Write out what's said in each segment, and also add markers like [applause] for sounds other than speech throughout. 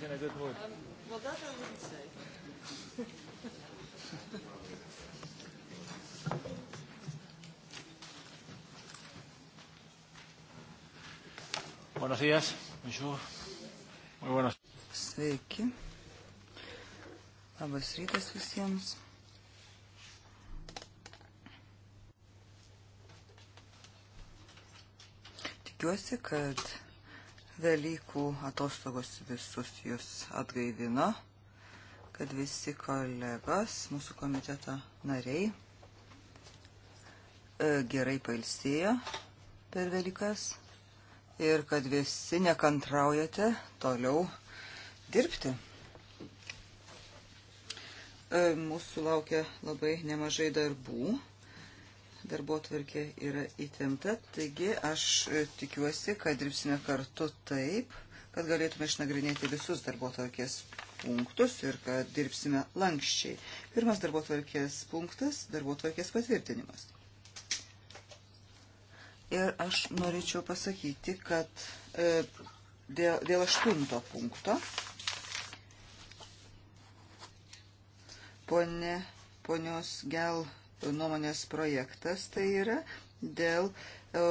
was in a good mood. Um, well, that I wouldn't say. Buenos días, bonjour. Muy buenos. Sveiki. Labas rytas visiems. Tikiuosi, kad Velykų atostogos visus jūs atgaivino, kad visi kolegos, mūsų komiteto nariai, e, gerai pailsėjo per Velykas ir kad visi nekantraujate toliau dirbti. E, mūsų laukia labai nemažai darbų darbo tvarkė yra įtempta, taigi aš e, tikiuosi, kad dirbsime kartu taip, kad galėtume išnagrinėti visus darbo tvarkės punktus ir kad dirbsime lankščiai. Pirmas darbo tvarkės punktas - darbo tvarkės patvirtinimas. Ir aš norėčiau pasakyti, kad e, dėl, dėl aštunto punkto ponė, ponios Gel nuomonės projektas tai yra dėl e,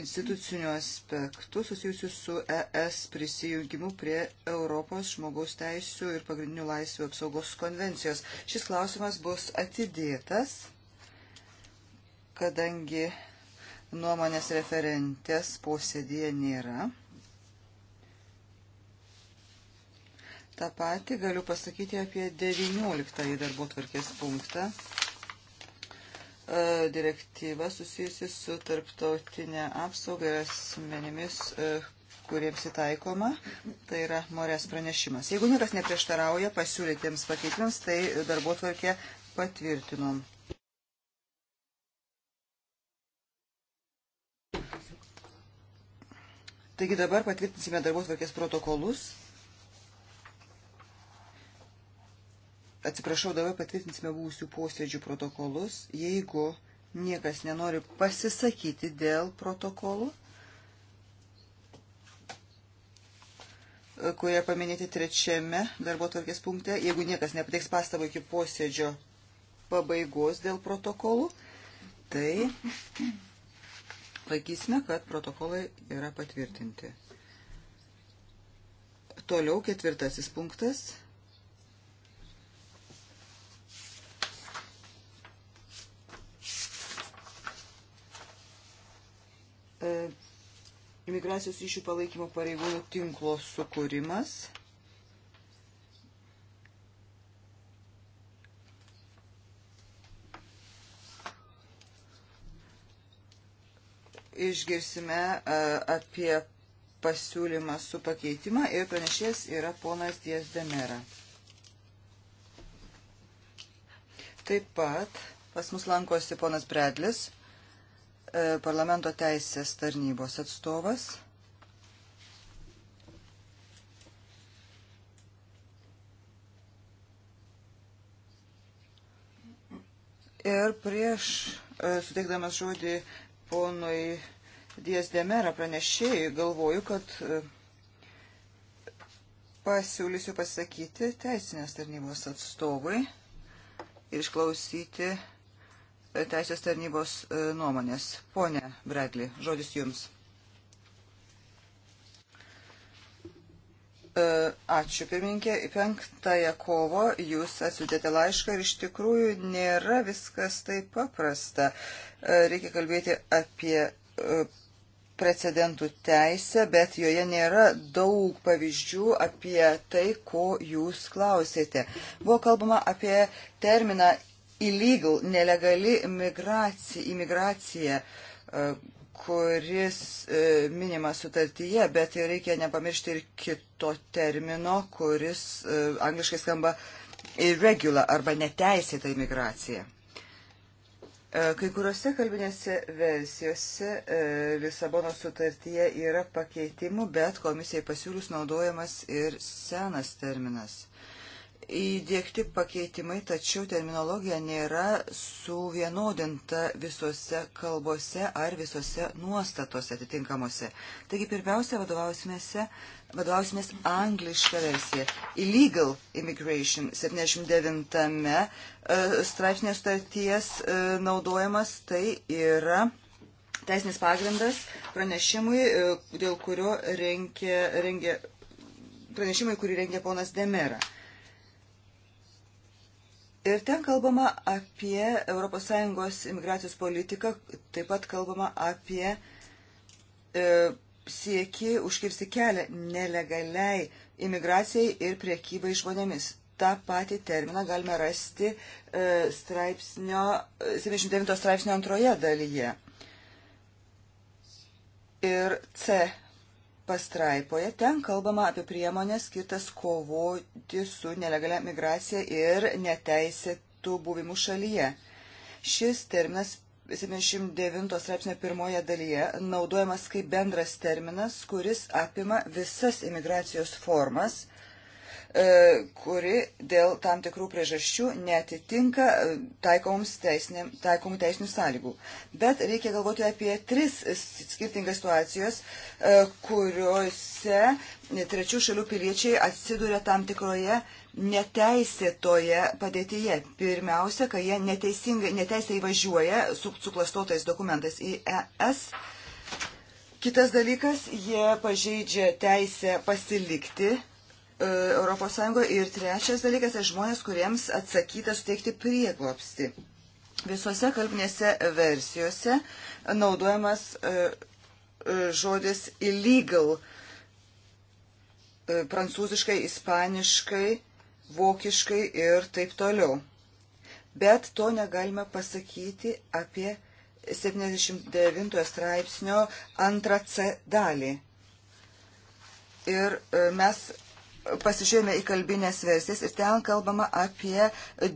institucinių aspektų susijusių su ES prisijungimu prie Europos žmogaus teisų ir pagrindinių laisvių apsaugos konvencijos. Šis klausimas bus atidėtas, kadangi nuomonės referentės posėdėje nėra. Ta pati galiu pasakyti apie 19 darbo tvarkės punktą. E, direktyva susijusi su tarptautinė apsauga ir asmenimis, e, kuriems įtaikoma. Tai yra morės pranešimas. Jeigu niekas neprieštarauja pasiūlytiems pakeitimams, tai darbo tvarkė patvirtinom. Taigi dabar patvirtinsime darbo tvarkės protokolus. Atsiprašau, dabar patvirtinsime būsių posėdžių protokolus. Jeigu niekas nenori pasisakyti dėl protokolų, kurie paminėti trečiame darbo tvarkės punkte, jeigu niekas nepateiks pastabą iki posėdžio pabaigos dėl protokolų, tai laikysime, kad protokolai yra patvirtinti. Toliau ketvirtasis punktas – E, imigracijos ryšių palaikymo pareigūnų tinklo sukūrimas. Išgirsime e, apie pasiūlymą su pakeitimą ir pranešės yra ponas Dies Demera. Taip pat pas mus lankosi ponas Bredlis E, parlamento teisės tarnybos atstovas. Ir prieš e, suteikdamas žodį ponui Dies Demera pranešėjai, galvoju, kad e, pasiūlysiu pasakyti teisinės tarnybos atstovui ir išklausyti teisės tarnybos e, nuomonės. Pone Bradley, žodis jums. E, ačiū, pirmininkė. Penktąją kovo jūs atsiutėte laišką ir iš tikrųjų nėra viskas taip paprasta. E, reikia kalbėti apie precedentų teisę, bet joje nėra daug pavyzdžių apie tai, ko jūs klausėte. Buvo kalbama apie terminą illegal, nelegali migracija, imigracija, e, kuris e, minima sutartyje, bet reikia nepamiršti ir kito termino, kuris e, angliškai skamba irregular arba neteisėta imigracija. Kai kuriuose kalbinėse versijose Lisabono sutartyje yra pakeitimų, bet komisijai pasiūlius naudojamas ir senas terminas įdėkti pakeitimai, tačiau terminologija nėra suvienodinta visose kalbose ar visose nuostatose atitinkamuose. Taigi pirmiausia, vadovausimės anglišką versiją. Illegal immigration 79 straipsnės starties naudojamas tai yra teisinis pagrindas pranešimui, e, dėl kurio rengė, rengė pranešimai, kurį rengė ponas Demera. Ir ten kalbama apie ES imigracijos politiką, taip pat kalbama apie e, sieki užkirsti kelią nelegaliai imigracijai ir priekybai žmonėmis. Ta pati terminą galime rasti e, straipsnio, 79 e, straipsnio antroje dalyje. Ir C pastraipoje ten kalbama apie priemonės skirtas kovoti su nelegalia migracija ir neteisėtų buvimų šalyje. Šis terminas 79 straipsnio pirmoje dalyje naudojamas kaip bendras terminas, kuris apima visas imigracijos formas E, kuri dėl tam tikrų priežasčių netitinka e, taikomų teisinių sąlygų. Bet reikia galvoti apie tris skirtingas situacijos, e, kuriuose trečių šalių piliečiai atsiduria tam tikroje neteisėtoje padėtyje. Pirmiausia, kai jie neteisė įvažiuoja su suklastotais dokumentais į ES. Kitas dalykas, jie pažeidžia teisę pasilikti ES. Ir trečias dalykas tai žmonės, kuriems atsakyta suteikti prieglopsti. Visose kalbinėse versijose naudojamas e, e, žodis illegal e, prancūziškai, ispaniškai, vokiškai ir taip toliau. Bet to negalime pasakyti apie 79 straipsnio antrą C dalį. Ir mes pasižiūrėjome į kalbinės versijas ir ten kalbama apie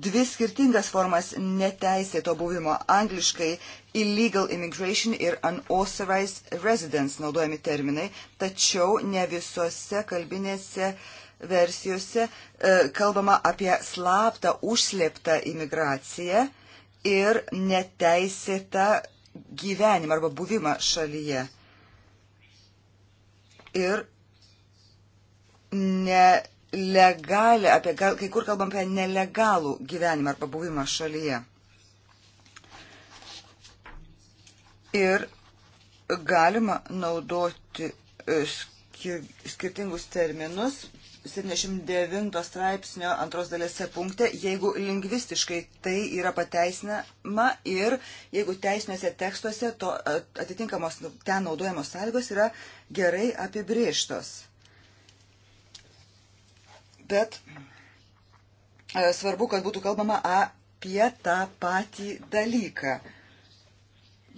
dvi skirtingas formas neteisėto buvimo. Angliškai illegal immigration ir unauthorized residence naudojami terminai, tačiau ne visose kalbinėse versijose e, kalbama apie slaptą, užslėptą imigraciją ir neteisėtą gyvenimą arba buvimą šalyje. Ir nelegalę, apie, kai kur kalbam apie nelegalų gyvenimą arba buvimą šalyje. Ir galima naudoti e, skirtingus terminus 79 straipsnio antros dalėse punkte, jeigu lingvistiškai tai yra pateisinama ir jeigu teisiniuose tekstuose to atitinkamos ten naudojamos sąlygos yra gerai apibrieštos bet e, svarbu, kad būtų kalbama apie tą patį dalyką.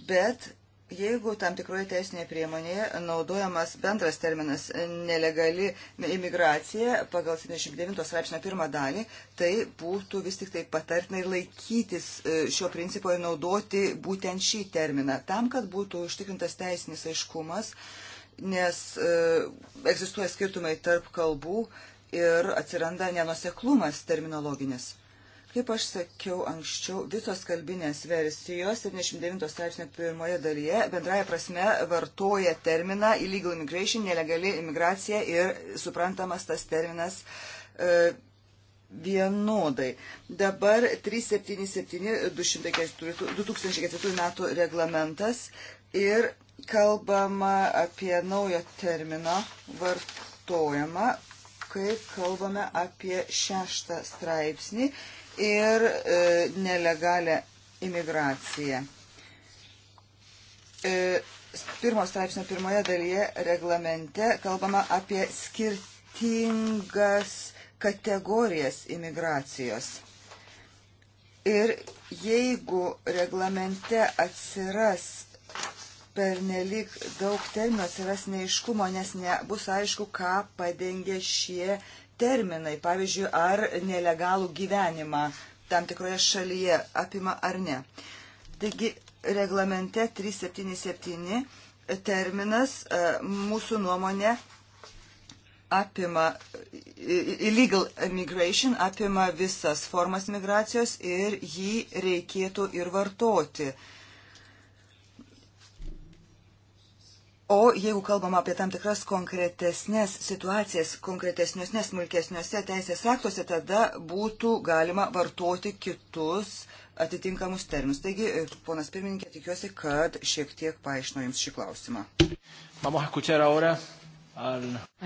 Bet jeigu tam tikroje teisinėje priemonėje naudojamas bendras terminas nelegali imigracija pagal 79 straipsnio pirmą dalį, tai būtų vis tik tai patartinai laikytis e, šio principo ir naudoti būtent šį terminą, tam, kad būtų užtikrintas teisinis aiškumas, nes e, egzistuoja skirtumai tarp kalbų ir atsiranda nenuseklumas terminologinis. Kaip aš sakiau anksčiau, visos kalbinės versijos 79 straipsnio pirmoje dalyje bendraja prasme vartoja terminą illegal immigration, nelegali imigracija ir suprantamas tas terminas e, vienodai. Dabar 377-2004 metų reglamentas ir kalbama apie naujo termino vartojimą kai kalbame apie šeštą straipsnį ir e, nelegalę imigraciją. E, pirmo straipsnio pirmoje dalyje reglamente kalbama apie skirtingas kategorijas imigracijos. Ir jeigu reglamente atsiras pernelyg daug terminų atsiras neiškumo, nes nebus aišku, ką padengia šie terminai. Pavyzdžiui, ar nelegalų gyvenimą tam tikroje šalyje apima ar ne. Taigi, reglamente 377 terminas e, mūsų nuomonė apima illegal migration, apima visas formas migracijos ir jį reikėtų ir vartoti. Uh, O jeigu kalbam apie tam tikras konkretesnės situacijas, konkretesnius nesmulkesniuose teisės aktuose, tada būtų galima vartoti kitus atitinkamus terminus. Taigi, ponas pirmininkė, tikiuosi, kad šiek tiek paaiškino Jums šį klausimą.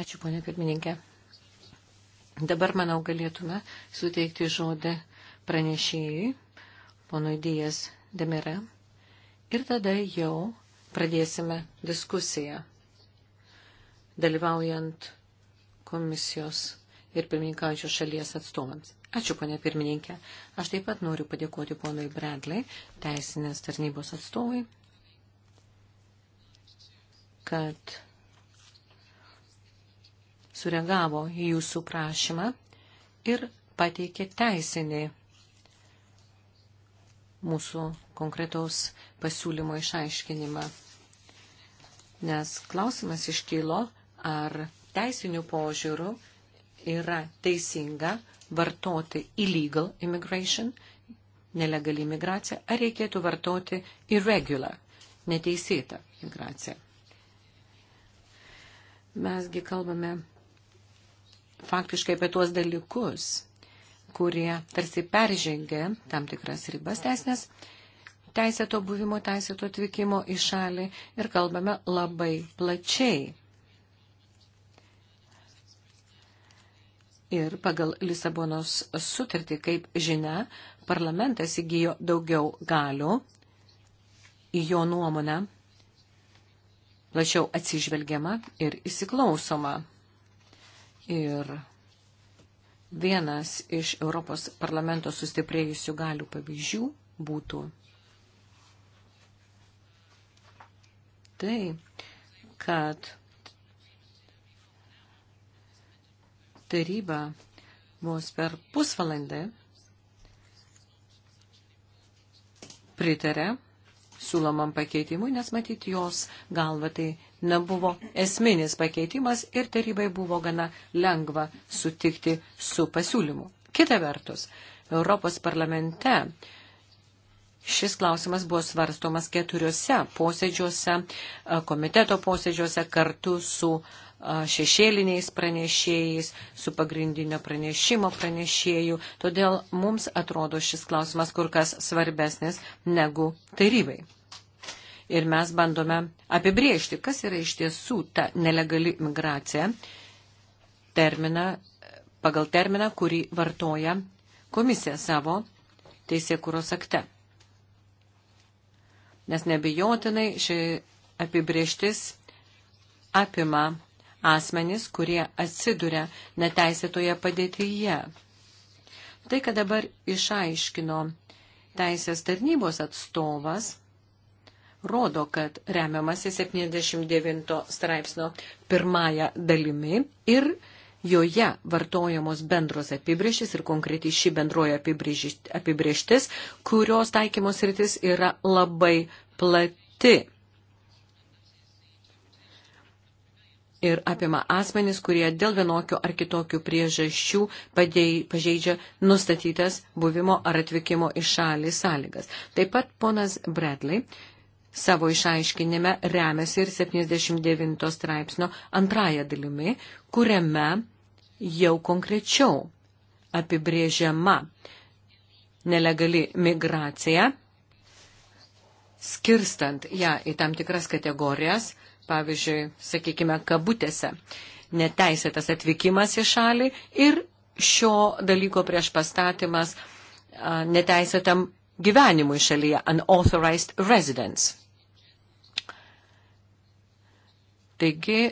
Ačiū, ponė pirmininkė. Dabar, manau, galėtume suteikti žodį pranešėjui, ponui Dijas Demira. Ir tada jau pradėsime diskusiją, dalyvaujant komisijos ir pirmininkaujančios šalies atstovams. Ačiū, ponė pirmininkė. Aš taip pat noriu padėkoti ponui Bradley, teisinės tarnybos atstovui, kad sureagavo į jūsų prašymą ir pateikė teisinį mūsų konkretaus pasiūlymo išaiškinimą nes klausimas iškylo, ar teisinių požiūrų yra teisinga vartoti illegal immigration, nelegali imigracija, ar reikėtų vartoti irregular, neteisėtą migraciją. Mesgi kalbame faktiškai apie tuos dalykus, kurie tarsi peržengia tam tikras ribas teisnės teisėto buvimo, teisėto atvykimo į šalį ir kalbame labai plačiai. Ir pagal Lisabonos sutartį, kaip žinia, parlamentas įgyjo daugiau galių į jo nuomonę, plačiau atsižvelgiama ir įsiklausoma. Ir vienas iš Europos parlamento sustiprėjusių galių pavyzdžių būtų tai, kad taryba vos per pusvalandį pritarė siūlomam pakeitimui, nes matyti jos galva tai nebuvo esminis pakeitimas ir tarybai buvo gana lengva sutikti su pasiūlymu. Kita vertus, Europos parlamente Šis klausimas buvo svarstomas keturiuose posėdžiuose, komiteto posėdžiuose kartu su šešėliniais pranešėjais, su pagrindinio pranešimo pranešėjų. Todėl mums atrodo šis klausimas kur kas svarbesnis negu tarybai. Ir mes bandome apibriežti, kas yra iš tiesų ta nelegali migracija, terminą, pagal terminą, kurį vartoja komisija savo teisėkuros akte nes nebejotinai ši apibrieštis apima asmenys, kurie atsiduria neteisėtoje padėtyje. Tai, kad dabar išaiškino teisės tarnybos atstovas, rodo, kad remiamasi 79 straipsnio pirmąją dalimi ir joje vartojamos bendros apibrėžtis ir konkretiai ši bendroja apibrėžtis, kurios taikymos rytis yra labai plati. Ir apima asmenys, kurie dėl vienokio ar kitokio priežasčių padėj, pažeidžia nustatytas buvimo ar atvykimo į šalį sąlygas. Taip pat ponas Bradley Savo išaiškinime remiasi ir 79 straipsnio antrąją dalimi, kuriame jau konkrečiau apibrėžiama nelegali migracija, skirstant ją į tam tikras kategorijas, pavyzdžiui, sakykime, kabutėse, neteisėtas atvykimas į šalį ir šio dalyko prieš pastatymas neteisėtam gyvenimui šalyje, unauthorized residence. Taigi,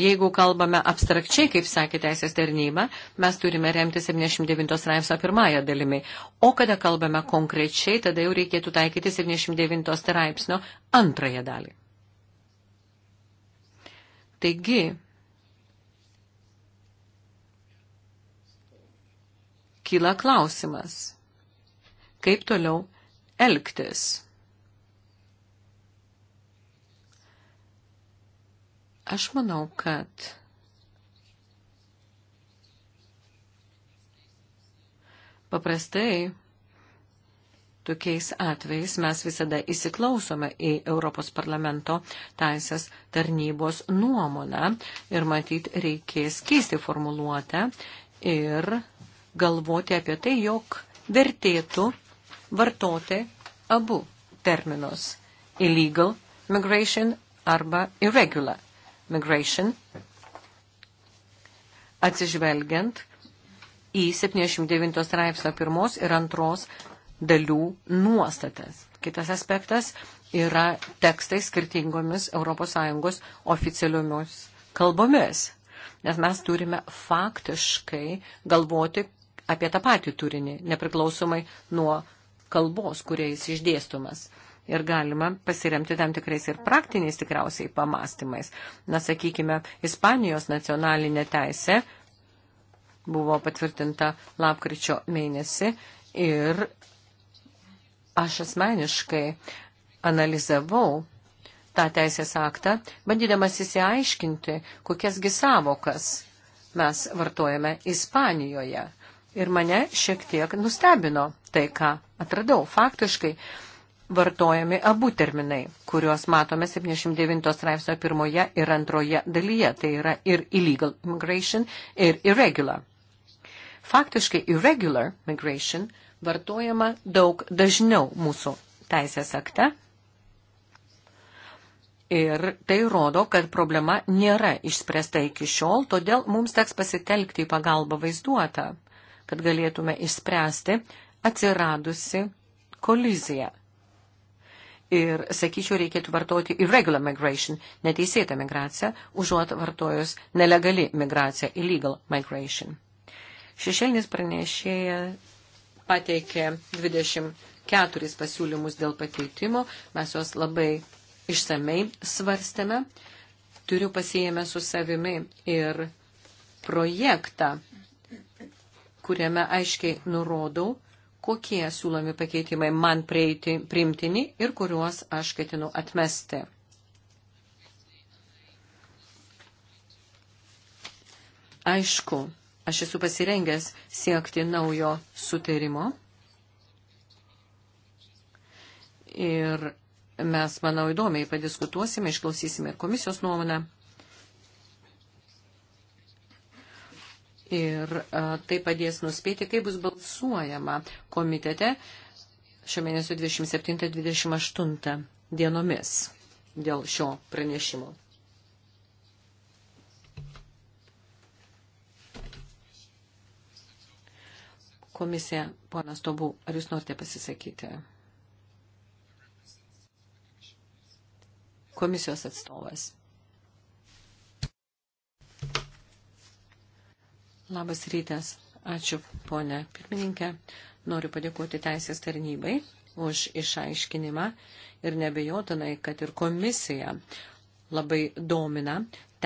jeigu kalbame abstrakčiai, kaip sakė teisės tarnyba, mes turime remti 79 straipsnio pirmąją dalimi. O kada kalbame konkrečiai, tada jau reikėtų taikyti 79 straipsnio antrąją dalį. Taigi, kyla klausimas, kaip toliau elgtis Aš manau, kad paprastai tokiais atvejais mes visada įsiklausome į Europos parlamento teisės tarnybos nuomonę ir matyt reikės keisti formuluotę ir galvoti apie tai, jog vertėtų vartoti abu terminus – illegal migration arba irregular Migration, atsižvelgiant į 79 straipsnio pirmos ir antros dalių nuostatas. Kitas aspektas yra tekstai skirtingomis ES oficialiomis kalbomis, nes mes turime faktiškai galvoti apie tą patį turinį, nepriklausomai nuo kalbos, kuriais išdėstumas ir galima pasiremti tam tikrais ir praktiniais tikriausiai pamastymais. Na, sakykime, Ispanijos nacionalinė teisė buvo patvirtinta lapkričio mėnesį ir aš asmeniškai analizavau tą teisės aktą, bandydamas įsiaiškinti, kokiasgi savokas mes vartojame Ispanijoje. Ir mane šiek tiek nustebino tai, ką atradau. Faktiškai vartojami abu terminai, kuriuos matome 79 straipsnio pirmoje ir antroje dalyje. Tai yra ir illegal immigration, ir irregular. Faktiškai irregular migration vartojama daug dažniau mūsų teisės akte. Ir tai rodo, kad problema nėra išspręsta iki šiol, todėl mums teks pasitelkti į pagalbą vaizduotą, kad galėtume išspręsti atsiradusi koliziją Ir, sakyčiau, reikėtų vartoti irregular migration, neteisėta migracija, užuot vartojus nelegali migracija, illegal migration. Šešėlinis pranešėja pateikė 24 pasiūlymus dėl pakeitimo, mes juos labai išsamei svarstėme. Turiu pasijėmę su savimi ir projektą, kuriame aiškiai nurodau, kokie siūlomi pakeitimai man prieiti, priimtini ir kuriuos aš ketinu atmesti. Aišku, aš esu pasirengęs siekti naujo sutarimo ir mes, manau, įdomiai padiskutuosime, išklausysime ir komisijos nuomonę. ir tai padės nuspėti, kaip bus balsuojama komitete šio mėnesio 27-28 dienomis dėl šio pranešimo. Komisija, ponas Tobų, ar jūs norite pasisakyti? Komisijos atstovas. Labas rytas. Ačiū, ponė pirmininkė. Noriu padėkoti Teisės tarnybai už išaiškinimą ir nebejotinai, kad ir komisija labai domina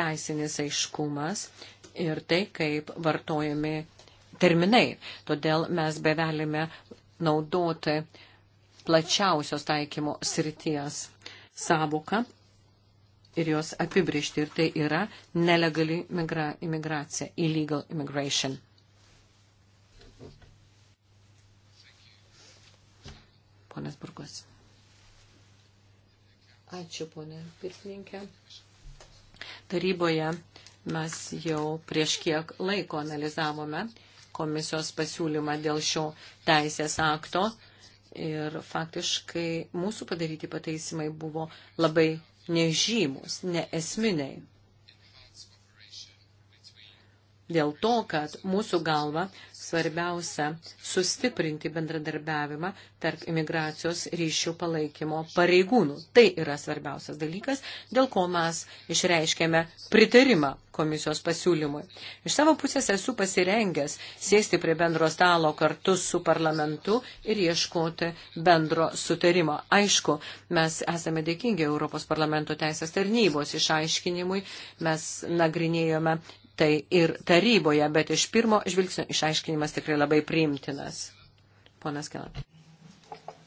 teisinis aiškumas ir tai, kaip vartojami terminai. Todėl mes bevelime naudoti plačiausios taikymo srities savoką ir jos apibriežti. Ir tai yra nelegali migra, imigracija, illegal immigration. Ponas Burgos. Ačiū, ponė pirmininkė. Taryboje mes jau prieš kiek laiko analizavome komisijos pasiūlymą dėl šio teisės akto ir faktiškai mūsų padaryti pataisimai buvo labai nežymus, neesminiai dėl to, kad mūsų galva svarbiausia sustiprinti bendradarbiavimą tarp imigracijos ryšių palaikymo pareigūnų. Tai yra svarbiausias dalykas, dėl ko mes išreiškėme pritarimą komisijos pasiūlymui. Iš savo pusės esu pasirengęs sėsti prie bendro stalo kartu su parlamentu ir ieškoti bendro sutarimo. Aišku, mes esame dėkingi Europos parlamento teisės tarnybos išaiškinimui, mes nagrinėjome tai ir taryboje, bet iš pirmo žvilgsnio išaiškinimas tikrai labai priimtinas. Ponas Kelan.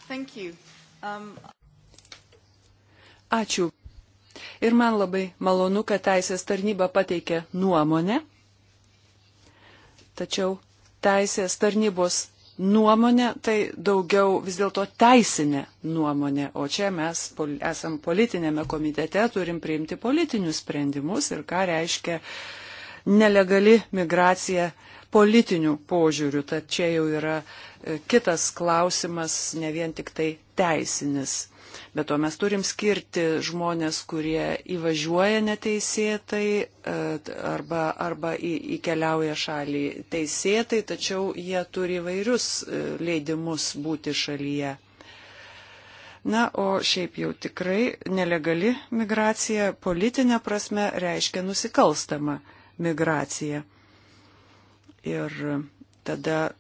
Um... Ačiū. Ir man labai malonu, kad teisės tarnyba pateikė nuomonę. Tačiau teisės tarnybos nuomonė tai daugiau vis dėlto teisinė nuomonė, o čia mes pol esam politinėme komitete, turim priimti politinius sprendimus ir ką reiškia uh, nelegali migracija politinių požiūrių, tad čia jau yra e, kitas klausimas, ne vien tik tai teisinis. Bet to mes turim skirti žmonės, kurie įvažiuoja neteisėtai e, arba, arba į, įkeliauja šalį teisėtai, tačiau jie turi vairius e, leidimus būti šalyje. Na, o šiaip jau tikrai nelegali migracija politinė prasme reiškia nusikalstama migraciją. Ir tada e,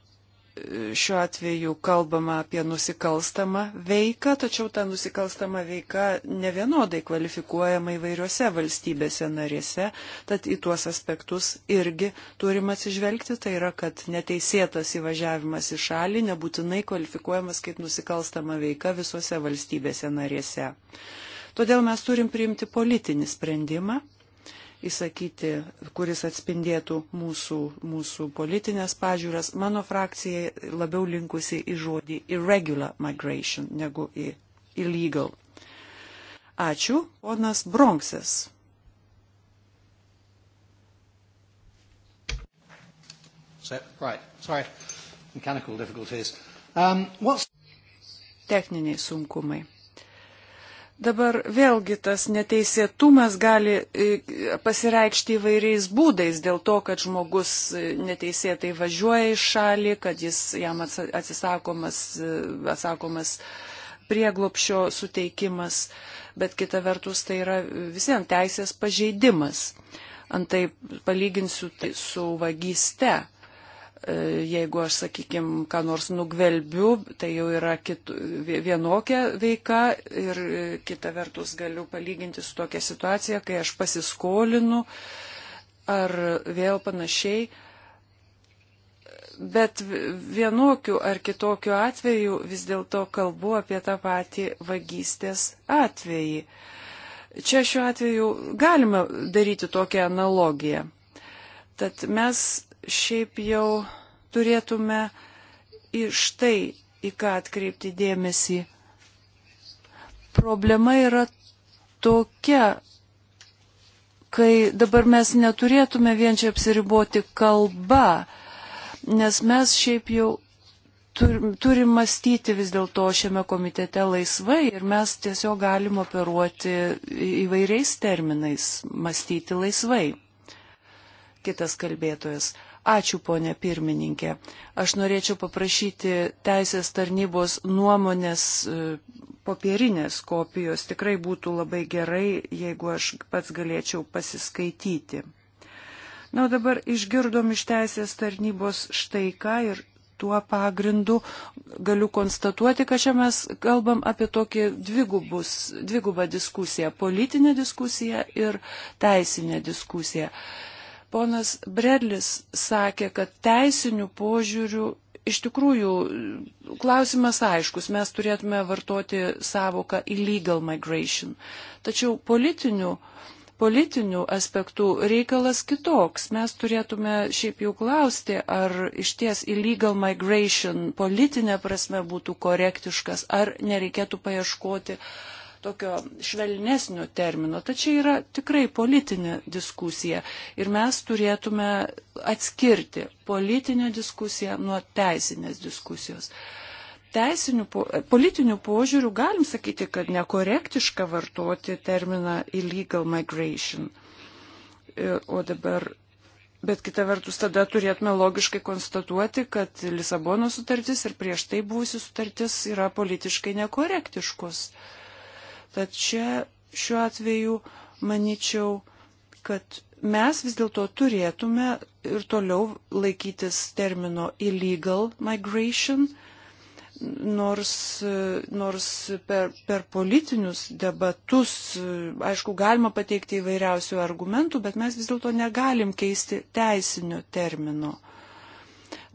šiuo atveju kalbama apie nusikalstamą veiką, tačiau ta nusikalstama veika nevienodai kvalifikuojama įvairiose valstybėse narėse, tad į tuos aspektus irgi turim atsižvelgti, tai yra, kad neteisėtas įvažiavimas į šalį nebūtinai kvalifikuojamas kaip nusikalstama veika visose valstybėse narėse. Todėl mes turim priimti politinį sprendimą įsakyti, kuris atspindėtų mūsų, mūsų politinės pažiūras. Mano frakcija labiau linkusi į žodį irregular migration negu į illegal. Ačiū, ponas Bronksas. So, right, sorry, mechanical difficulties. Um, what's... Techniniai sunkumai Dabar vėlgi tas neteisėtumas gali e, pasireikšti įvairiais būdais dėl to, kad žmogus e, neteisėtai važiuoja į šalį, kad jis jam atsisakomas, e, atsakomas prieglopšio suteikimas, bet kita vertus tai yra visiems teisės pažeidimas. Antai palyginsiu tai su vagyste E, jeigu aš, sakykime, ką nors nugvelbiu, tai jau yra kitu, vienokia veika ir e, kita vertus galiu palyginti su tokia situacija, kai aš pasiskolinu ar vėl panašiai. Bet vienokiu ar kitokiu atveju vis dėlto kalbu apie tą patį vagystės atvejį. Čia šiuo atveju galima daryti tokią analogiją. Tad mes šiaip jau turėtume iš tai, į ką atkreipti dėmesį. Problema yra tokia, kai dabar mes neturėtume vien čia apsiriboti kalba, nes mes šiaip jau turim, turim mąstyti vis dėlto šiame komitete laisvai ir mes tiesiog galim operuoti įvairiais terminais, mąstyti laisvai. Kitas kalbėtojas. Ačiū, ponė pirmininkė. Aš norėčiau paprašyti teisės tarnybos nuomonės e, popierinės kopijos. Tikrai būtų labai gerai, jeigu aš pats galėčiau pasiskaityti. Na, o dabar išgirdom iš teisės tarnybos štai ką ir tuo pagrindu galiu konstatuoti, kad čia mes kalbam apie tokį dvigubus, dvigubą diskusiją - politinę diskusiją ir teisinę diskusiją. Ponas Bredlis sakė, kad teisinių požiūrių iš tikrųjų klausimas aiškus, mes turėtume vartoti savoką illegal migration. Tačiau politinių, politinių aspektų reikalas kitoks. Mes turėtume šiaip jau klausti, ar iš ties illegal migration politinė prasme būtų korektiškas, ar nereikėtų paieškoti tokio švelnesnio termino. Tačiau yra tikrai politinė diskusija ir mes turėtume atskirti politinę diskusiją nuo teisinės diskusijos. Teisinių, politinių požiūrių galim sakyti, kad nekorektiška vartoti terminą illegal migration. E, o dabar Bet kita vertus, tada turėtume logiškai konstatuoti, kad Lisabono sutartis ir prieš tai buvusi sutartis yra politiškai nekorektiškos. Uh, Tad čia šiuo atveju manyčiau, kad mes vis dėlto turėtume ir toliau laikytis termino illegal migration, nors, nors per, per politinius debatus, aišku, galima pateikti įvairiausių argumentų, bet mes vis dėlto negalim keisti teisinio termino.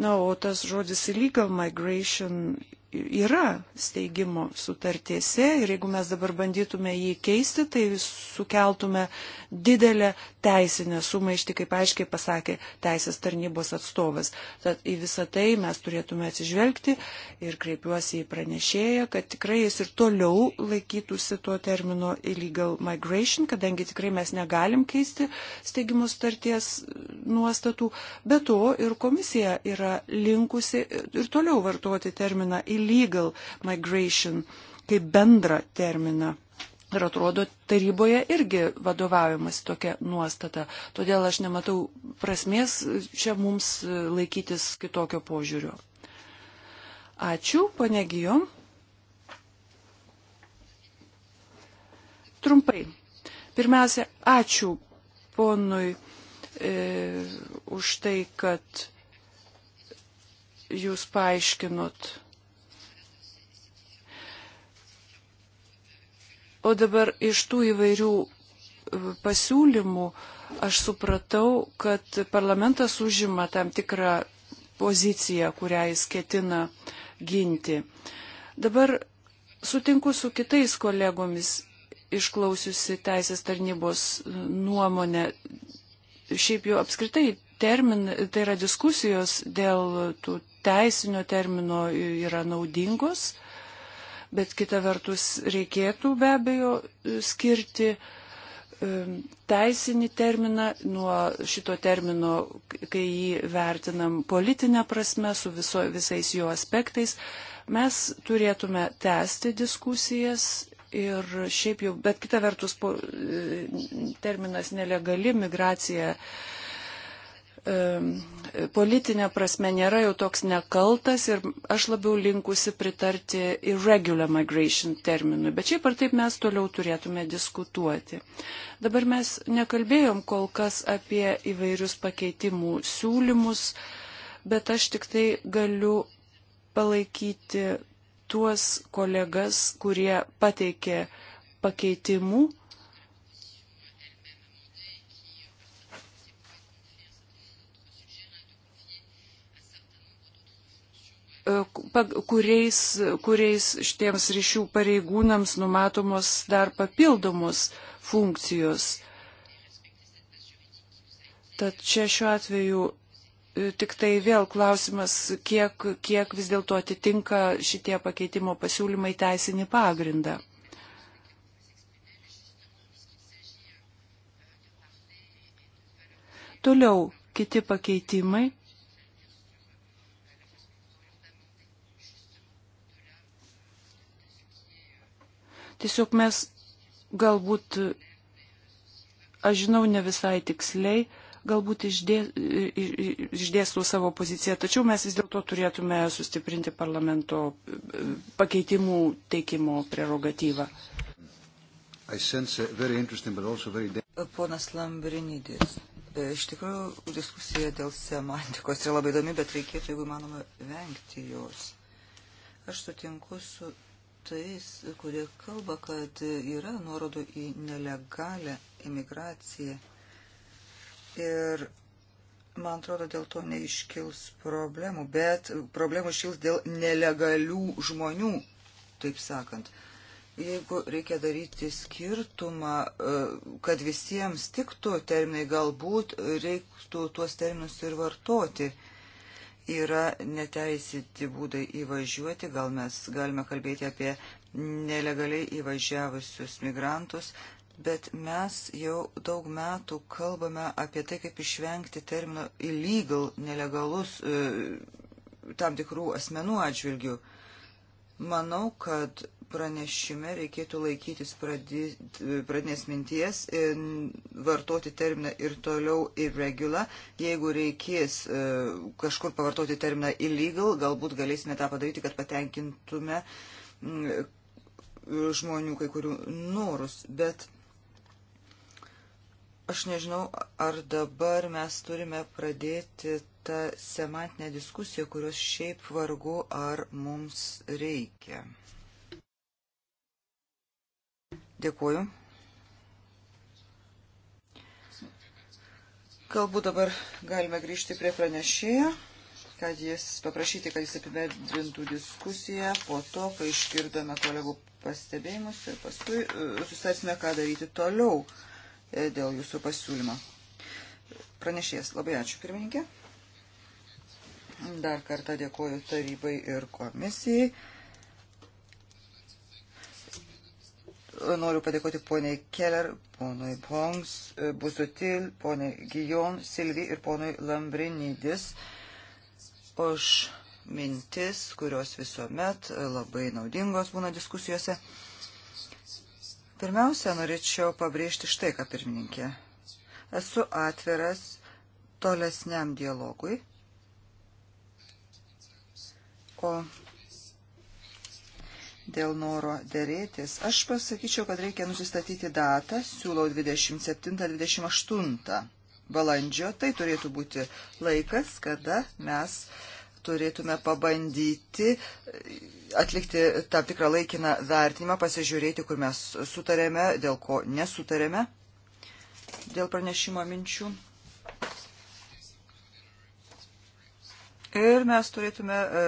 Na, o tas žodis illegal migration yra steigimo sutartėse ir jeigu mes dabar bandytume jį keisti, tai sukeltume didelę teisinę sumaištį, kaip aiškiai pasakė teisės tarnybos atstovas. Tad į visą tai mes turėtume atsižvelgti ir kreipiuosi į pranešėją, kad tikrai jis ir toliau laikytųsi to termino illegal migration, kadangi tikrai mes negalim keisti steigimo sutarties e, nuostatų, bet to ir komisija yra linkusi ir toliau vartoti terminą illegal illegal migration kaip bendrą terminą. Ir atrodo, taryboje irgi vadovaujamas tokia nuostata. Todėl aš nematau prasmės čia mums laikytis kitokio požiūrio. Ačiū, panegijom. Trumpai. Pirmiausia, ačiū ponui e, už tai, kad jūs paaiškinot O dabar iš tų įvairių e, pasiūlymų aš supratau, kad parlamentas užima tam tikrą poziciją, kurią jis ketina ginti. Dabar sutinku su kitais kolegomis, išklausiusi teisės tarnybos nuomonę. Šiaip jau apskritai termin, tai yra diskusijos dėl tų teisinio termino yra naudingos bet kita vertus reikėtų be abejo e, skirti e, teisinį terminą nuo šito termino, kai jį vertinam politinę prasme su viso, visais jo aspektais, mes turėtume tęsti diskusijas ir šiaip jau, bet kita vertus po, e, terminas nelegali migracija politinė prasme nėra jau toks nekaltas ir aš labiau linkusi pritarti irregular migration terminui, bet šiaip ar taip mes toliau turėtume diskutuoti. Dabar mes nekalbėjom kol kas apie įvairius pakeitimų siūlymus, bet aš tik tai galiu palaikyti tuos kolegas, kurie pateikė pakeitimų kuriais, kuriais šitiems ryšių pareigūnams numatomos dar papildomos funkcijos. Tad čia šiuo atveju e, tik tai vėl klausimas, kiek, kiek vis dėlto atitinka šitie pakeitimo pasiūlymai teisinį pagrindą. Toliau kiti pakeitimai Tiesiog mes galbūt, aš žinau ne visai tiksliai, galbūt išdė, išdėstų savo poziciją, tačiau mes vis dėlto turėtume sustiprinti parlamento pakeitimų teikimo prerogatyvą. Very... Ponas Lambrinidis, e, iš tikrųjų diskusija dėl semantikos yra labai įdomi, bet reikėtų, jeigu manoma, vengti jos. Aš sutinku su tais, kurie kalba, kad yra nuorodų į nelegalę imigraciją. Ir man atrodo, dėl to neiškils problemų, bet problemų iškils dėl nelegalių žmonių, taip sakant. Jeigu reikia daryti skirtumą, e, kad visiems tiktų terminai, galbūt reiktų tuos terminus ir vartoti yra neteisyti būdai įvažiuoti, gal mes galime kalbėti apie nelegaliai įvažiavusius migrantus, bet mes jau daug metų kalbame apie tai, kaip išvengti termino illegal, nelegalus e, tam tikrų asmenų atžvilgių. Manau, kad pranešime reikėtų laikytis pradinės minties, e, vartoti terminą ir toliau irregular. Jeigu reikės e, kažkur pavartoti terminą illegal, galbūt galėsime tą padaryti, kad patenkintume mm, žmonių kai kurių norus. Bet aš nežinau, ar dabar mes turime pradėti tą semantinę diskusiją, kurios šiaip vargu ar mums reikia. Dėkuoju. Galbūt dabar galime grįžti prie pranešėjo, kad jis paprašyti, kad jis apibendrintų diskusiją po to, kai išgirdome kolegų pastebėjimus ir paskui e, susitarsime, ką daryti toliau e, dėl jūsų pasiūlymo. Pranešėjas, labai ačiū, pirmininkė. Dar kartą dėkuoju tarybai ir komisijai. Noriu padėkoti poniai Keller, ponui Bongs, Busutil, poniai Gijom, Silvi ir ponui Lambrinidis už mintis, kurios visuomet labai naudingos būna diskusijose. Pirmiausia, norėčiau pabrėžti štai ką pirmininkė. Esu atviras tolesniam dialogui. O dėl noro dėrėtis. Aš pasakyčiau, kad reikia nusistatyti datą, siūlau 27-28 balandžio. Tai turėtų būti laikas, kada mes turėtume pabandyti e, atlikti tam tikrą laikiną vertinimą, pasižiūrėti, kur mes sutarėme, dėl ko nesutarėme, dėl pranešimo minčių. Ir mes turėtume e,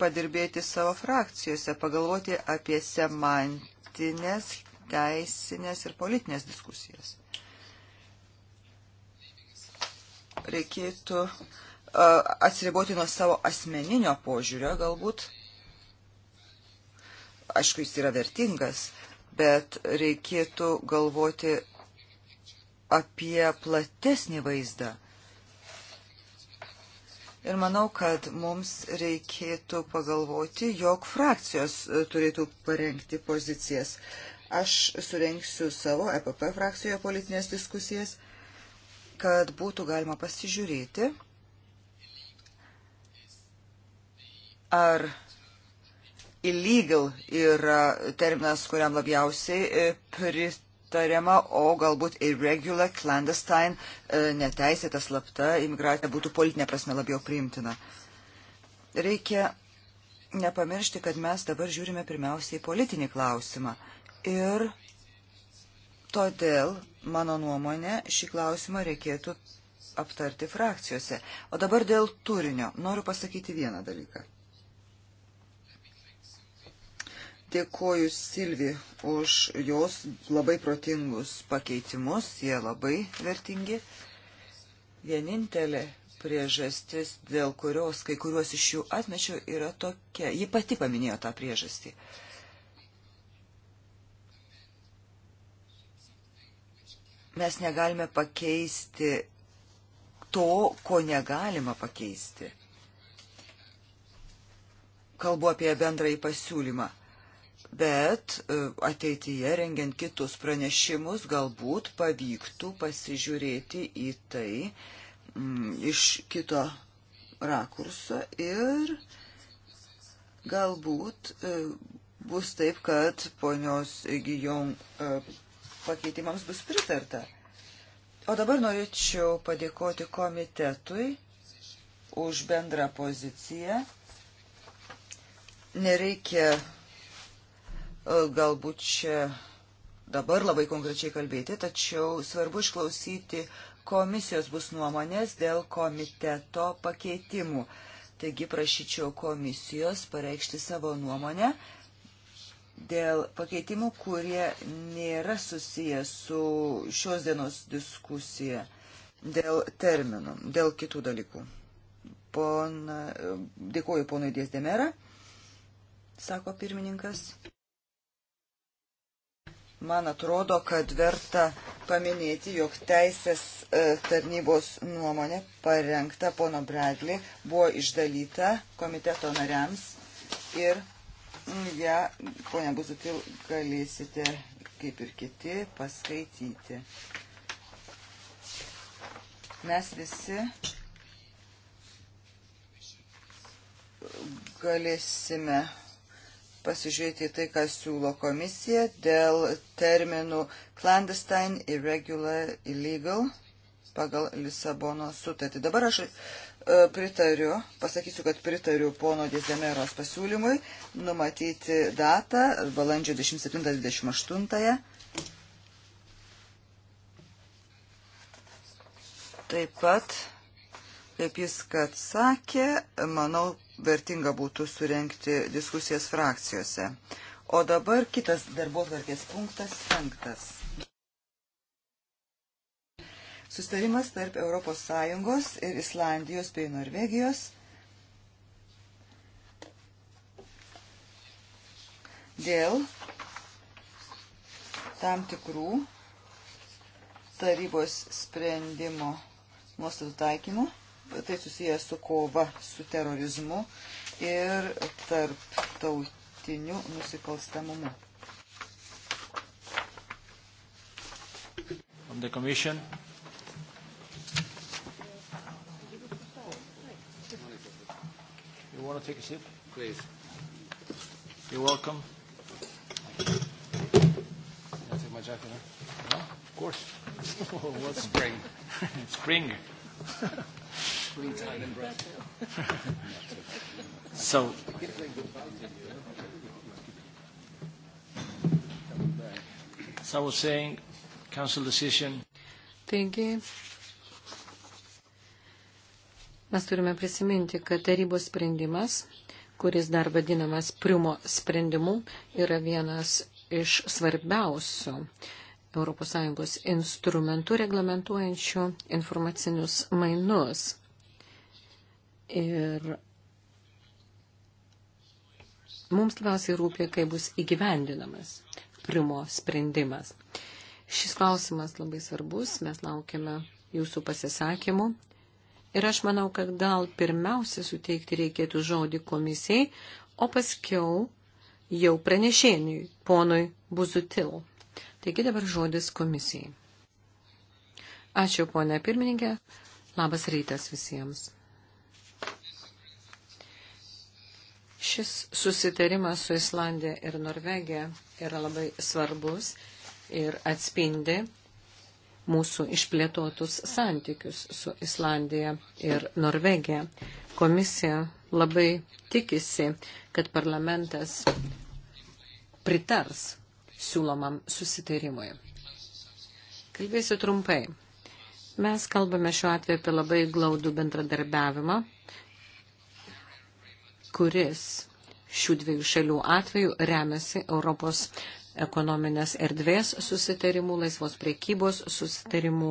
padirbėti savo frakcijose, pagalvoti apie semantinės, teisinės ir politinės diskusijas. Reikėtų atsiriboti nuo savo asmeninio požiūrio galbūt. Aišku, jis yra vertingas, bet reikėtų galvoti apie platesnį vaizdą – Ir manau, kad mums reikėtų pagalvoti, jog frakcijos e, turėtų parengti pozicijas. Aš surenksiu savo EPP frakcijoje politinės diskusijas, kad būtų galima pasižiūrėti, ar illegal yra terminas, kuriam labiausiai e, pritarė tariama, o galbūt irregular, clandestine, e, neteisėta slapta imigracija būtų politinė prasme labiau priimtina. Reikia nepamiršti, kad mes dabar žiūrime pirmiausiai į politinį klausimą. Ir todėl, mano nuomonė, šį klausimą reikėtų aptarti frakcijose. O dabar dėl turinio noriu pasakyti vieną dalyką. Dėkoju Silvi už jos labai protingus pakeitimus, jie labai vertingi. Vienintelė priežastis, dėl kurios kai kuriuos iš jų atmečiau, yra tokia. Ji pati paminėjo tą priežastį. Mes negalime pakeisti to, ko negalima pakeisti. Kalbu apie bendrąjį pasiūlymą bet e, ateityje rengiant kitus pranešimus galbūt pavyktų pasižiūrėti į tai mm, iš kito rakurso ir galbūt e, bus taip, kad ponios Gijom e, pakeitimams bus pritarta. O dabar norėčiau padėkoti komitetui už bendrą poziciją. Nereikia E, galbūt čia dabar labai konkrečiai kalbėti, tačiau svarbu išklausyti komisijos bus nuomonės dėl komiteto pakeitimų. Taigi prašyčiau komisijos pareikšti savo nuomonę dėl pakeitimų, kurie nėra susiję su šios dienos diskusija, dėl terminų, dėl kitų dalykų. Pona, dėkuoju ponui Dėsdemera, sako pirmininkas man atrodo, kad verta paminėti, jog teisės e, tarnybos nuomonė parengta pono Bradley buvo išdalyta komiteto nariams ir mm, ją, ja, ponia Buzutil, galėsite, kaip ir kiti, paskaityti. Mes visi galėsime pasižiūrėti į tai, ką siūlo komisija dėl terminų clandestine, irregular, illegal pagal Lisabono sutartį. Dabar aš e, pritariu, pasakysiu, kad pritariu pono Dėzemeros pasiūlymui numatyti datą balandžio 27-28. Taip pat, kaip jis kad sakė, manau, vertinga būtų surenkti diskusijas frakcijose. O dabar kitas darbo tvarkės punktas penktas. Sustarimas tarp ES ir Islandijos bei Norvegijos dėl tam tikrų tarybos sprendimo nuostatų taikymų tai susijęs su kova su terorizmu ir tarptautiniu nusikalstamumu. From the Commission. You want to take a sip? Please. You're welcome. Can I take my jacket off? Huh? No? Of course. [laughs] What's spring? it's [laughs] spring. [laughs] Clean Thailand breath. [laughs] so. As I was saying, council decision. Taigi, mes turime prisiminti, kad tarybos sprendimas, kuris dar vadinamas priumo sprendimu, yra vienas iš svarbiausių ES instrumentų reglamentuojančių informacinius mainus. Ir mums labiausiai rūpia, kaip bus įgyvendinamas primo sprendimas. Šis klausimas labai svarbus, mes laukiame jūsų pasisakymų. Ir aš manau, kad gal pirmiausia suteikti reikėtų žodį komisijai, o paskiau jau pranešėniui, ponui Buzutil. Taigi dabar žodis komisijai. Ačiū, ponė pirmininkė. Labas rytas visiems. Šis susitarimas su Islandija ir Norvegija yra labai svarbus ir atspindi mūsų išplėtotus santykius su Islandija ir Norvegija. Komisija labai tikisi, kad parlamentas pritars siūlomam susitarimui. Kalbėsiu trumpai. Mes kalbame šiuo atveju apie labai glaudų bendradarbiavimą kuris šių dviejų šalių atveju remiasi Europos ekonominės erdvės susitarimų, laisvos priekybos susitarimų.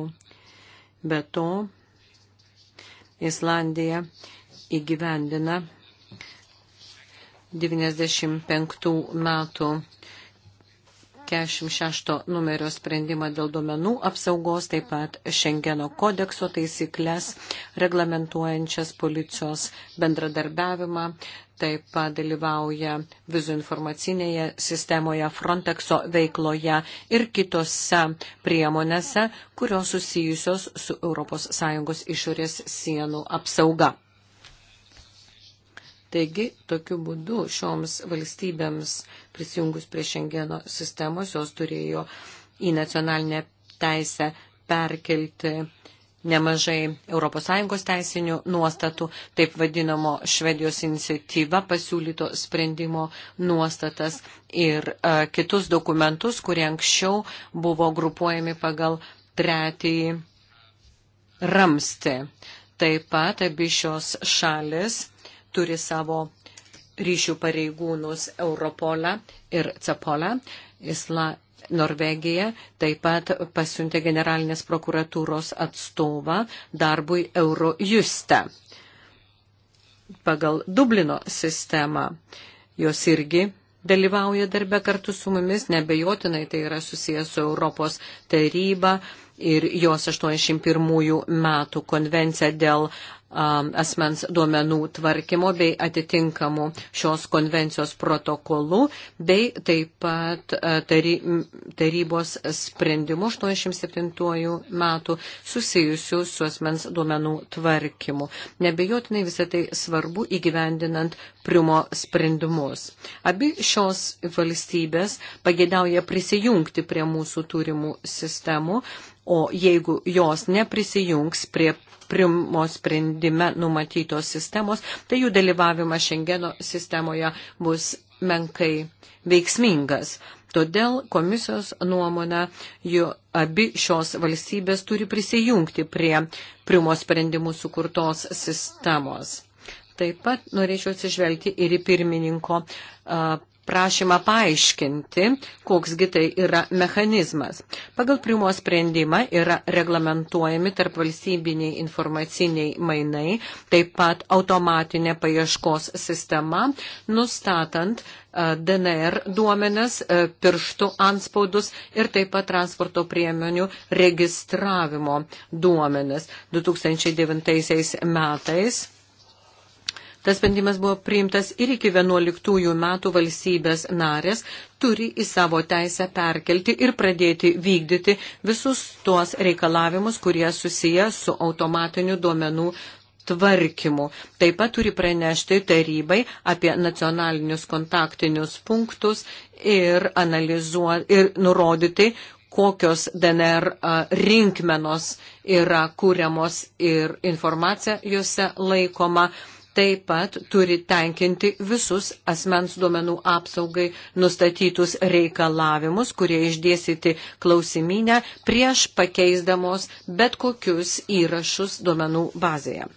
Be to, Islandija įgyvendina 95 metų 46 numerio sprendimą dėl duomenų apsaugos, taip pat Šengeno kodekso taisyklės reglamentuojančias policijos bendradarbiavimą, taip pat dalyvauja vizų informacinėje sistemoje Frontexo veikloje ir kitose priemonėse, kurios susijusios su ES išorės sienų apsauga. Taigi, tokiu būdu šioms valstybėms prisijungus prie Šengeno sistemos, jos turėjo į nacionalinę teisę perkelti nemažai ES teisinių nuostatų, taip vadinamo Švedijos iniciatyva pasiūlyto sprendimo nuostatas ir e, kitus dokumentus, kurie anksčiau buvo grupuojami pagal tretį ramsti. Taip pat abi šios šalis turi savo ryšių pareigūnus Europolą ir Cepolą. Isla Norvegija taip pat pasiuntė generalinės prokuratūros atstovą darbui Eurojuste. Pagal Dublino sistemą jos irgi dalyvauja darbe kartu su mumis, nebejotinai tai yra susijęs su Europos taryba, ir jos 81 metų konvenciją dėl um, asmens duomenų tvarkymo bei atitinkamų šios konvencijos protokolų, bei taip pat uh, tarybos sprendimų 87 metų susijusių su asmens duomenų tvarkymu. Nebejotinai visą tai svarbu įgyvendinant primo sprendimus. Abi šios valstybės pagėdauja prisijungti prie mūsų turimų sistemų o jeigu jos neprisijungs prie primo sprendime numatytos sistemos, tai jų dalyvavimas Šengeno sistemoje bus menkai veiksmingas. Todėl komisijos nuomonė, jų abi šios valstybės turi prisijungti prie primo sprendimų sukurtos sistemos. Taip pat norėčiau atsižvelgti ir į pirmininko prašymą paaiškinti, koksgi tai yra mechanizmas. Pagal primo sprendimą yra reglamentuojami tarp valstybiniai informaciniai mainai, taip pat automatinė paieškos sistema, nustatant e, DNR duomenas, e, pirštų anspaudus ir taip pat transporto priemonių registravimo duomenas. 2009 metais Tas sprendimas buvo priimtas ir iki 11 metų valstybės narės turi į savo teisę perkelti ir pradėti vykdyti visus tuos reikalavimus, kurie susiję su automatiniu duomenų tvarkymu. Taip pat turi pranešti tarybai apie nacionalinius kontaktinius punktus ir, ir nurodyti, kokios DNR rinkmenos yra kūriamos ir informacija juose laikoma taip pat turi tenkinti visus asmens duomenų apsaugai nustatytus reikalavimus, kurie išdėsyti klausiminę prieš pakeisdamos bet kokius įrašus duomenų bazėje.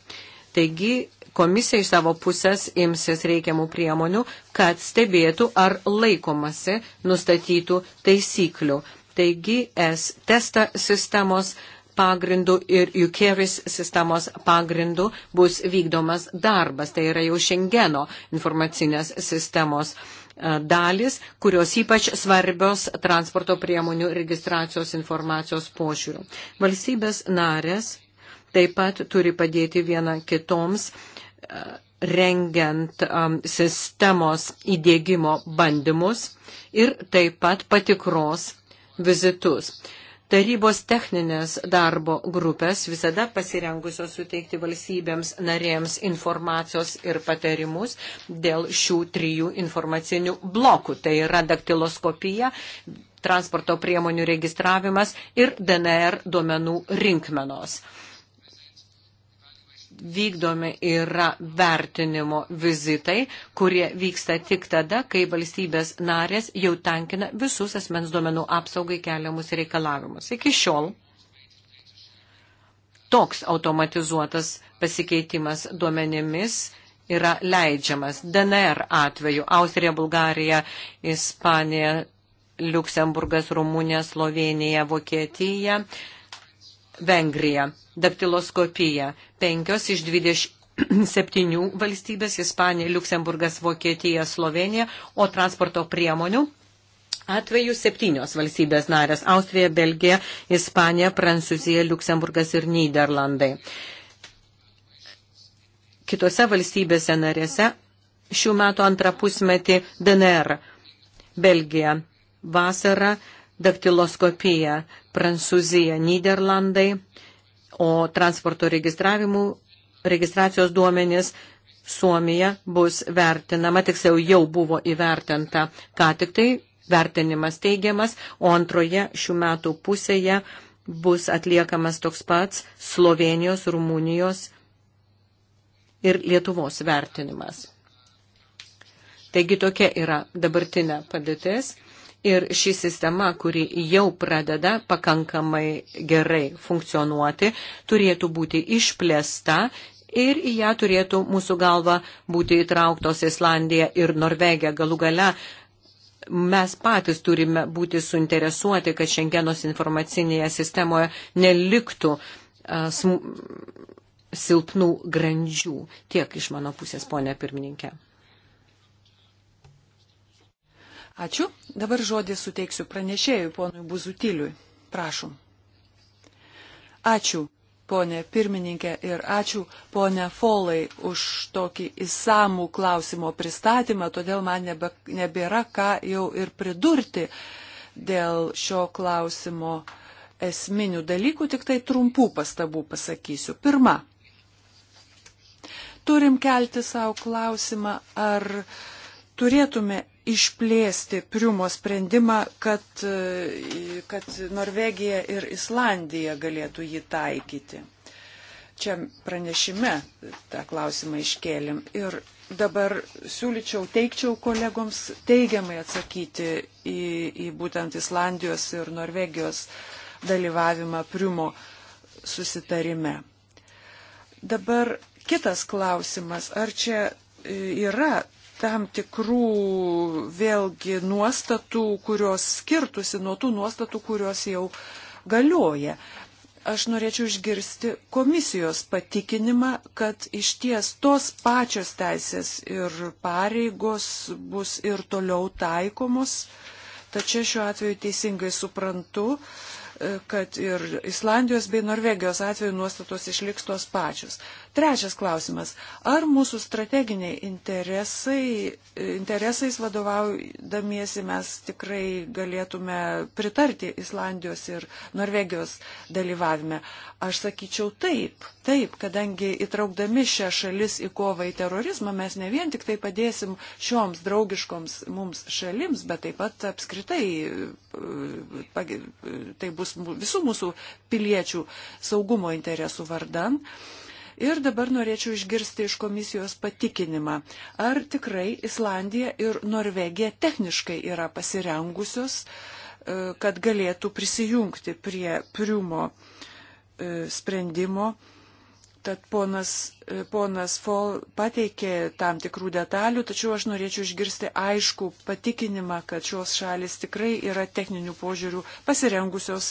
Taigi komisija iš savo pusės imsis reikiamų priemonių, kad stebėtų ar laikomasi nustatytų taisyklių. Taigi S testa sistemos pagrindų ir UKERIS sistemos pagrindų bus vykdomas darbas. Tai yra jau Šengeno informacinės sistemos e, dalis, kurios ypač svarbios transporto priemonių registracijos informacijos požiūrių. Valstybės narės taip pat turi padėti viena kitoms e, rengiant um, sistemos įdėgymo bandymus ir taip pat patikros vizitus. Tarybos techninės darbo grupės visada pasirengusios suteikti valstybėms narėms informacijos ir patarimus dėl šių trijų informacinių blokų. Tai yra daktiloskopija, transporto priemonių registravimas ir DNR duomenų rinkmenos vykdomi yra vertinimo vizitai, kurie vyksta tik tada, kai valstybės narės jau tenkina visus asmens duomenų apsaugai keliamus reikalavimus. Iki šiol toks automatizuotas pasikeitimas duomenimis yra leidžiamas. DNR atveju Austrija, Bulgarija, Ispanija, Liuksemburgas, Rumunija, Slovenija, Vokietija Vengrija, daktiloskopija, penkios iš dvidešimt [clears throat] septynių valstybės - Ispanija, Luksemburgas, Vokietija, Slovenija, o transporto priemonių atveju septynios valstybės narės - Austrija, Belgija, Ispanija, Prancūzija, Luksemburgas ir Niderlandai. Kitose valstybėse narėse šių metų antrą pusmetį DNR - Belgija, vasara, daktiloskopija, Prancūzija, Niderlandai, o transporto registracijos duomenys Suomija bus vertinama, tiksliau jau buvo įvertinta, ką tik tai vertinimas teigiamas, o antroje šių metų pusėje bus atliekamas toks pats Slovenijos, Rumunijos ir Lietuvos vertinimas. Taigi tokia yra dabartinė padėtis. Ir ši sistema, kuri jau pradeda pakankamai gerai funkcionuoti, turėtų būti išplėsta ir į ją turėtų mūsų galva būti įtrauktos Islandija ir Norvegija. Galų gale mes patys turime būti suinteresuoti, kad šiandienos informacinėje sistemoje neliktų uh, sm, silpnų grandžių. Tiek iš mano pusės, ponė pirmininkė. Ačiū. Dabar žodį suteiksiu pranešėjui, ponui Buzutiliui. Prašom. Ačiū, ponė pirmininkė, ir ačiū, ponė Folai, už tokį įsamų klausimo pristatymą, todėl man nebe, nebėra ką jau ir pridurti dėl šio klausimo esminių dalykų, tik tai trumpų pastabų pasakysiu. Pirma, turim kelti savo klausimą, ar uh, turėtume išplėsti Priumo sprendimą, kad, e, kad Norvegija ir Islandija galėtų jį taikyti. Čia pranešime tą klausimą iškėlim ir dabar siūlyčiau, teikčiau kolegoms teigiamai atsakyti į, į būtent Islandijos ir Norvegijos dalyvavimą Priumo susitarime. Dabar kitas klausimas, ar čia e, yra tam tikrų vėlgi nuostatų, kurios skirtusi nuo tų nuostatų, kurios jau galioja. Aš norėčiau išgirsti komisijos patikinimą, kad iš ties tos pačios teisės ir pareigos bus ir toliau taikomos. Tačiau šiuo atveju teisingai suprantu, e, kad ir Islandijos bei Norvegijos atveju nuostatos išliks tos pačios. Trečias klausimas. Ar mūsų strateginiai interesai, interesais vadovaudamiesi mes tikrai galėtume pritarti Islandijos ir Norvegijos dalyvavime? Aš sakyčiau taip, taip, kadangi įtraukdami šią šalis į kovą į terorizmą mes ne vien tik tai padėsim šioms draugiškoms mums šalims, bet taip pat apskritai tai bus visų mūsų piliečių saugumo interesų vardan. Ir dabar norėčiau išgirsti iš komisijos patikinimą, ar tikrai Islandija ir Norvegija techniškai yra pasirengusios, e, kad galėtų prisijungti prie priumo e, sprendimo Tad ponas, e, ponas Fol pateikė tam tikrų detalių, tačiau aš norėčiau išgirsti aišku patikinimą, kad šios šalis tikrai yra techninių požiūrių pasirengusios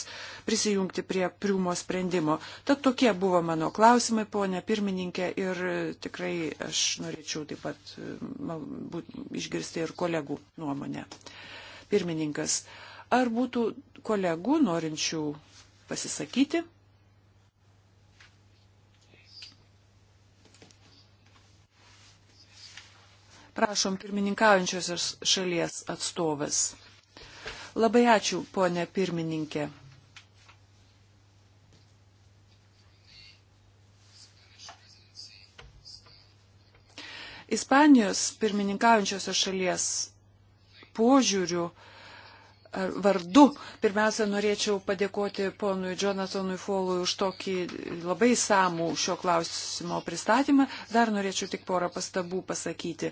prisijungti prie priumo sprendimo. Tad tokie buvo mano klausimai, ponė pirmininkė, ir e, tikrai aš norėčiau taip pat e, būt, išgirsti ir kolegų nuomonę. Pirmininkas, ar būtų kolegų norinčių pasisakyti? Prašom pirmininkaujančios šalies atstovas. Labai ačiū, ponė pirmininkė. Ispanijos pirmininkaujančios šalies požiūrių E, vardu. Pirmiausia, norėčiau padėkoti ponui Jonathanui Folui už tokį labai samų šio klausimo pristatymą. Dar norėčiau tik porą pastabų pasakyti.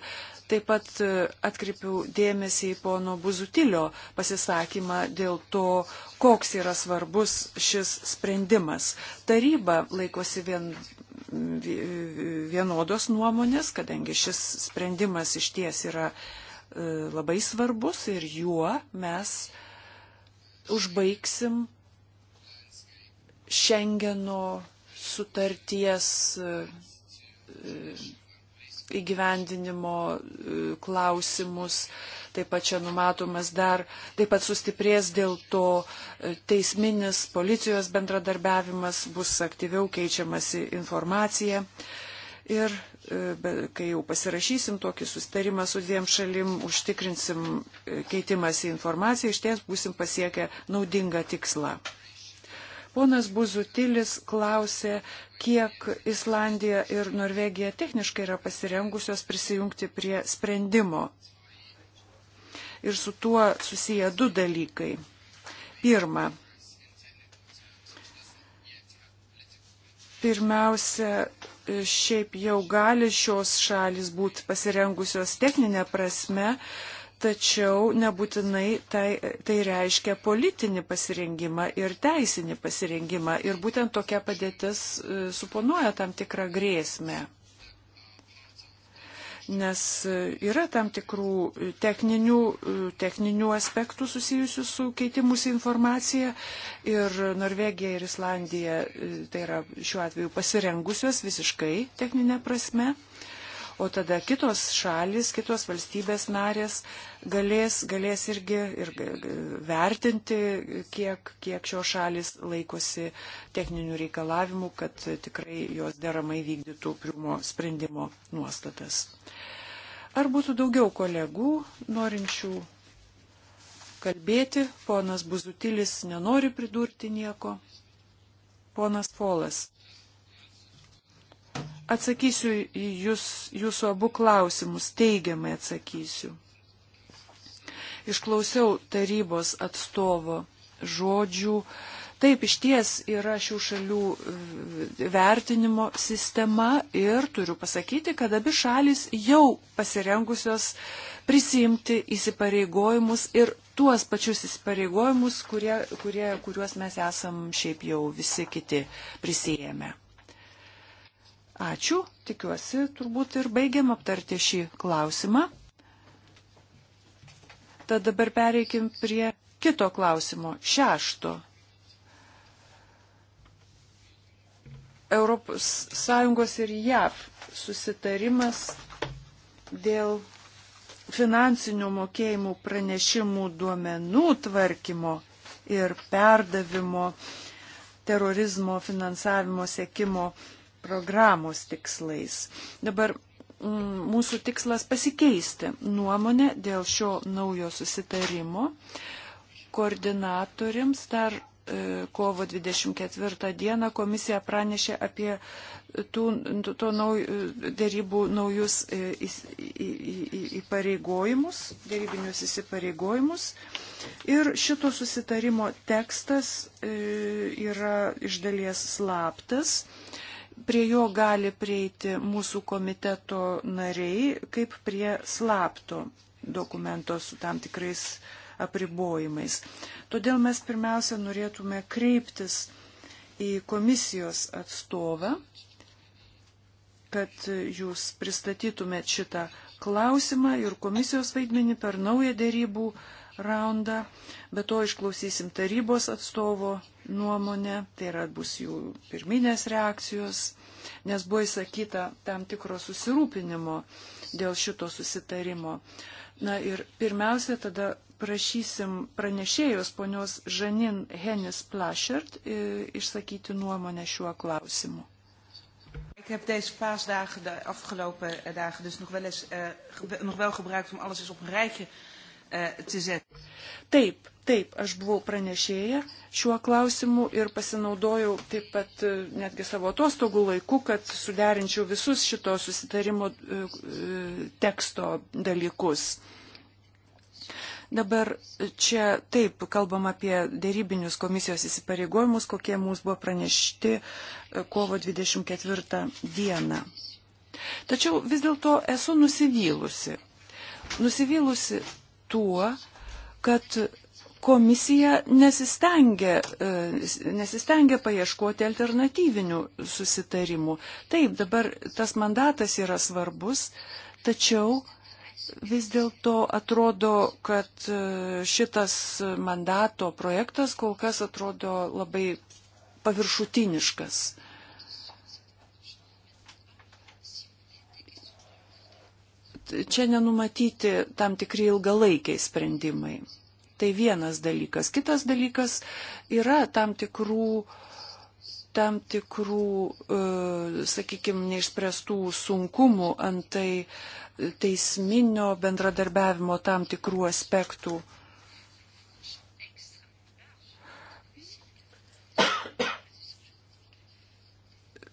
Taip pat e, atkreipiu dėmesį į pono Buzutilio pasisakymą dėl to, koks yra svarbus šis sprendimas. Taryba laikosi vien vienodos nuomonės, kadangi šis sprendimas iš ties yra E, labai svarbus ir juo mes užbaigsim Šengeno sutarties e, e, įgyvendinimo klausimus. Taip pat čia numatomas dar, taip pat sustiprės dėl to teisminis policijos bendradarbiavimas, bus aktyviau keičiamasi informacija. Ir E, kai jau pasirašysim tokį sustarimą su dviem šalim, užtikrinsim e, keitimąsi informaciją, iš ties būsim pasiekę naudingą tikslą. Ponas Buzutilis klausė, kiek Islandija ir Norvegija techniškai yra pasirengusios prisijungti prie sprendimo. Ir su tuo susiję du dalykai. Pirma, Pirmiausia, šiaip jau gali šios šalis būti pasirengusios techninę prasme, tačiau nebūtinai tai, tai reiškia politinį pasirengimą ir teisinį pasirengimą. Ir būtent tokia padėtis e, suponuoja tam tikrą grėsmę nes e, yra tam tikrų e, techninių, e, techninių aspektų susijusių su keitimus informacija ir Norvegija ir Islandija tai yra šiuo atveju pasirengusios visiškai techninė prasme. Uh, o tada kitos šalis, kitos valstybės narės galės, galės irgi ir vertinti, kiek, kiek šios šalis laikosi techninių reikalavimų, kad tikrai jos deramai vykdytų priumo sprendimo nuostatas. Ar būtų daugiau kolegų norinčių kalbėti? Ponas Buzutilis nenori pridurti nieko. Ponas Polas. Atsakysiu į jūs, jūsų abu klausimus, teigiamai atsakysiu. Išklausiau tarybos atstovo žodžių. Taip, iš ties yra šių šalių e, vertinimo sistema ir turiu pasakyti, kad abi šalis jau pasirengusios prisimti įsipareigojimus ir tuos pačius įsipareigojimus, kurie, kurie, kuriuos mes esam šiaip jau visi kiti prisijėmę. Ačiū, tikiuosi, turbūt ir baigiam aptarti šį klausimą. Tad dabar pereikim prie kito klausimo, šešto. Europos Sąjungos ir JAV susitarimas dėl finansinių mokėjimų pranešimų duomenų tvarkymo ir perdavimo terorizmo finansavimo sėkimo programos tikslais. Dabar mm, mūsų tikslas pasikeisti nuomonę dėl šio naujo susitarimo. Koordinatoriams dar e, kovo 24 dieną komisija pranešė apie tų, to nauj, e, dėrybų naujus e, įpareigojimus, dėrybinius įsipareigojimus. Ir šito susitarimo tekstas yra iš dalies slaptas. E, prie jo gali prieiti mūsų komiteto nariai kaip prie slapto dokumento su tam tikrais apribojimais. Todėl mes pirmiausia norėtume kreiptis į komisijos atstovą, kad jūs pristatytumėt šitą klausimą ir komisijos vaidmenį per naują dėrybų raundą, bet to išklausysim tarybos atstovo nuomonę, tai yra bus jų pirminės reakcijos, nes buvo įsakyta tam tikro susirūpinimo dėl šito susitarimo. Na ir pirmiausia, tada prašysim pranešėjos ponios Žanin Henis Plašert e, išsakyti nuomonę šiuo klausimu. Ik heb deze paasdagen, de afgelopen dagen, dus nog wel, eens, uh, nog wel gebruikt om alles eens op een rijtje te zetten. Taip, taip, aš buvau pranešėja šiuo klausimu ir pasinaudojau taip pat e, netgi savo atostogų laiku, kad suderinčiau visus šito susitarimo e, e, teksto dalykus. Dabar čia taip kalbam apie dėrybinius komisijos įsipareigojimus, kokie mums buvo pranešti kovo 24 dieną. Tačiau vis dėlto esu nusivylusi. Nusivylusi tuo, kad komisija nesistengia, e, nesistengia paieškoti alternatyvinių susitarimų. Taip, dabar tas mandatas yra svarbus, tačiau vis dėlto atrodo, kad e, šitas mandato projektas kol kas atrodo labai paviršutiniškas. čia nenumatyti tam tikri ilgalaikiai sprendimai. Tai vienas dalykas. Kitas dalykas yra tam tikrų, tam tikrų, e, sakykime, neišspręstų sunkumų ant tai teisminio bendradarbiavimo tam tikrų aspektų.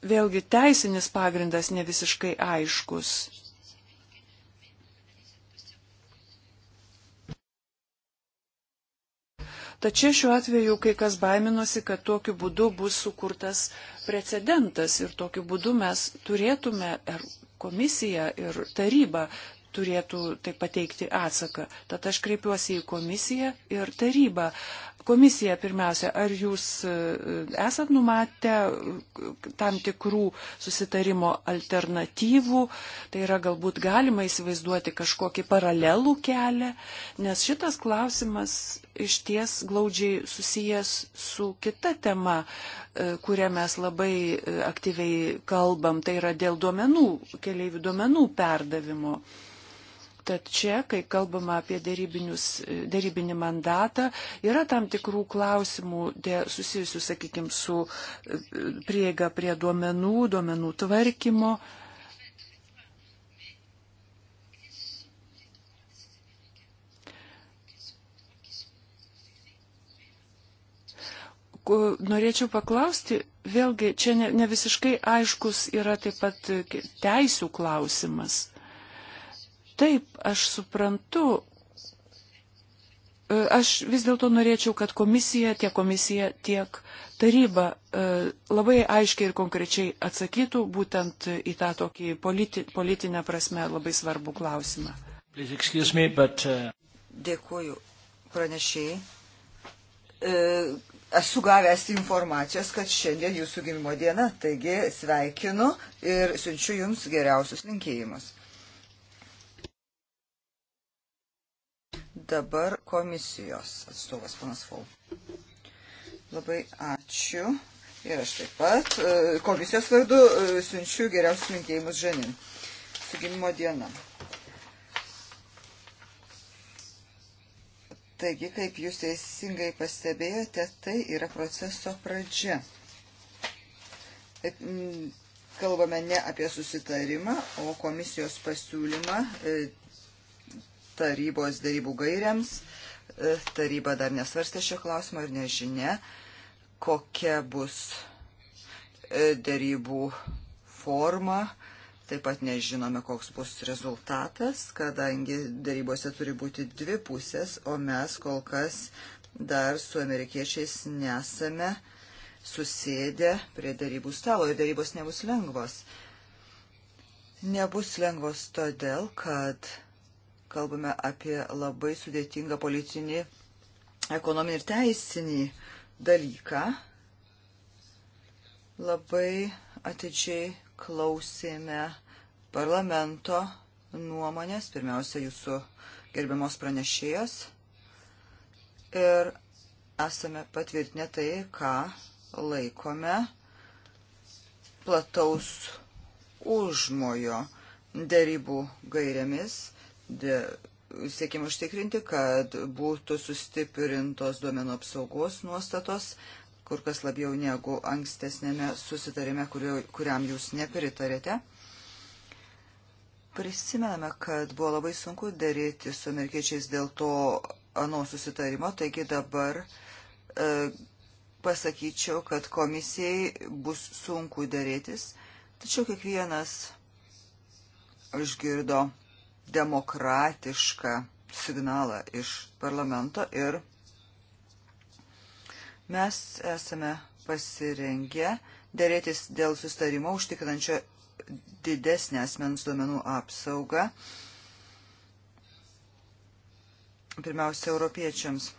Vėlgi teisinis pagrindas ne visiškai aiškus Tačiau šiuo atveju kai kas baiminosi, kad tokiu būdu bus sukurtas precedentas ir tokiu būdu mes turėtume, ar er, komisija ir taryba turėtų tai pateikti atsaką. Tad aš kreipiuosi į komisiją ir tarybą. Komisija pirmiausia, ar jūs e, esat numatę tam tikrų susitarimo alternatyvų, tai yra galbūt galima įsivaizduoti kažkokį paralelų kelią, nes šitas klausimas iš ties glaudžiai susijęs su kita tema, e, kurią mes labai e, aktyviai kalbam, tai yra dėl duomenų, keliaivių duomenų perdavimo. Tad čia, kai kalbama apie dėrybinį mandatą, yra tam tikrų klausimų susijusių, sakykime, su e, prieiga prie duomenų, duomenų tvarkymo. norėčiau paklausti, vėlgi čia ne, ne visiškai aiškus yra taip pat e, teisų klausimas. Taip, aš suprantu. E, aš vis dėlto norėčiau, kad komisija, tiek komisija, tiek taryba e, labai aiškiai ir konkrečiai atsakytų būtent į tą tokį politi, politinę prasme labai svarbų klausimą. Me, but, uh... Dėkuoju pranešėjai. E, esu gavęs informacijos, kad šiandien jūsų gimimo diena, taigi sveikinu ir siunčiu jums geriausius linkėjimus. Dabar komisijos atstovas panas Fau. Labai ačiū. Ir aš taip pat e, komisijos vardu e, siunčiu geriausius linkėjimus Žanin. Su gimimo diena. Taigi, kaip jūs teisingai pastebėjote, tai yra proceso pradžia. Kalbame ne apie susitarimą, o komisijos pasiūlymą e, tarybos dėrybų gairiams. E, taryba dar nesvarstė šio klausimo ir nežinia, kokia bus e, dėrybų forma. Taip pat nežinome, koks bus rezultatas, kadangi dėrybose turi būti dvi pusės, o mes kol kas dar su amerikiečiais nesame susėdę prie dėrybų stalo ir dėrybos nebus lengvos. Nebus lengvos todėl, kad kalbame apie labai sudėtingą politinį, ekonominį ir teisinį dalyką. Labai atidžiai klausėme parlamento nuomonės, pirmiausia, jūsų gerbiamos pranešėjos. Ir esame patvirtinę tai, ką laikome plataus užmojo dėrybų gairėmis siekiam užtikrinti, kad būtų sustiprintos duomenų apsaugos nuostatos, kur kas labiau negu ankstesnėme susitarime, kurio, kuriam jūs nepritarėte. Prisimename, kad buvo labai sunku daryti su amerikiečiais dėl to ano susitarimo, taigi dabar e, pasakyčiau, kad komisijai bus sunku dėrėtis, tačiau kiekvienas išgirdo demokratišką signalą iš parlamento ir mes esame pasirengę dėrėtis dėl sustarimo užtikrinančio didesnę asmens duomenų apsaugą, pirmiausia, europiečiams.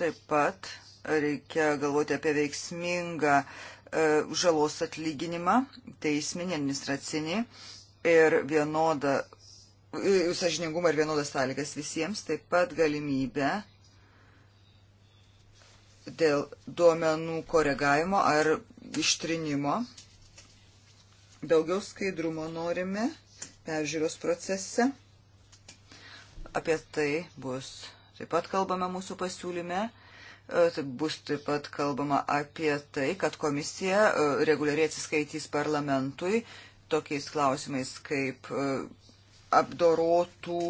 Taip pat reikia galvoti apie veiksmingą e, žalos atlyginimą, teisminį, administracinį, ir vienodą sažiningumą ir vienodas sąlygas visiems, taip pat galimybę dėl duomenų koregavimo ar ištrinimo. Daugiau skaidrumo norime peržiūros procese. Apie tai bus taip pat kalbame mūsų pasiūlyme. E, tai bus taip pat kalbama apie tai, kad komisija e, reguliariai atsiskaitys parlamentui tokiais klausimais kaip e, apdorotų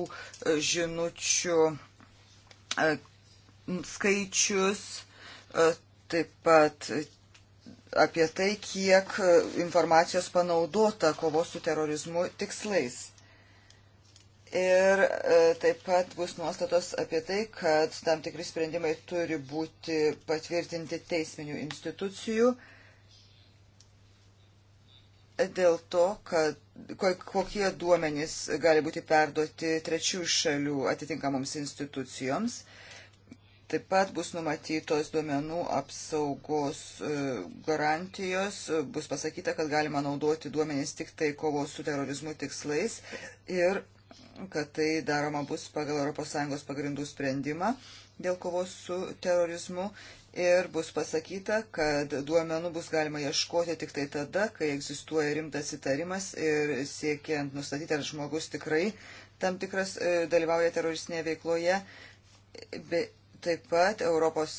e, žinučių e, skaičius, taip pat apie tai, kiek informacijos panaudota kovos su terorizmu tikslais. Ir taip pat bus nuostatos apie tai, kad tam tikri sprendimai turi būti patvirtinti teisminių institucijų dėl to, kad kokie duomenys gali būti perduoti trečių šalių atitinkamoms institucijoms. Taip pat bus numatytos duomenų apsaugos e, garantijos, bus pasakyta, kad galima naudoti duomenys tik tai kovos su terorizmu tikslais ir kad tai daroma bus pagal ES pagrindų sprendimą dėl kovos su terorizmu ir bus pasakyta, kad duomenų bus galima ieškoti tik tai tada, kai egzistuoja rimtas įtarimas ir siekiant nustatyti, ar žmogus tikrai tam tikras e, dalyvauja teroristinėje veikloje. Be, taip pat ES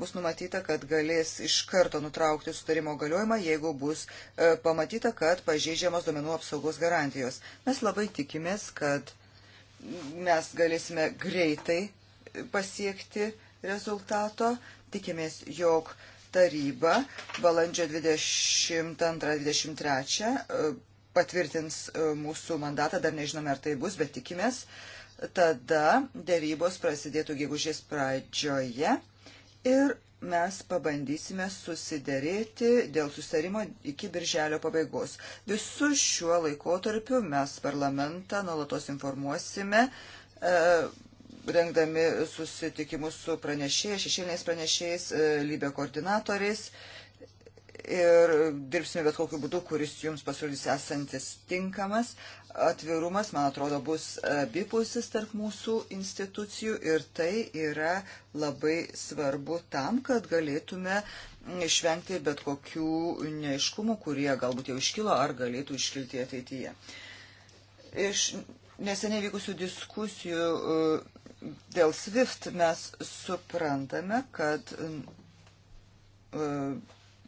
bus numatyta, kad galės iš karto nutraukti sutarimo galiojimą, jeigu bus e, pamatyta, kad pažeidžiamos duomenų apsaugos garantijos. Mes labai tikimės, kad mes galėsime greitai pasiekti rezultato. Tikimės, jog taryba balandžio 22-23 e, patvirtins e, mūsų mandatą, dar nežinome, ar tai bus, bet tikimės. Tada dėrybos prasidėtų gegužės pradžioje ir mes pabandysime susiderėti dėl susitarimo iki birželio pabaigos. Visų šiuo laikotarpiu mes parlamentą nuolatos informuosime e, rengdami susitikimus su pranešėjais, šešėliniais pranešėjais, e, lybė koordinatoriais ir dirbsime bet kokiu būdu, kuris jums pasiūlys esantis tinkamas. Atvirumas, man atrodo, bus abipusis tarp mūsų institucijų ir tai yra labai svarbu tam, kad galėtume išvengti bet kokių neiškumų, kurie galbūt jau iškilo ar galėtų iškilti ateityje. Iš neseniai vykusių diskusijų dėl SWIFT mes suprantame, kad e,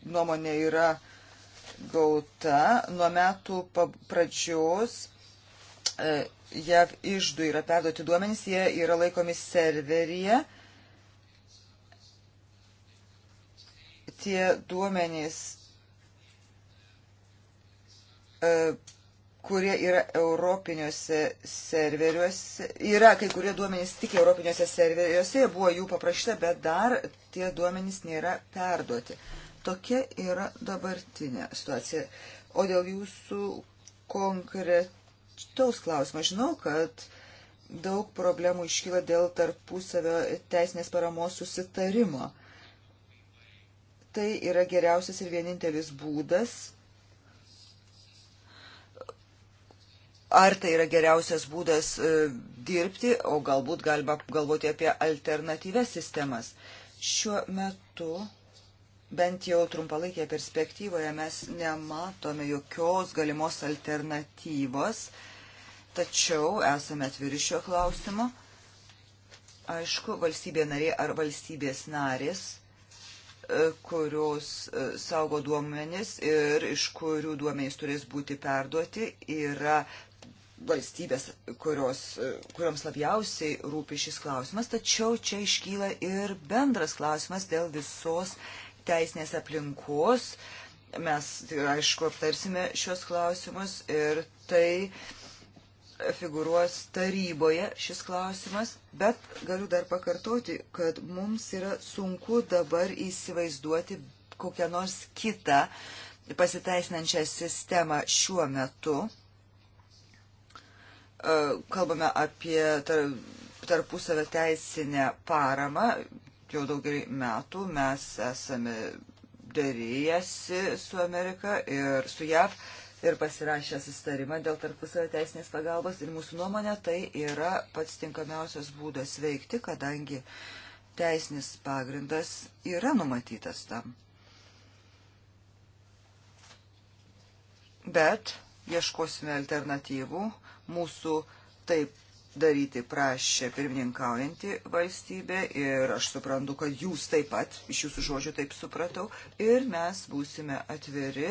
nuomonė yra gauta nuo metų pradžios. E, JAV išdų yra perduoti duomenys, jie yra laikomi serveryje. Tie duomenys e, kurie yra europiniuose serveriuose, yra kai kurie duomenys tik europiniuose serveriuose, buvo jų paprašyta, bet dar tie duomenys nėra perduoti. Tokia yra dabartinė situacija. O dėl jūsų konkretaus klausimo, žinau, kad daug problemų iškyla dėl tarpusavio teisinės paramos susitarimo. Tai yra geriausias ir vienintelis būdas ar tai yra geriausias būdas e, dirbti, o galbūt galima galvoti apie alternatyves sistemas. Šiuo metu, bent jau trumpalaikėje perspektyvoje, mes nematome jokios galimos alternatyvos, tačiau esame atviri šiuo klausimu. Aišku, valstybė narė ar valstybės narės e, kurios e, saugo duomenis ir iš kurių duomenys turės būti perduoti, yra valstybės, kurios, kurioms labiausiai rūpi šis klausimas, tačiau čia iškyla ir bendras klausimas dėl visos teisinės aplinkos. Mes, tai, aišku, aptarsime šios klausimus ir tai figuruos taryboje šis klausimas, bet galiu dar pakartoti, kad mums yra sunku dabar įsivaizduoti kokią nors kitą pasiteisinančią sistemą šiuo metu E, kalbame apie tarpusavę teisinę paramą. Jau daugelį metų mes esame dėrėjęsi su Amerika ir su JAV ir pasirašę sustarimą dėl tarpusavio teisinės pagalbos. Ir mūsų nuomonė tai yra pats tinkamiausias būdas veikti, kadangi teisinis pagrindas yra numatytas tam. Bet ieškosime alternatyvų mūsų taip daryti prašė pirmininkaujanti valstybė ir aš suprantu, kad jūs taip pat, iš jūsų žodžių taip supratau, ir mes būsime atviri,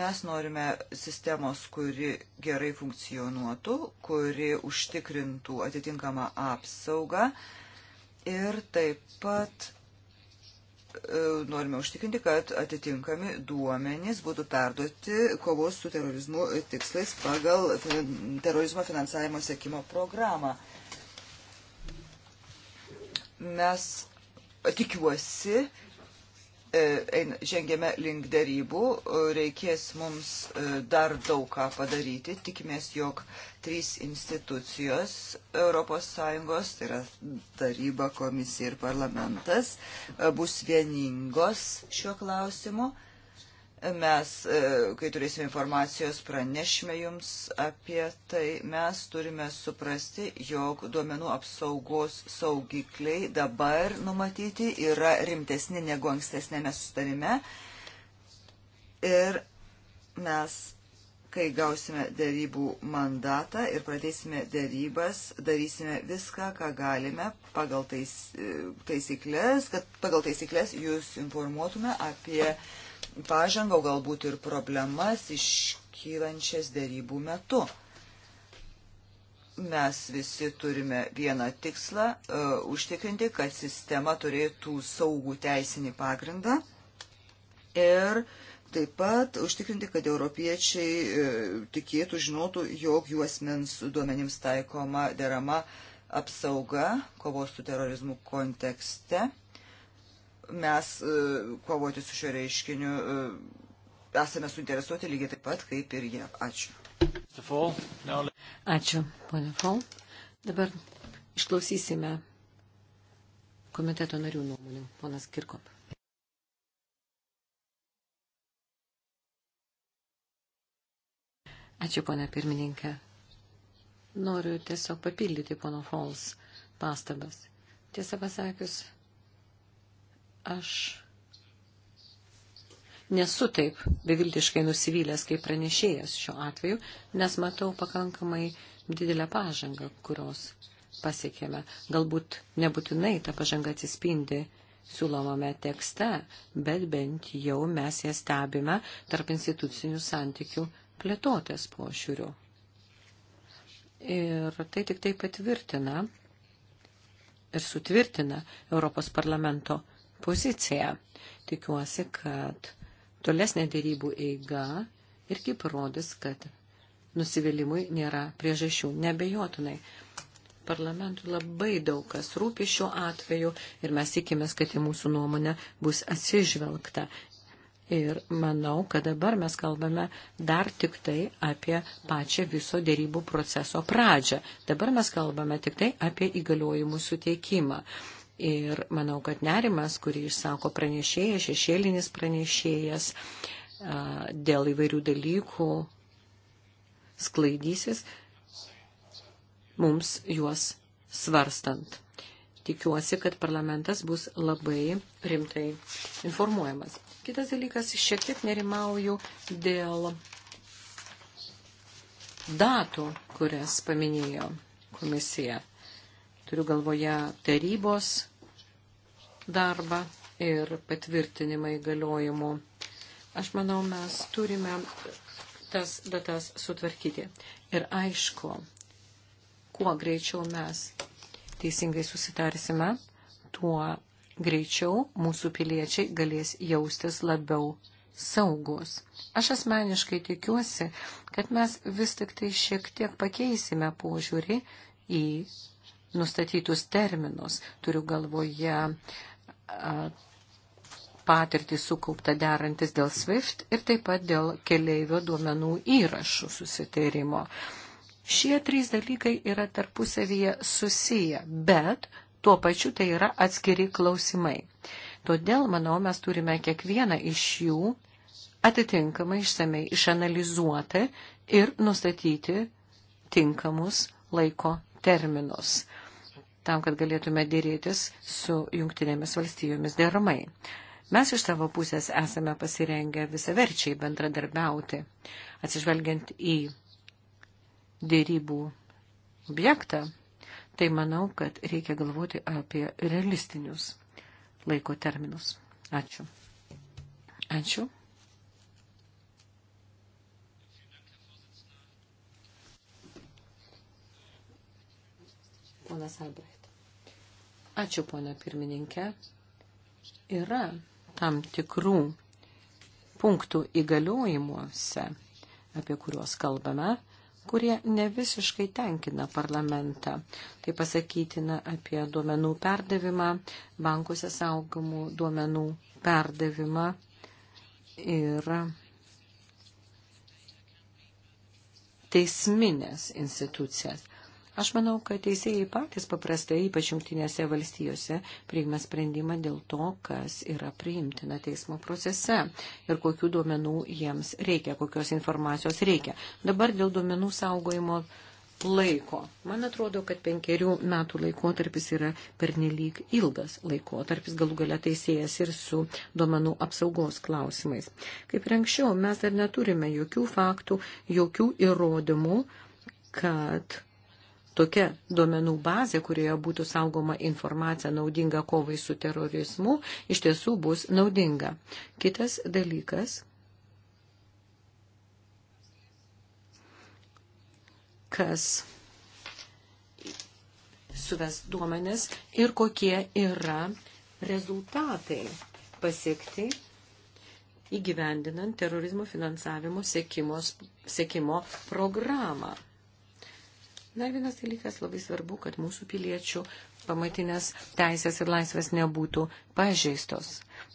mes norime sistemos, kuri gerai funkcionuotų, kuri užtikrintų atitinkamą apsaugą ir taip pat E, norime užtikrinti, kad atitinkami duomenys būtų perduoti kovos su terorizmu tikslais pagal terorizmo finansavimo sėkimo programą. Mes tikiuosi, E, žengėme link darybų, e, reikės mums e, dar daug ką padaryti. Tikimės, jog trys institucijos ES, tai yra taryba, komisija ir parlamentas, bus vieningos šiuo klausimu. Mes, e, kai turėsime informacijos, pranešime jums apie tai. Mes turime suprasti, jog duomenų apsaugos saugikliai dabar numatyti yra rimtesni negu ankstesnėme sustarime. Ir mes kai gausime dėrybų mandatą ir pradėsime dėrybas, darysime viską, ką galime pagal tais, e, taisyklės, kad pagal taisyklės jūs informuotume apie pažangą, galbūt ir problemas iškylančias dėrybų metu. Mes visi turime vieną tikslą e, - užtikrinti, kad sistema turėtų saugų teisinį pagrindą ir taip pat užtikrinti, kad europiečiai e, tikėtų, žinotų, jog juosmens duomenims taikoma derama apsauga kovos su terorizmu kontekste mes e, kovoti su šio reiškiniu e, esame suinteresuoti lygiai taip pat kaip ir jie. Ačiū. Ačiū, ponia Fol. Dabar išklausysime komiteto narių nuomonių. Ponas Kirkop. Ačiū, ponia pirmininkė. Noriu tiesiog papildyti pono Fols pastabas. Tiesą pasakius, Aš nesu taip beviltiškai nusivylęs kaip pranešėjas šiuo atveju, nes matau pakankamai didelę pažangą, kurios pasiekėme. Galbūt nebūtinai ta pažanga atsispindi siūlomame tekste, bet bent jau mes ją stebime tarp institucinių santykių plėtotės pošiūrių. Ir tai tik tai patvirtina ir sutvirtina Europos parlamento poziciją. Tikiuosi, kad tolesnė dėrybų eiga irgi parodys, kad nusivylimui nėra priežasčių. Nebejotinai. Parlamentui labai daug kas rūpi šiuo atveju ir mes tikimės, kad į mūsų nuomonę bus atsižvelgta. Ir manau, kad dabar mes kalbame dar tik tai apie pačią viso dėrybų proceso pradžią. Dabar mes kalbame tik tai apie įgaliojimų suteikimą. Ir manau, kad nerimas, kurį išsako pranešėjas, šešėlinis pranešėjas dėl įvairių dalykų sklaidysis mums juos svarstant. Tikiuosi, kad parlamentas bus labai rimtai informuojamas. Kitas dalykas, šiek tiek nerimauju dėl datų, kurias paminėjo komisija. Turiu galvoje tarybos darbą ir patvirtinimą įgaliojimų. Aš manau, mes turime tas datas sutvarkyti. Ir aišku, kuo greičiau mes teisingai susitarsime, tuo greičiau mūsų piliečiai galės jaustis labiau saugus. Aš asmeniškai tikiuosi, kad mes vis tik tai šiek tiek pakeisime požiūrį į nustatytus terminus. Turiu galvoje patirtį sukauptą derantis dėl SWIFT ir taip pat dėl keleivio duomenų įrašų susitarimo. Šie trys dalykai yra tarpusavyje susiję, bet tuo pačiu tai yra atskiri klausimai. Todėl, manau, mes turime kiekvieną iš jų atitinkamai išsamei išanalizuoti ir nustatyti tinkamus laiko terminus tam, kad galėtume dėrėtis su jungtinėmis valstijomis deramai. Mes iš savo pusės esame pasirengę visaverčiai bendradarbiauti, atsižvelgiant į dėrybų objektą, tai manau, kad reikia galvoti apie realistinius laiko terminus. Ačiū. Ačiū. ponas Albrecht. Ačiū, ponė pirmininkė. Yra tam tikrų punktų įgaliojimuose, apie kuriuos kalbame, kurie ne visiškai tenkina parlamentą. Tai pasakytina apie duomenų perdavimą, bankuose saugomų duomenų perdavimą ir teisminės institucijas. Aš manau, kad teisėjai patys paprastai, ypač jungtinėse valstijose, priima sprendimą dėl to, kas yra priimtina teismo procese ir kokių duomenų jiems reikia, kokios informacijos reikia. Dabar dėl duomenų saugojimo laiko. Man atrodo, kad penkerių metų laikotarpis yra pernelyg ilgas laikotarpis, galų galia teisėjas ir su duomenų apsaugos klausimais. Kaip ir anksčiau, mes dar neturime jokių faktų, jokių įrodymų, kad tokia duomenų bazė, kurioje būtų saugoma informacija naudinga kovai su terorizmu, iš tiesų bus naudinga. Kitas dalykas. kas suves duomenis ir kokie yra rezultatai pasiekti įgyvendinant terorizmo finansavimo sekimo, sekimo programą. Dar vienas dalykas labai svarbu, kad mūsų piliečių pamatinės teisės ir laisvės nebūtų pažeistos.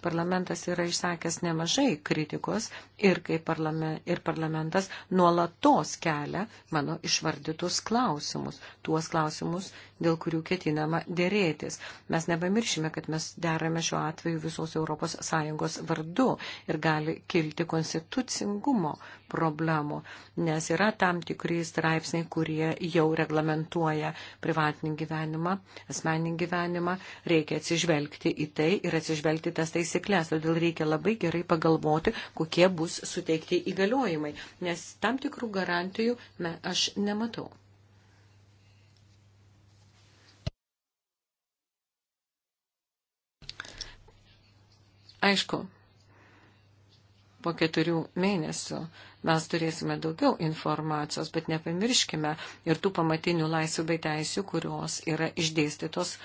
Parlamentas yra išsakęs nemažai kritikos ir, parlame, ir parlamentas nuolatos kelia mano išvardytus klausimus, tuos klausimus, dėl kurių ketinama dėrėtis. Mes nepamiršime, kad mes derame šiuo atveju visos ES vardu ir gali kilti konstitucingumo problemų, nes yra tam tikri straipsniai, kurie jau reglamentuoja privatinį gyvenimą, asmeninį gyvenimą, reikia atsižvelgti į tai ir atsižvelgti tas taisyklės, todėl reikia labai gerai pagalvoti, kokie bus suteikti įgaliojimai, nes tam tikrų garantijų me, aš nematau. Aišku, po keturių mėnesių mes turėsime daugiau informacijos, bet nepamirškime ir tų pamatinių laisvių bei teisių, kurios yra išdėstytos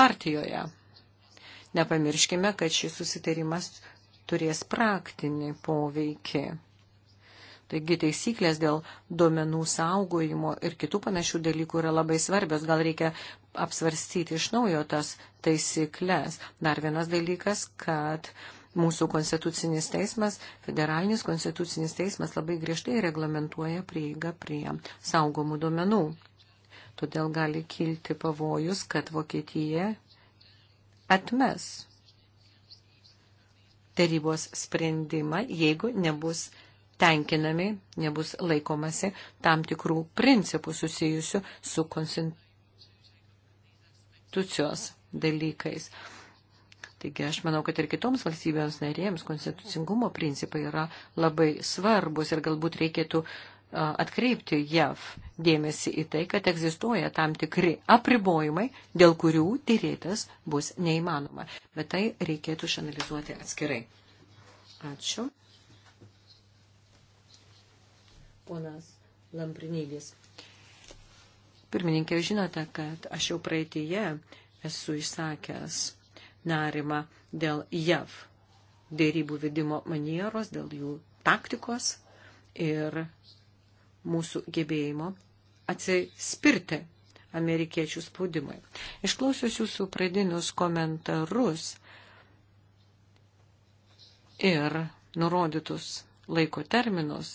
Hartijoje. Nepamirškime, kad šis susitarimas turės praktinį poveikį. Taigi taisyklės dėl duomenų saugojimo ir kitų panašių dalykų yra labai svarbios. Gal reikia apsvarstyti iš naujo tas taisyklės. Dar vienas dalykas, kad mūsų konstitucinis teismas, federalinis konstitucinis teismas labai griežtai reglamentuoja prieigą prie saugomų duomenų. Todėl gali kilti pavojus, kad Vokietija atmes tarybos sprendimą, jeigu nebus tenkinami, nebus laikomasi tam tikrų principų susijusių su konstitucijos dalykais. Taigi aš manau, kad ir kitoms valstybėms narėms konstitucingumo principai yra labai svarbus ir galbūt reikėtų uh, atkreipti JAV dėmesį į tai, kad egzistuoja tam tikri apribojimai, dėl kurių dėrėtas bus neįmanoma. Bet tai reikėtų išanalizuoti atskirai. Ačiū. Ponas Lamprinėlis. Pirmininkė, žinote, kad aš jau praeitėje esu išsakęs narimą dėl JAV dėrybų vedimo manieros, dėl jų taktikos ir mūsų gebėjimo atsispirti amerikiečių spaudimui. Išklausius jūsų pradinius komentarus ir nurodytus laiko terminus,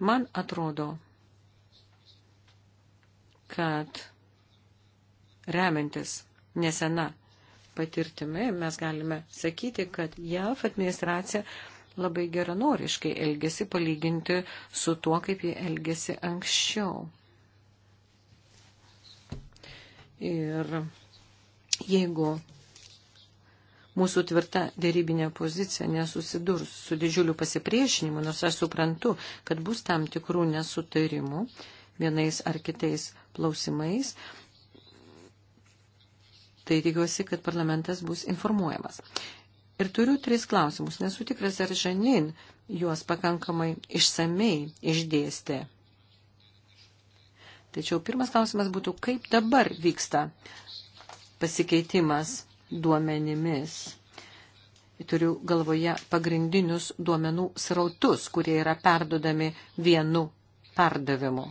man atrodo, kad remiantis nesena patirtimi mes galime sakyti, kad JAV administracija labai geranoriškai elgesi palyginti su tuo, kaip jie elgesi anksčiau. Ir jeigu mūsų tvirta dėrybinė pozicija nesusidurs su didžiuliu pasipriešinimu, nors aš suprantu, kad bus tam tikrų nesutarimų vienais ar kitais klausimais, tai tikiuosi, kad parlamentas bus informuojamas. Ir turiu tris klausimus. Nesu tikras, ar Žanin juos pakankamai išsamei išdėstė. Tačiau pirmas klausimas būtų, kaip dabar vyksta pasikeitimas duomenimis. Turiu galvoje pagrindinius duomenų srautus, kurie yra perdodami vienu perdavimu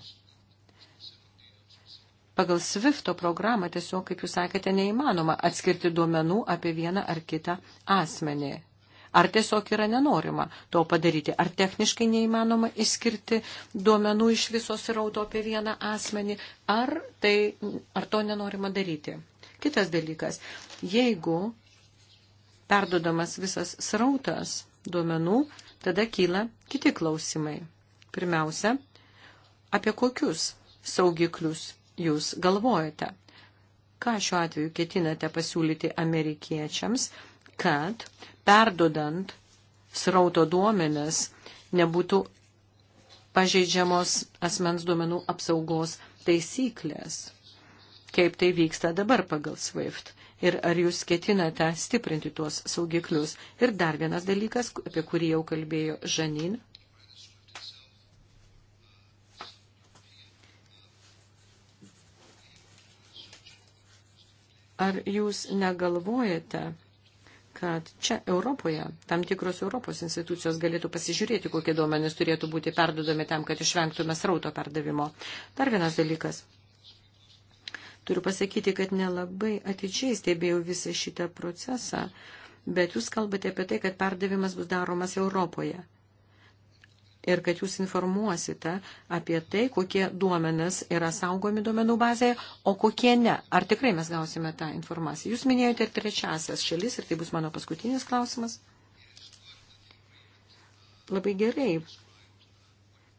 pagal SWIFTO programą tiesiog, kaip jūs sakėte, neįmanoma atskirti duomenų apie vieną ar kitą asmenį. Ar tiesiog yra nenorima to padaryti, ar techniškai neįmanoma išskirti duomenų iš viso srauto apie vieną asmenį, ar, tai, ar to nenorima daryti. Kitas dalykas, jeigu perdodamas visas srautas duomenų, tada kyla kiti klausimai. Pirmiausia, apie kokius saugiklius jūs galvojate? Ką šiuo atveju ketinate pasiūlyti amerikiečiams, kad perdodant srauto duomenis nebūtų pažeidžiamos asmens duomenų apsaugos taisyklės, kaip tai vyksta dabar pagal SWIFT ir ar jūs ketinate stiprinti tuos saugiklius. Ir dar vienas dalykas, apie kurį jau kalbėjo Žanin, Ar jūs negalvojate, kad čia Europoje tam tikros Europos institucijos galėtų pasižiūrėti, kokie duomenys turėtų būti perdodami tam, kad išvengtume srauto perdavimo. Dar vienas dalykas. Turiu pasakyti, kad nelabai atidžiai stebėjau visą šitą procesą, bet jūs kalbate apie tai, kad perdavimas bus daromas Europoje ir kad jūs informuosite apie tai, kokie duomenas yra saugomi duomenų bazėje, o kokie ne. Ar tikrai mes gausime tą informaciją? Jūs minėjote ir trečiasias šalis, ir tai bus mano paskutinis klausimas. Labai gerai,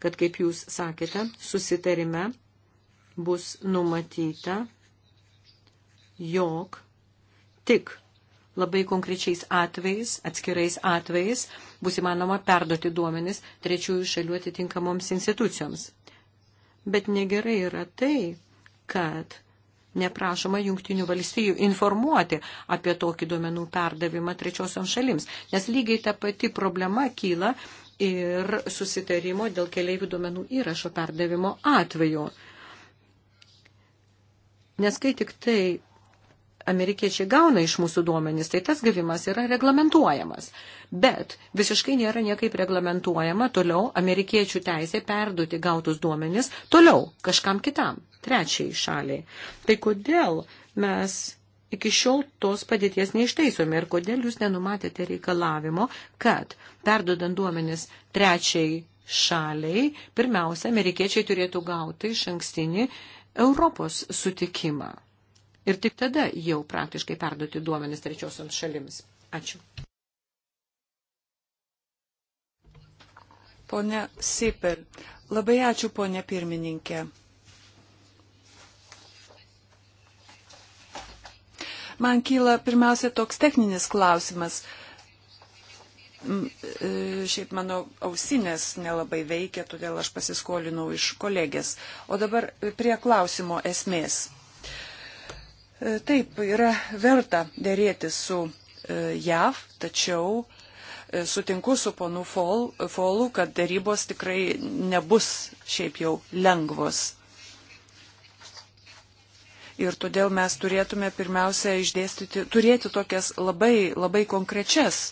kad, kaip jūs sakėte, susitarime bus numatyta, jog tik labai konkrečiais atvejais, atskirais atvejais bus įmanoma perduoti duomenis trečiųjų šalių atitinkamoms institucijoms. Bet negerai yra tai, kad neprašoma jungtinių valstijų informuoti apie tokį duomenų perdavimą trečiosiam šalims, nes lygiai ta pati problema kyla ir susitarimo dėl keliaivių duomenų įrašo perdavimo atveju. Nes kai tik tai amerikiečiai gauna iš mūsų duomenys, tai tas gavimas yra reglamentuojamas. Bet visiškai nėra niekaip reglamentuojama toliau amerikiečių teisė perduoti gautus duomenys toliau kažkam kitam, trečiai šaliai. Tai kodėl mes iki šiol tos padėties neišteisome ir kodėl jūs nenumatėte reikalavimo, kad perdodant duomenis trečiai šaliai, pirmiausia, amerikiečiai turėtų gauti iš ankstinį Europos sutikimą ir tik tada jau praktiškai perduoti duomenis trečiosioms šalims. Ačiū. Pone Sipel, labai ačiū, ponė pirmininkė. Man kyla pirmiausia toks techninis klausimas. E, šiaip mano ausinės nelabai veikia, todėl aš pasiskolinau iš kolegės. O dabar prie klausimo esmės E, taip, yra verta dėrėti su e, JAV, tačiau e, sutinku su ponu Fol, Folu, kad dėrybos tikrai nebus šiaip jau lengvos. Ir todėl mes turėtume pirmiausia išdėstyti, turėti tokias labai, labai konkrečias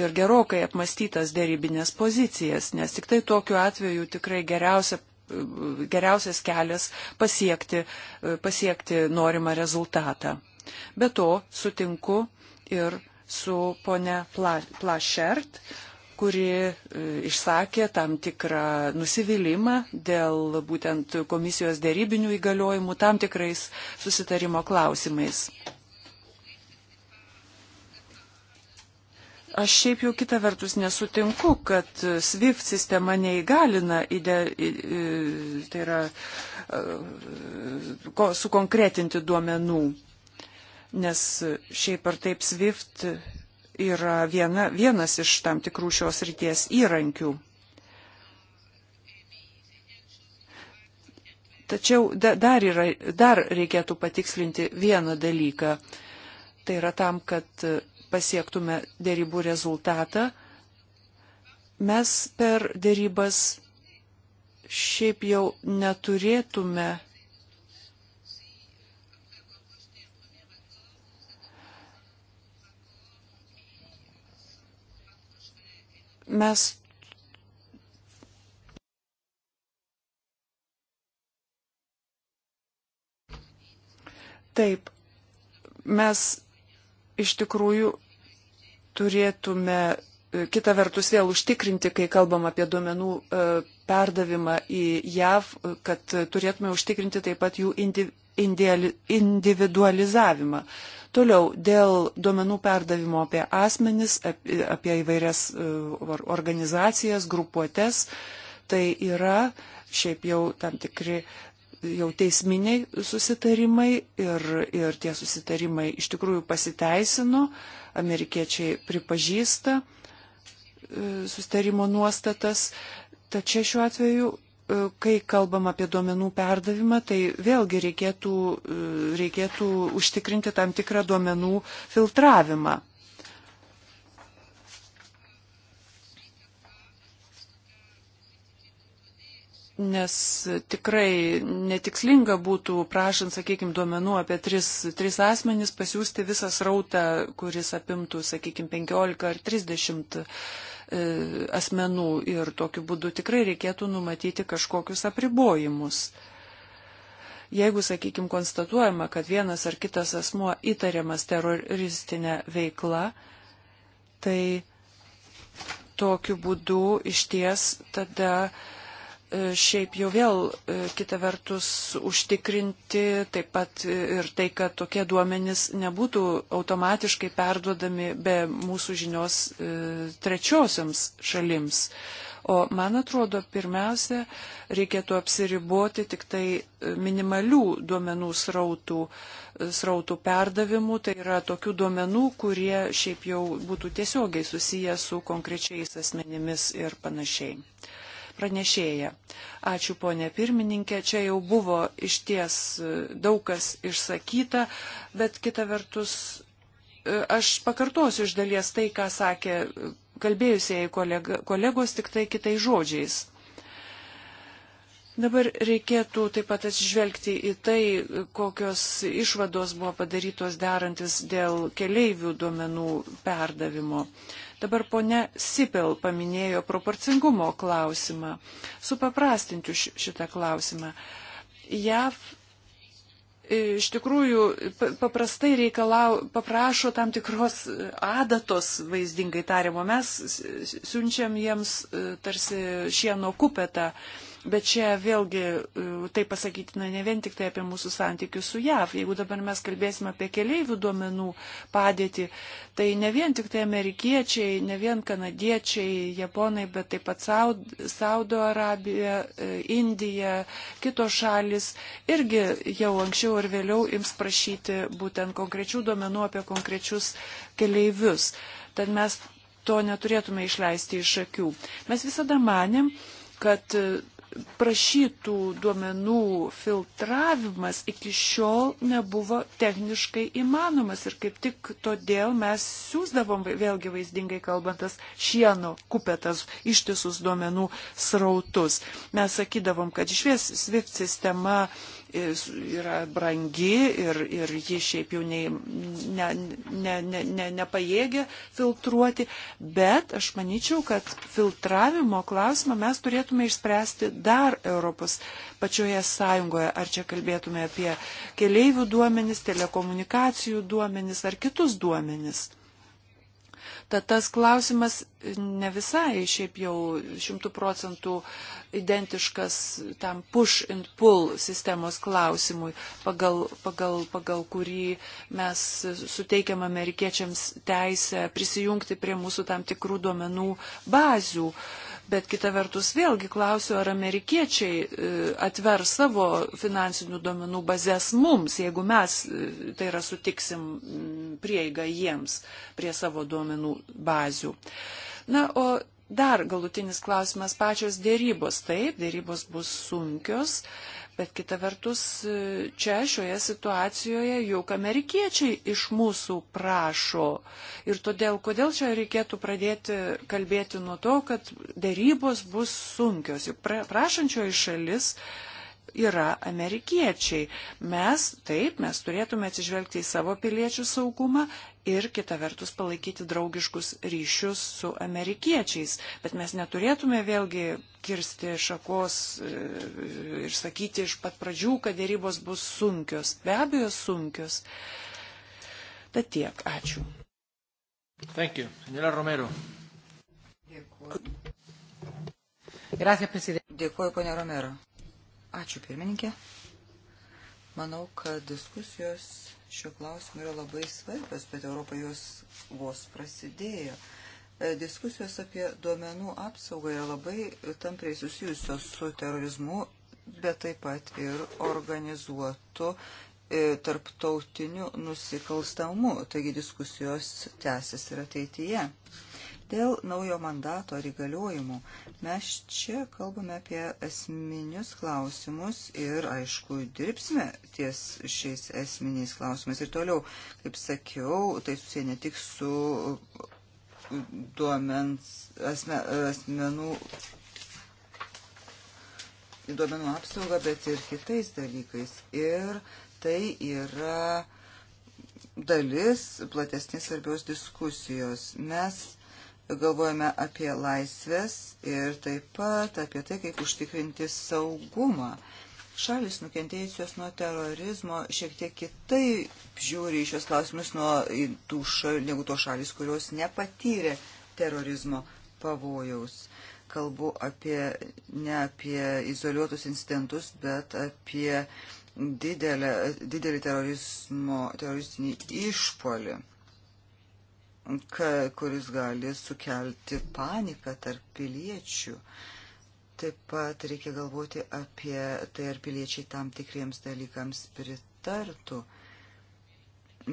ir gerokai apmastytas dėrybinės pozicijas, nes tik tai tokiu atveju tikrai geriausia geriausias kelias pasiekti, pasiekti norimą rezultatą. Be to sutinku ir su ponia Pla, Plašert, kuri e, išsakė tam tikrą nusivylimą dėl būtent komisijos dėrybinių įgaliojimų tam tikrais susitarimo klausimais. Aš šiaip jau kitą vertus nesutinku, kad SWIFT sistema neįgalina, ide, tai yra e, sukonkretinti duomenų, nes šiaip ar taip SWIFT yra viena, vienas iš tam tikrų šios ryties įrankių. Tačiau dar, yra, dar reikėtų patikslinti vieną dalyką. Tai yra tam, kad pasiektume dėrybų rezultatą, mes per dėrybas šiaip jau neturėtume mes Taip, mes iš tikrųjų turėtume e, kita vertus vėl užtikrinti, kai kalbam apie duomenų e, perdavimą į JAV, e, kad turėtume užtikrinti taip pat jų individualizavimą. Toliau, dėl duomenų perdavimo apie asmenis, apie įvairias organizacijas, grupuotės, tai yra šiaip jau tam tikri jau teisminiai susitarimai ir, ir tie susitarimai iš tikrųjų pasiteisino, amerikiečiai pripažįsta e, susitarimo nuostatas. Tačiau šiuo atveju, e, kai kalbam apie duomenų perdavimą, tai vėlgi reikėtų, e, reikėtų užtikrinti tam tikrą duomenų filtravimą. Nes tikrai netikslinga būtų, prašant, sakykime, duomenų apie tris, tris asmenys, pasiūsti visą srautą, kuris apimtų, sakykime, 15 ar 30 e, asmenų ir tokiu būdu tikrai reikėtų numatyti kažkokius apribojimus. Jeigu, sakykime, konstatuojama, kad vienas ar kitas asmuo įtariamas teroristinė veikla, tai tokiu būdu iš ties tada E, šiaip jau vėl e, kita vertus užtikrinti taip pat ir tai, kad tokie duomenys nebūtų automatiškai perduodami be mūsų žinios e, trečiosiams šalims. O man atrodo, pirmiausia, reikėtų apsiriboti tik tai minimalių duomenų srautų, srautų perdavimų, tai yra tokių duomenų, kurie šiaip jau būtų tiesiogiai susiję su konkrečiais asmenimis ir panašiai. Uh, pranešėją. Ačiū, ponė pirmininkė. Čia jau buvo iš ties e, daug kas išsakyta, bet kita vertus, e, aš pakartosiu iš dalies tai, ką sakė e, kalbėjusieji kolega, kolegos, tik tai kitais žodžiais. Dabar reikėtų taip pat atsižvelgti į tai, kokios išvados buvo padarytos derantis dėl keleivių duomenų perdavimo. Uh, Dabar ponia Sipel paminėjo proporcingumo klausimą. Supaprastinčiu šitą klausimą. JAV e, iš tikrųjų paprastai reikalau, paprašo tam tikros e, adatos, vaizdingai tariamo, mes siunčiam jiems e, tarsi šieno kupetą. Uh, Bet čia vėlgi e, tai pasakytina ne vien tik tai apie mūsų santykius su JAV. Jeigu dabar mes kalbėsime apie keliaivių duomenų padėtį, tai ne vien tik tai amerikiečiai, ne vien kanadiečiai, japonai, bet taip pat Saudo Arabija, e, Indija, kitos šalis irgi jau anksčiau ir vėliau ims prašyti būtent konkrečių duomenų apie konkrečius keliaivius. Tad mes to neturėtume išleisti iš akių. Mes visada manėm, kad prašytų duomenų filtravimas iki šiol nebuvo techniškai įmanomas ir kaip tik todėl mes siūsdavom, vėlgi vaizdingai kalbantas, šieno kupetas ištisus duomenų srautus. Mes sakydavom, kad išvies SWIFT sistema yra brangi ir, ir ji šiaip jau ne, ne, ne, ne, ne, nepajėgia filtruoti, bet aš manyčiau, kad filtravimo klausimą mes turėtume išspręsti dar Europos pačioje sąjungoje, ar čia kalbėtume apie keleivių duomenis, telekomunikacijų duomenis ar kitus duomenis. Tad tas klausimas ne visai šiaip jau šimtų procentų identiškas tam push and pull sistemos klausimui, pagal, pagal, pagal kurį mes suteikiam amerikiečiams teisę prisijungti prie mūsų tam tikrų duomenų bazių. Uh, Bet kita vertus vėlgi klausiu, ar amerikiečiai e, atver savo finansinių duomenų bazės mums, jeigu mes, e, tai yra, sutiksim prieigą jiems prie savo duomenų bazių. Na, o dar galutinis klausimas pačios dėrybos. Taip, dėrybos bus sunkios, Bet kita vertus, čia šioje situacijoje juk amerikiečiai iš mūsų prašo. Ir todėl, kodėl čia reikėtų pradėti kalbėti nuo to, kad dėrybos bus sunkios. Juk prašančioji šalis uh, yra amerikiečiai. Mes, taip, mes turėtume atsižvelgti į savo piliečių saugumą ir kita vertus palaikyti draugiškus ryšius su amerikiečiais. Bet mes neturėtume vėlgi kirsti šakos e, ir sakyti iš pat pradžių, kad dėrybos bus sunkios. Be abejo, sunkios. Tad tiek. Ačiū. Thank you. Senora Romero. Dėkuoju. Gracias, presidente. Dėkuoju, ponia Romero. Ačiū pirmininkė. Manau, kad diskusijos šiuo klausimu yra labai svarbios, bet Europoje jos vos prasidėjo. E, diskusijos apie duomenų apsaugą yra labai tampriai susijusios su terorizmu, bet taip pat ir organizuotu e, tarptautiniu nusikalstamu. Taigi diskusijos tęsis ir ateityje. Dėl naujo mandato ar įgaliojimų mes čia kalbame apie esminius klausimus ir, aišku, dirbsime ties šiais esminiais klausimais. Ir toliau, kaip sakiau, tai susiję ne tik su duomens, asme, asmenų duomenų apsaugą, bet ir kitais dalykais. Ir tai yra dalis platesnės svarbios diskusijos. Mes galvojame apie laisvės ir taip pat apie tai, kaip užtikrinti saugumą. Šalis nukentėjusios nuo terorizmo šiek tiek kitaip žiūri į šios klausimus nuo tų šal, negu to šalis, kurios nepatyrė terorizmo pavojaus. Kalbu apie, ne apie izoliuotus incidentus, bet apie didelę, didelį terorizmo, teroristinį išpolį kuris gali sukelti paniką tarp piliečių. Taip pat reikia galvoti apie tai, ar piliečiai tam tikriems dalykams pritartų.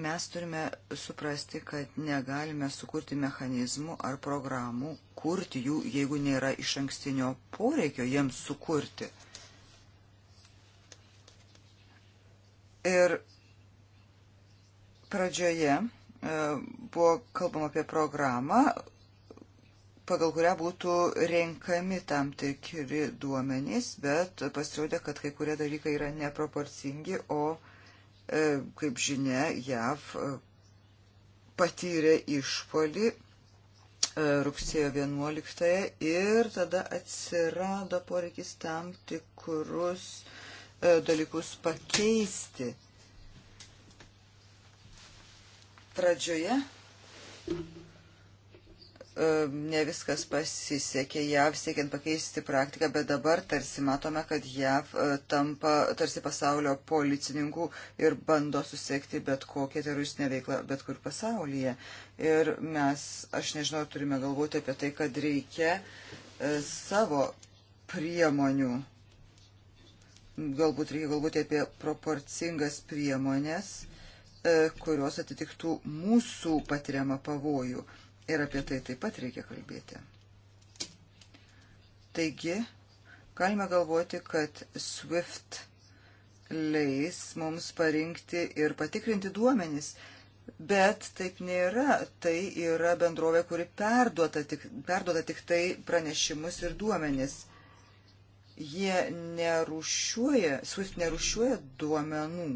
Mes turime suprasti, kad negalime sukurti mechanizmų ar programų, kurti jų, jeigu nėra iš ankstinio poreikio jiems sukurti. Ir pradžioje E, buvo kalbama apie programą, pagal kurią būtų renkami tam tikri duomenys, bet pasirodė, kad kai kurie dalykai yra neproporcingi, o, e, kaip žinia, JAV e, patyrė išpolį rugsėjo 11 ir tada atsirado poreikis tam tikrus dalykus pakeisti. Pradžioje e, ne viskas pasisekė JAV siekiant pakeisti praktiką, bet dabar tarsi matome, kad JAV e, tampa tarsi pasaulio policininkų ir bando susekti bet kokią teroristinę veiklą bet kur pasaulyje. Ir mes, aš nežinau, turime galvoti apie tai, kad reikia e, savo priemonių. Galbūt reikia galvoti apie proporcingas priemonės E, kurios atitiktų mūsų patiriamą pavojų. Ir apie tai taip pat reikia kalbėti. Taigi, galime galvoti, kad SWIFT leis mums parinkti ir patikrinti duomenis. Bet taip nėra. Tai yra bendrovė, kuri perduota tik, perduota tik tai pranešimus ir duomenis. Jie nerušiuoja, SWIFT nerušiuoja duomenų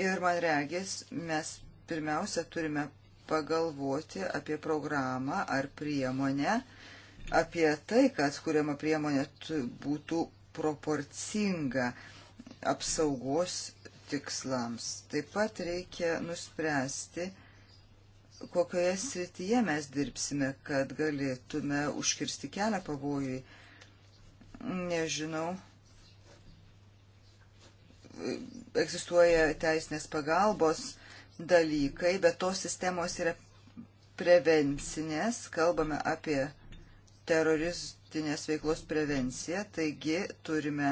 Ir man regis, mes pirmiausia turime pagalvoti apie programą ar priemonę, apie tai, kad kuriama priemonė būtų proporcinga apsaugos tikslams. Taip pat reikia nuspręsti, kokioje srityje mes dirbsime, kad galėtume užkirsti kelią pavojui. Nežinau, egzistuoja teisinės pagalbos dalykai, bet tos sistemos yra prevencinės, kalbame apie teroristinės veiklos prevenciją, taigi turime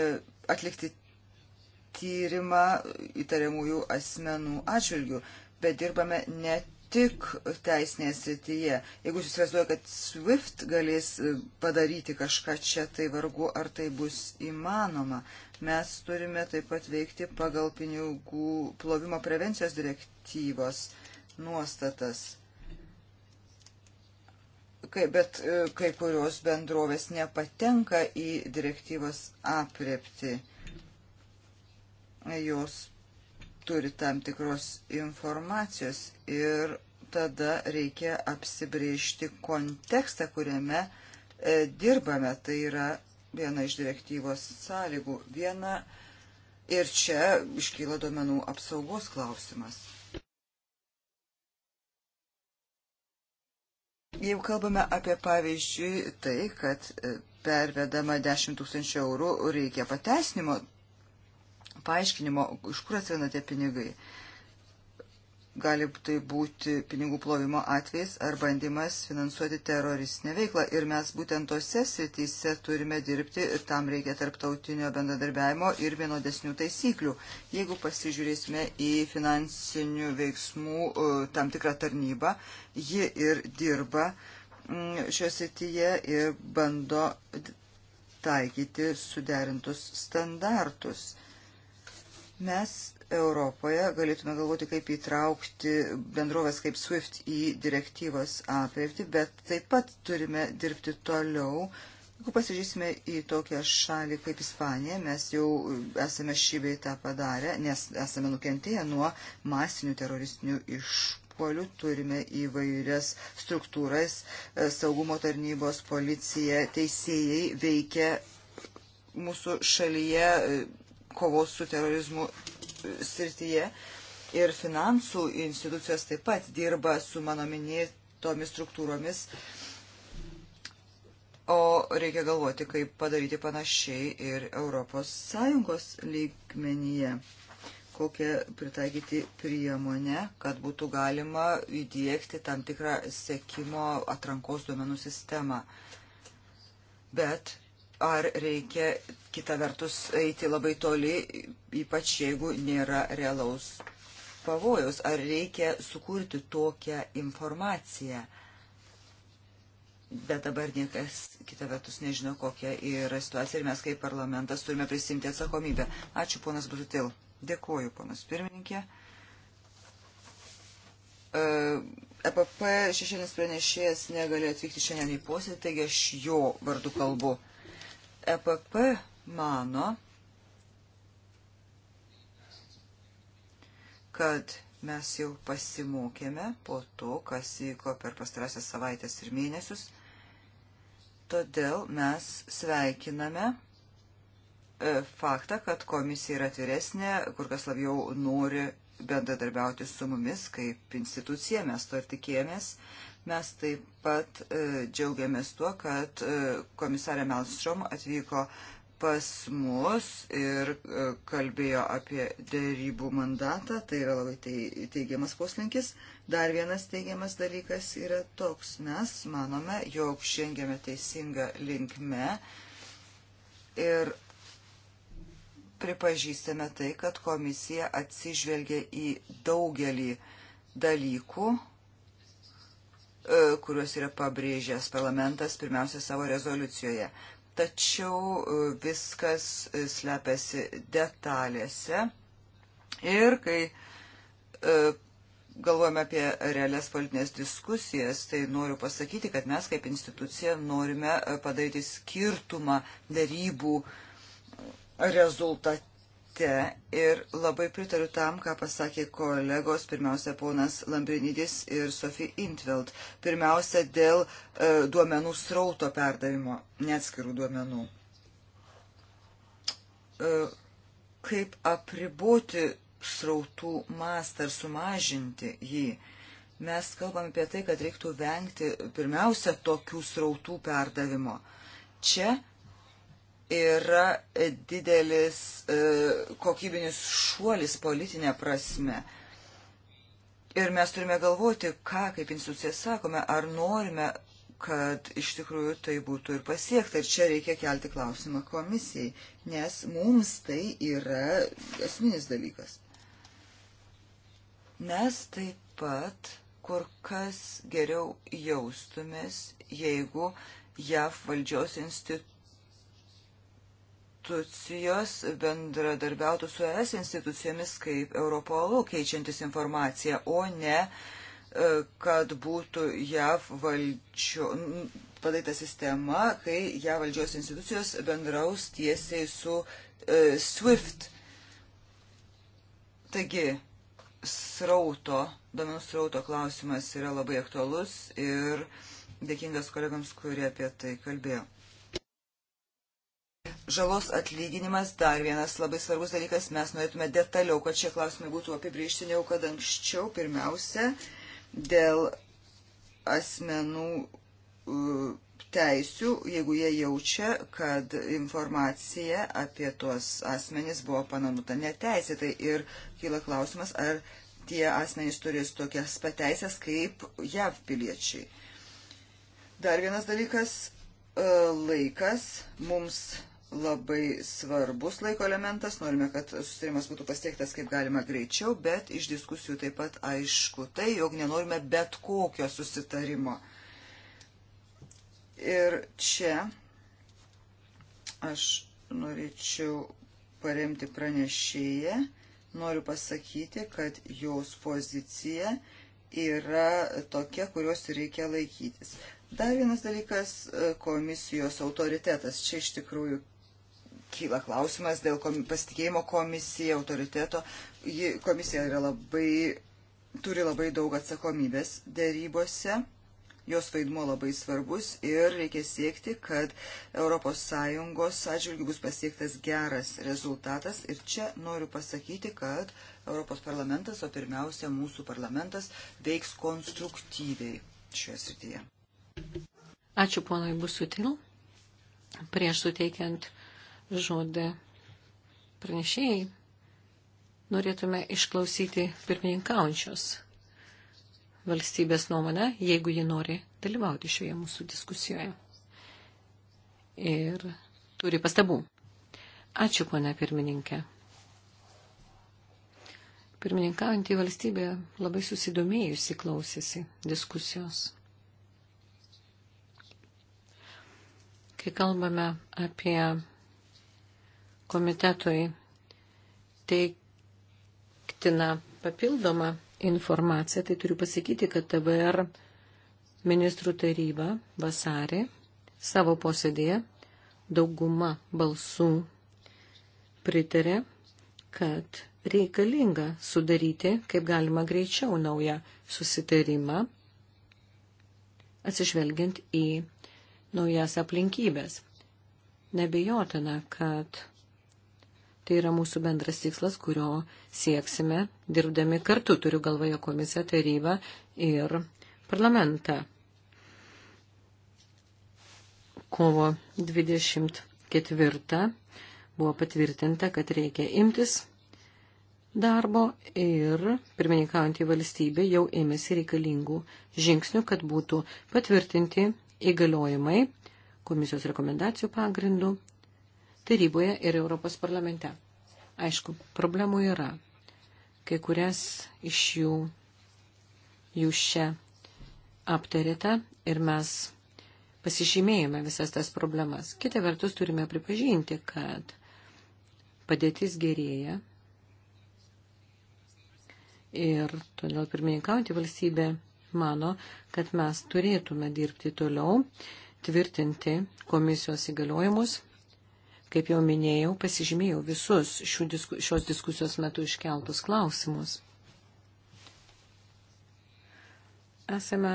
e, atlikti tyrimą įtariamųjų asmenų atžvilgių, bet dirbame net tik teisinėje srityje. Jeigu jūs įsivaizduoju, kad SWIFT galės e, padaryti kažką čia, tai vargu ar tai bus įmanoma. Mes turime taip pat veikti pagal pinigų plovimo prevencijos direktyvos nuostatas. Kai, bet e, kai kurios bendrovės nepatenka į direktyvos aprepti. Jos turi tam tikros informacijos ir tada reikia apsibriežti kontekstą, kuriame e, dirbame. Tai yra viena iš direktyvos sąlygų. Viena ir čia iškyla duomenų apsaugos klausimas. Jeigu kalbame apie pavyzdžiui tai, kad e, pervedama 10 tūkstančių eurų reikia pateisinimo, paaiškinimo, iš kur atsiranda tie pinigai. Gali tai būti pinigų plovimo atvejs ar bandymas finansuoti teroristinę veiklą. Ir mes būtent tose srityse turime dirbti ir tam reikia tarptautinio bendradarbiavimo ir vienodesnių taisyklių. Jeigu pasižiūrėsime į finansinių veiksmų e, tam tikrą tarnybą, ji ir dirba mm, šios srityje ir bando taikyti suderintus standartus. Mes Europoje galėtume galvoti, kaip įtraukti bendrovės kaip SWIFT į direktyvos apreipti, bet taip pat turime dirbti toliau. Jeigu pasižiūrėsime į tokią šalį kaip Ispanija, mes jau esame šį bei tą padarę, nes esame nukentėję nuo masinių teroristinių išpolių, turime įvairias struktūras, e, saugumo tarnybos, policija, teisėjai veikia mūsų šalyje e, kovos su terorizmu e, srityje. Ir finansų institucijos taip pat dirba su mano minėtomis struktūromis. O reikia galvoti, kaip padaryti panašiai ir ES lygmenyje kokią pritaikyti priemonę, kad būtų galima įdėkti tam tikrą sekimo atrankos duomenų sistemą. Bet ar reikia kita vertus eiti labai toli, ypač jeigu nėra realaus pavojaus, ar reikia sukurti tokią informaciją. Bet dabar niekas kita vertus nežino, kokia yra situacija ir mes kaip parlamentas turime prisimti atsakomybę. Ačiū, ponas Brutil. Dėkuoju, ponas pirmininkė. EPP e šešėlis pranešėjas negali atvykti šiandien į posėdį, taigi aš jo vardu kalbu. EPP mano, kad mes jau pasimokėme po to, kas įko per pastarąsias savaitės ir mėnesius. Todėl mes sveikiname e, faktą, kad komisija yra atviresnė, kur kas labiau nori bendradarbiauti su mumis kaip institucija, mes to ir tikėjomės. Mes taip pat e, džiaugiamės tuo, kad e, komisarė Melstrom atvyko pas mus ir e, kalbėjo apie dėrybų mandatą, tai yra labai teigiamas poslinkis. Dar vienas teigiamas dalykas yra toks, mes manome, jog žengėme teisingą linkme ir pripažįstame tai, kad komisija atsižvelgia į daugelį dalykų E, kuriuos yra pabrėžęs parlamentas pirmiausia savo rezoliucijoje. Tačiau e, viskas e, slepiasi detalėse ir kai galvojame apie realias politinės diskusijas, tai noriu pasakyti, kad mes kaip institucija norime padaryti skirtumą darybų rezultate rate ir labai pritariu tam, ką pasakė kolegos, pirmiausia, ponas Lambrinidis ir Sofija Intveld. Pirmiausia, dėl e, duomenų srauto perdavimo, neatskirų duomenų. E, kaip apriboti srautų mastą ar sumažinti jį? Mes kalbam apie tai, kad reiktų vengti pirmiausia tokių srautų perdavimo. Čia yra didelis e, kokybinis šuolis politinė prasme. Ir mes turime galvoti, ką kaip institucija sakome, ar norime, kad iš tikrųjų tai būtų ir pasiekta. Ir čia reikia kelti klausimą komisijai, nes mums tai yra esminis dalykas. Mes taip pat kur kas geriau jaustumės, jeigu JAV valdžios institucija institucijos bendradarbiautų su ES institucijomis kaip Europolu keičiantis informaciją, o ne e, kad būtų JAV valdžio padaryta sistema, kai JAV valdžios institucijos bendraus tiesiai su e, SWIFT. Taigi, srauto, domenų srauto klausimas yra labai aktualus ir dėkingas kolegams, kurie apie tai kalbėjo. Žalos atlyginimas dar vienas labai svarbus dalykas. Mes norėtume detaliau, kad šie klausimai būtų apibriežti jau kad anksčiau. Pirmiausia, dėl asmenų teisių, jeigu jie jaučia, kad informacija apie tuos asmenys buvo panaudota neteisėtai ir kyla klausimas, ar tie asmenys turės tokias pateisės kaip JAV piliečiai. Dar vienas dalykas e, - laikas mums labai svarbus laiko elementas. Norime, kad susitarimas būtų pasiektas kaip galima greičiau, bet iš diskusijų taip pat aišku tai, jog nenorime bet kokio susitarimo. Ir čia aš norėčiau paremti pranešėją. Noriu pasakyti, kad jos pozicija yra tokia, kurios reikia laikytis. Dar vienas dalykas e, - komisijos autoritetas. Čia iš tikrųjų kyla klausimas dėl pasitikėjimo komisija, autoriteto. Ji, komisija yra labai, turi labai daug atsakomybės dėrybose, jos vaidmo labai svarbus ir reikia siekti, kad ES atžvilgių bus pasiektas geras rezultatas. Ir čia noriu pasakyti, kad Europos parlamentas, o pirmiausia mūsų parlamentas, veiks konstruktyviai šioje srityje. Ačiū ponui Busutil. Prieš suteikiant žodį pranešėjai, norėtume išklausyti pirmininkaujančios valstybės nuomonę, jeigu ji nori dalyvauti šioje mūsų diskusijoje. Ir turi pastabų. Ačiū, ponia pirmininkė. Pirmininkaujantį valstybę labai susidomėjusi klausėsi diskusijos. Kai kalbame apie komitetui teiktina papildoma informacija, tai turiu pasakyti, kad TBR ministrų taryba vasarį savo posėdėje dauguma balsų pritarė, kad reikalinga sudaryti, kaip galima greičiau, naują susitarimą, atsižvelgiant į naujas aplinkybės. Nebejotina, kad Tai yra mūsų bendras tikslas, kurio sieksime dirbdami kartu, turiu galvoje komisiją, tarybą ir parlamentą. Kovo 24 buvo patvirtinta, kad reikia imtis darbo ir pirmininkaujantį valstybę jau ėmėsi reikalingų žingsnių, kad būtų patvirtinti įgaliojimai komisijos rekomendacijų pagrindų taryboje ir Europos parlamente. Aišku, problemų yra. Kai kurias iš jų jūs čia aptarėte ir mes pasižymėjome visas tas problemas. Kita vertus turime pripažinti, kad padėtis gerėja ir todėl pirmininkauti valstybė mano, kad mes turėtume dirbti toliau, tvirtinti komisijos įgaliojimus Kaip jau minėjau, pasižymėjau visus disku, šios diskusijos metu iškeltus klausimus. Esame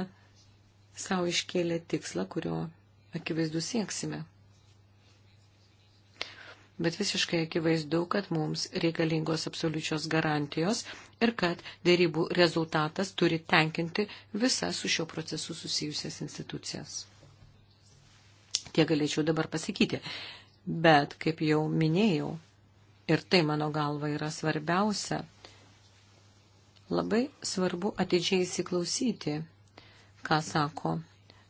savo iškėlę tikslą, kurio akivaizdu sieksime. Bet visiškai akivaizdu, kad mums reikalingos absoliučios garantijos ir kad dėrybų rezultatas turi tenkinti visas su šio procesu susijusias institucijas. Tie galėčiau dabar pasakyti. Bet, kaip jau minėjau, ir tai mano galva yra svarbiausia, labai svarbu atidžiai įsiklausyti, ką sako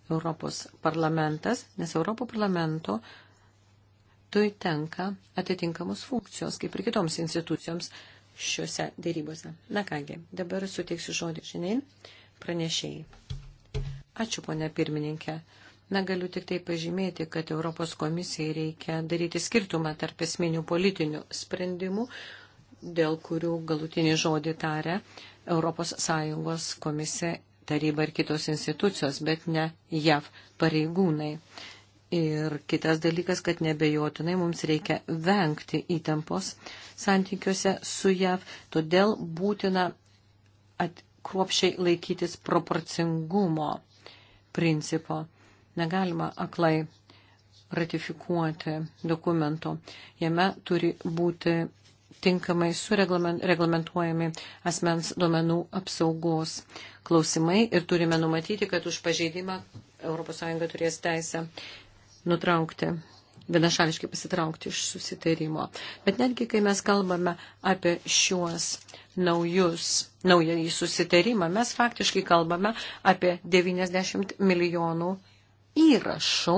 Europos parlamentas, nes Europos parlamento tui tenka atitinkamus funkcijos, kaip ir kitoms institucijoms šiuose dėrybose. Na kągi, dabar suteiksiu žodį šiandien pranešėjai. Ačiū, ponia pirmininkė. Na, galiu tik tai pažymėti, kad Europos komisijai reikia daryti skirtumą tarp esminių politinių sprendimų, dėl kurių galutinį žodį taria ES komisija, taryba ir kitos institucijos, bet ne JAV pareigūnai. Ir kitas dalykas, kad nebejotinai mums reikia vengti įtampos santykiuose su JAV, todėl būtina atkruopšiai laikytis proporcingumo principo Negalima aklai ratifikuoti dokumento. Jame turi būti tinkamai sureglamentuojami asmens duomenų apsaugos klausimai ir turime numatyti, kad už pažeidimą ES turės teisę nutraukti, vienašališkai pasitraukti iš susitarimo. Bet netgi, kai mes kalbame apie šiuos naujus, naująjį susitarimą, mes faktiškai kalbame apie 90 milijonų įrašų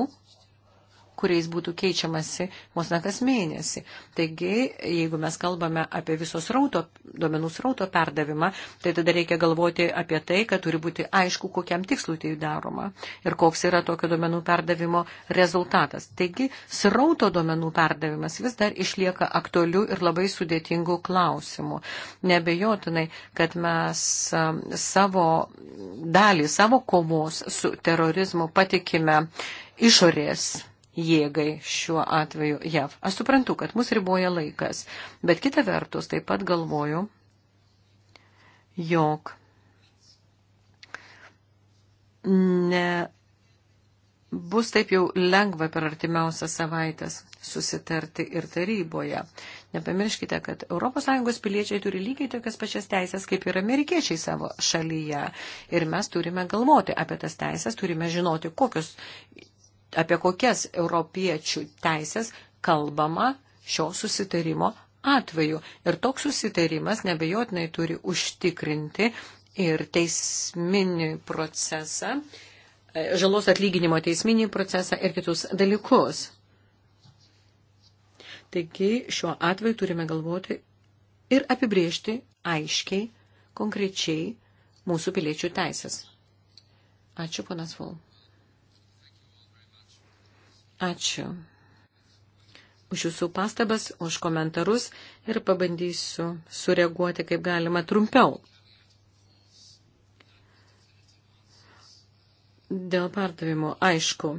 kuriais būtų keičiamasi vos ne kas mėnesį. Taigi, jeigu mes kalbame apie visos rauto, duomenų srauto perdavimą, tai tada reikia galvoti apie tai, kad turi būti aišku, kokiam tikslui tai daroma ir koks yra tokio duomenų perdavimo rezultatas. Taigi, srauto duomenų perdavimas vis dar išlieka aktualių ir labai sudėtingų klausimų. Nebejotinai, kad mes um, savo dalį, savo kovos su terorizmu patikime išorės jėgai šiuo atveju JAV. Aš suprantu, kad mus riboja laikas, bet kita vertus taip pat galvoju, jog ne bus taip jau lengva per artimiausias savaitės susitarti ir taryboje. Nepamirškite, kad ES piliečiai turi lygiai tokias pačias teisės, kaip ir amerikiečiai savo šalyje. Ir mes turime galvoti apie tas teisės, turime žinoti, kokios apie kokias europiečių teisės kalbama šio susitarimo atveju. Ir toks susitarimas nebejotinai turi užtikrinti ir teisminį procesą, e, žalos atlyginimo teisminį procesą ir kitus dalykus. Taigi šiuo atveju turime galvoti ir apibriežti aiškiai, konkrečiai mūsų piliečių teisės. Ačiū, ponas Vol. Ačiū už jūsų pastabas, už komentarus ir pabandysiu sureaguoti kaip galima trumpiau. Dėl pardavimo, aišku,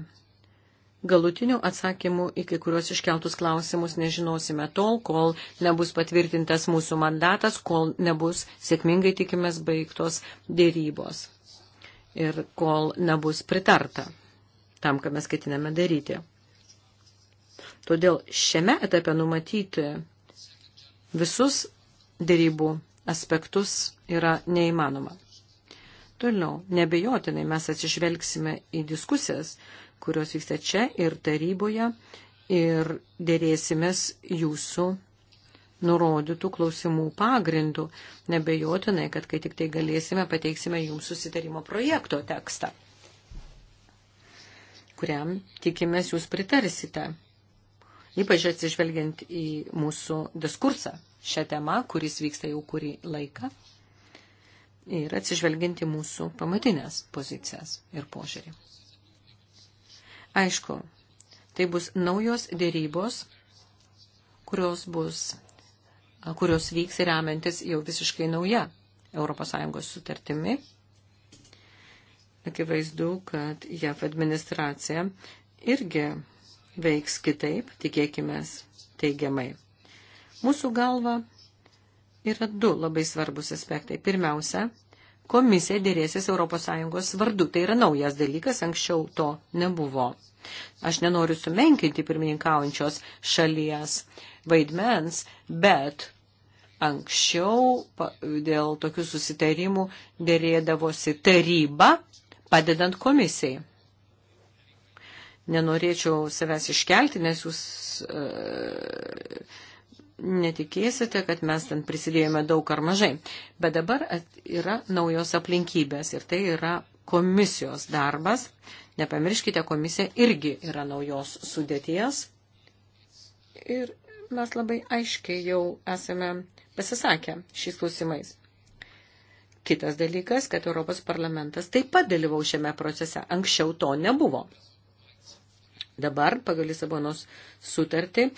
galutinių atsakymų į kai kuriuos iškeltus klausimus nežinosime tol, kol nebus patvirtintas mūsų mandatas, kol nebus sėkmingai tikimės baigtos dėrybos ir kol nebus pritarta tam, ką mes ketiname daryti. Todėl šiame etape numatyti visus dėrybų aspektus yra neįmanoma. Toliau, nebejotinai mes atsižvelgsime į diskusijas, kurios vyksta čia ir taryboje ir dėrėsimės jūsų nurodytų klausimų pagrindų. Nebejotinai, kad kai tik tai galėsime, pateiksime jums susitarimo projekto tekstą kuriam tikimės jūs pritarsite. Ypač atsižvelgiant į mūsų diskursą šią temą, kuris vyksta jau kurį laiką. Ir atsižvelgiant į mūsų pamatinės pozicijas ir požiūrį. Aišku, tai bus naujos dėrybos, kurios bus kurios vyks remiantis jau visiškai nauja ES sutartimi Akivaizdu, kad JAF administracija irgi veiks kitaip, tikėkime, teigiamai. Mūsų galva yra du labai svarbus aspektai. Pirmiausia, komisija dėrėsis ES vardu. Tai yra naujas dalykas, anksčiau to nebuvo. Aš nenoriu sumenkinti pirmininkaujančios šalies vaidmens, bet anksčiau dėl tokių susitarimų dėrėdavosi taryba padedant komisijai. Nenorėčiau savęs iškelti, nes jūs e, netikėsite, kad mes ten prisidėjome daug ar mažai. Bet dabar yra naujos aplinkybės ir tai yra komisijos darbas. Nepamirškite, komisija irgi yra naujos sudėties. Ir mes labai aiškiai jau esame pasisakę šiais klausimais. Kitas dalykas, kad Europos parlamentas taip pat dalyvau šiame procese. Anksčiau to nebuvo. Dabar, pagal Lisabonos sutartį,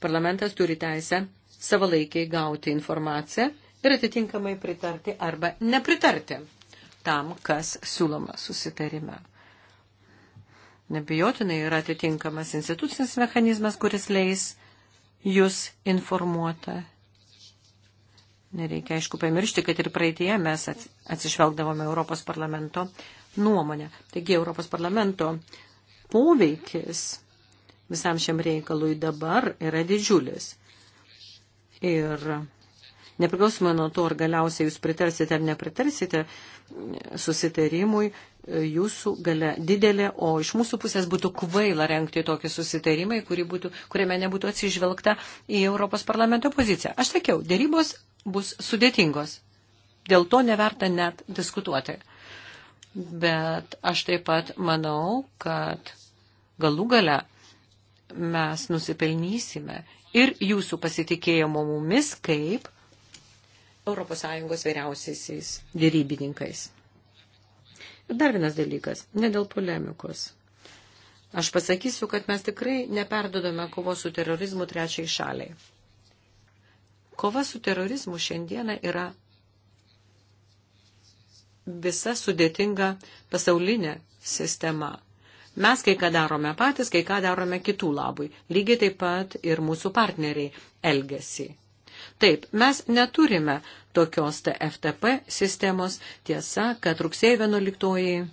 parlamentas turi teisę savalaikiai gauti informaciją ir atitinkamai pritarti arba nepritarti tam, kas siūloma susitarime. Nebijotinai yra atitinkamas institucinis mechanizmas, kuris leis jūs informuota Nereikia, aišku, pamiršti, kad ir praeitie mes atsižvelgdavome Europos parlamento nuomonę. Taigi Europos parlamento poveikis visam šiam reikalui dabar yra didžiulis. Ir nepriklausomai nuo to, ar galiausiai jūs pritarsite ar nepritarsite susitarimui, jūsų gale didelė, o iš mūsų pusės būtų kvaila renkti tokį susitarimą, kuri būtų, kuriame nebūtų atsižvelgta į Europos parlamento poziciją. Aš sakiau, dėrybos bus sudėtingos. Dėl to neverta net diskutuoti. Bet aš taip pat manau, kad galų gale mes nusipelnysime ir jūsų pasitikėjimo mumis kaip ES vyriausiaisiais dėrybininkais. Ir dar vienas dalykas, ne dėl polemikos. Aš pasakysiu, kad mes tikrai neperdodame kovos su terorizmu trečiai šaliai. Kova su terorizmu šiandieną yra visa sudėtinga pasaulinė sistema. Mes kai ką darome patys, kai ką darome kitų labui. Lygiai taip pat ir mūsų partneriai elgesi. Taip, mes neturime tokios TFTP sistemos. Tiesa, kad rugsėjo 11.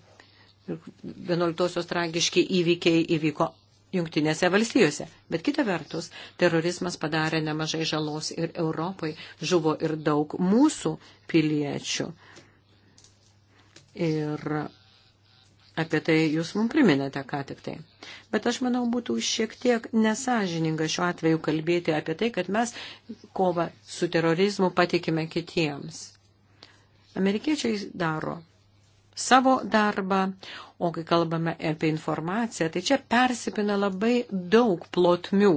11 tragiški įvykiai įvyko Jungtinėse valstijose. Bet kita vertus, terorizmas padarė nemažai žalos ir Europai. Žuvo ir daug mūsų piliečių. Ir apie tai jūs mums priminėte ką tik tai. Bet aš manau, būtų šiek tiek nesažininga šiuo atveju kalbėti apie tai, kad mes kovą su terorizmu patikime kitiems. Amerikiečiai daro savo darbą, o kai kalbame apie informaciją, tai čia persipina labai daug plotmių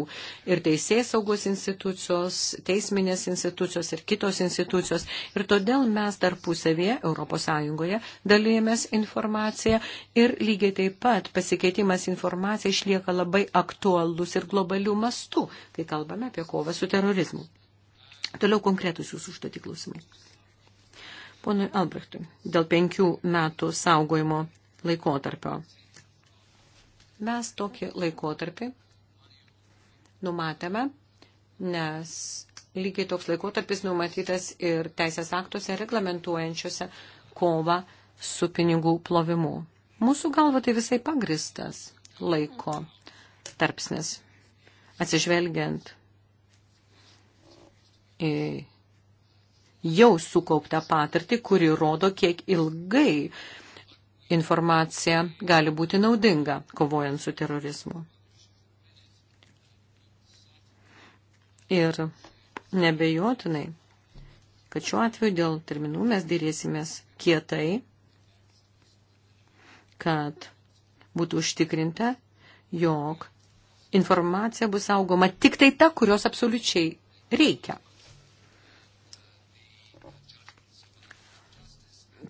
ir teisės saugos institucijos, teisminės institucijos ir kitos institucijos. Ir todėl mes tarpusavėje ES dalyjamės informaciją ir lygiai taip pat pasikeitimas informacija išlieka labai aktualus ir globalių mastų, kai kalbame apie kovą su terorizmu. Toliau konkretus jūsų užduoti klausimai. Ponui Albrechtui, dėl penkių metų saugojimo laikotarpio. Mes tokį laikotarpį numatėme, nes lygiai toks laikotarpis numatytas ir teisės aktuose reglamentuojančiose kovą su pinigų plovimu. Mūsų galva tai visai pagristas laiko tarpsnis, atsižvelgiant į jau sukauptą patirtį, kuri rodo, kiek ilgai informacija gali būti naudinga kovojant su terorizmu. Ir nebejotinai, kad šiuo atveju dėl terminų mes dėrėsimės kietai, kad būtų užtikrinta, jog informacija bus saugoma tik tai ta, kurios absoliučiai reikia.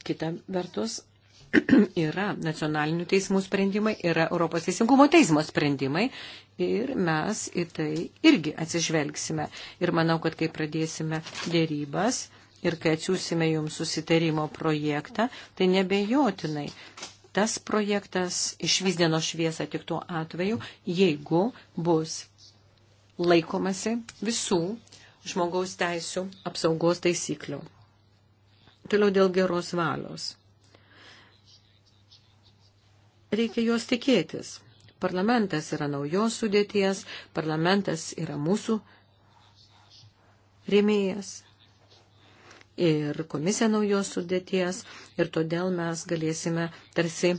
Kita vertus, [clears throat] yra nacionalinių teismų sprendimai, yra Europos teisingumo teismo sprendimai ir mes į tai irgi atsižvelgsime. Ir manau, kad kai pradėsime dėrybas ir kai atsiūsime jums susitarimo projektą, tai nebejotinai tas projektas išvysdieno šviesą tik tuo atveju, jeigu bus laikomasi visų žmogaus teisų apsaugos taisyklių. Toliau dėl geros valios. Reikia jos tikėtis. Parlamentas yra naujos sudėties, parlamentas yra mūsų rėmėjas ir komisija naujos sudėties ir todėl mes galėsime tarsi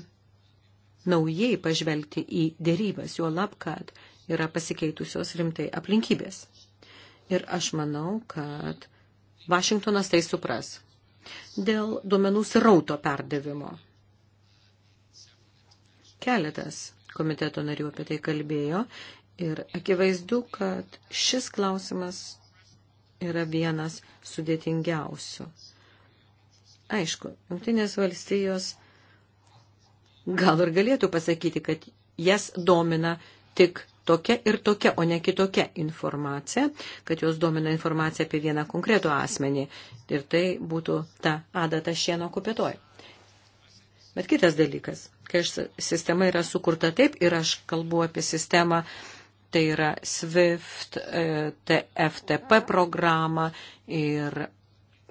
naujai pažvelgti į dėrybas, jo lab, kad yra pasikeitusios rimtai aplinkybės. Ir aš manau, kad Vašingtonas tai supras dėl duomenų srauto perdavimo. Keletas komiteto narių apie tai kalbėjo ir akivaizdu, kad šis klausimas yra vienas sudėtingiausių. Aišku, Junktinės valstijos gal ir galėtų pasakyti, kad jas domina tik tokia ir tokia, o ne kitokia informacija, kad jos domina informacija apie vieną konkretų asmenį. Ir tai būtų ta adata šieno kupėtoj. Bet kitas dalykas, kai sistema yra sukurta taip ir aš kalbu apie sistemą, tai yra SWIFT, e, TFTP programą ir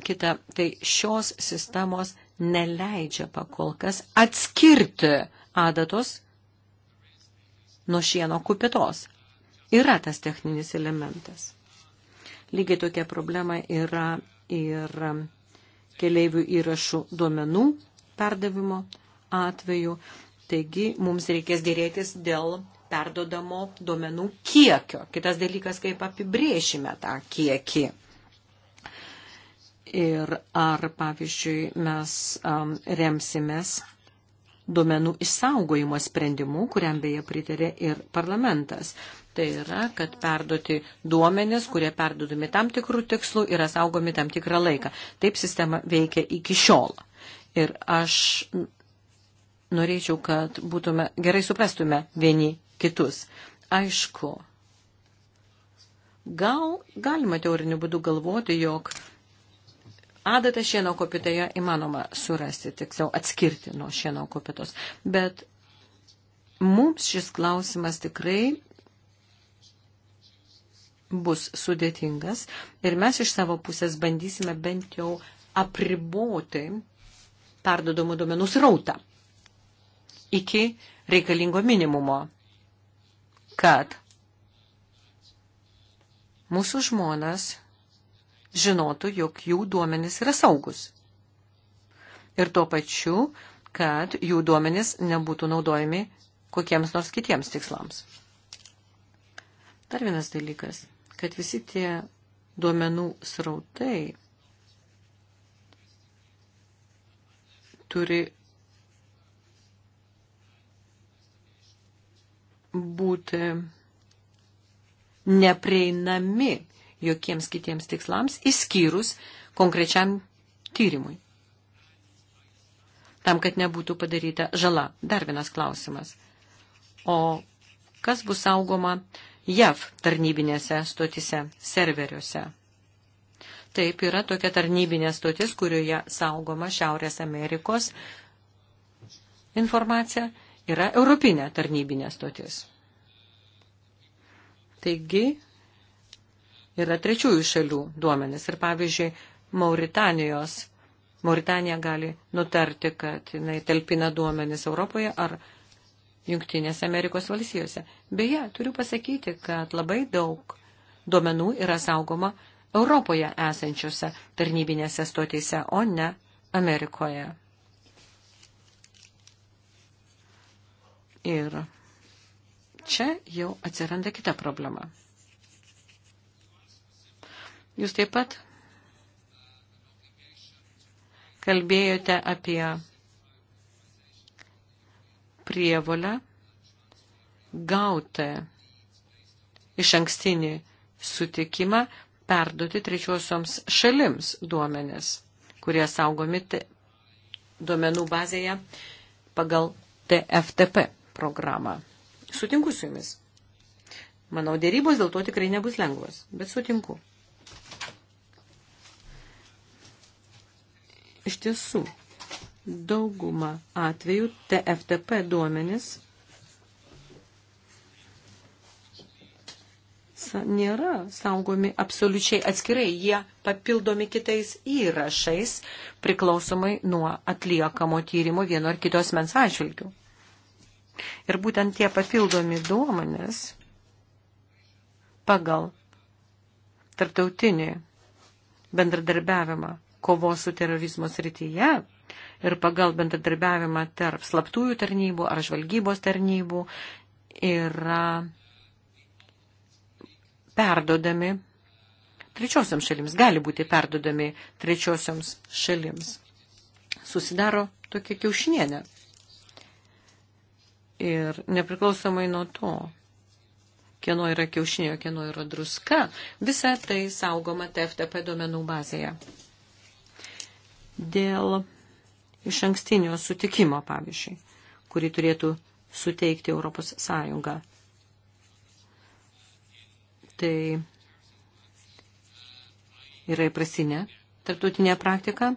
kita, tai šios sistemos neleidžia pakolkas atskirti adatos nuo šieno kupitos. Yra tas techninis elementas. Lygiai tokia problema yra ir keleivių įrašų duomenų perdavimo atveju. Taigi mums reikės dėrėtis dėl perdodamo duomenų kiekio. Kitas dalykas, kaip apibrėšime tą kiekį. Ir ar, pavyzdžiui, mes um, remsimės duomenų išsaugojimo sprendimu, kuriam beje pritarė ir parlamentas. Tai yra, kad perduoti duomenis, kurie perdodami tam tikrų tikslų, yra saugomi tam tikrą laiką. Taip sistema veikia iki šiol. Ir aš norėčiau, kad būtume, gerai suprastume vieni kitus. Aišku, gal galima teoriniu būdu galvoti, jog Adatą šieno kopitoje įmanoma surasti, tiksliau atskirti nuo šieno kopitos. Bet mums šis klausimas tikrai bus sudėtingas ir mes iš savo pusės bandysime bent jau apriboti perdodamų duomenų srautą iki reikalingo minimumo, kad mūsų žmonas žinotų, jog jų duomenys yra saugus. Ir tuo pačiu, kad jų duomenys nebūtų naudojami kokiems nors kitiems tikslams. Dar vienas dalykas, kad visi tie duomenų srautai turi būti neprieinami jokiems kitiems tikslams, išskyrus konkrečiam tyrimui. Tam, kad nebūtų padaryta žala. Dar vienas klausimas. O kas bus saugoma JAV tarnybinėse stotise, serveriuose? Taip yra tokia tarnybinė stotis, kurioje saugoma Šiaurės Amerikos informacija, yra europinė tarnybinė stotis. Taigi, yra trečiųjų šalių duomenis. Ir pavyzdžiui, Mauritanijos, Mauritanija gali nutarti, kad jinai talpina duomenis Europoje ar Junktinėse Amerikos valstijose. Beje, turiu pasakyti, kad labai daug duomenų yra saugoma Europoje esančiose tarnybinėse stotyse, o ne Amerikoje. Ir čia jau atsiranda kita problema. Jūs taip pat kalbėjote apie prievolę gauti iš ankstinį sutikimą perduoti trečiosioms šalims duomenis, kurie saugomi duomenų bazėje pagal TFTP programą. Sutinku su jumis. Manau, dėrybos dėl to tikrai nebus lengvos, bet sutinku. Iš tiesų, dauguma atvejų TFTP duomenis nėra saugomi absoliučiai atskirai, jie papildomi kitais įrašais priklausomai nuo atliekamo tyrimo vieno ar kitos mens atžvilgių. Ir būtent tie papildomi duomenės pagal tarptautinį bendradarbiavimą kovos su terorizmo srityje ir pagal bendradarbiavimą tarp slaptųjų tarnybų ar žvalgybos tarnybų yra perdodami trečiosiams šalims, gali būti perdodami trečiosiams šalims. Susidaro tokia kiaušinienė. Ir nepriklausomai nuo to, kieno yra kiaušinė, kieno yra druska, visa tai saugoma TFTP duomenų bazėje dėl iš ankstinio sutikimo, pavyzdžiui, kurį turėtų suteikti Europos Sąjunga. Tai yra įprasinė tarptautinė praktika,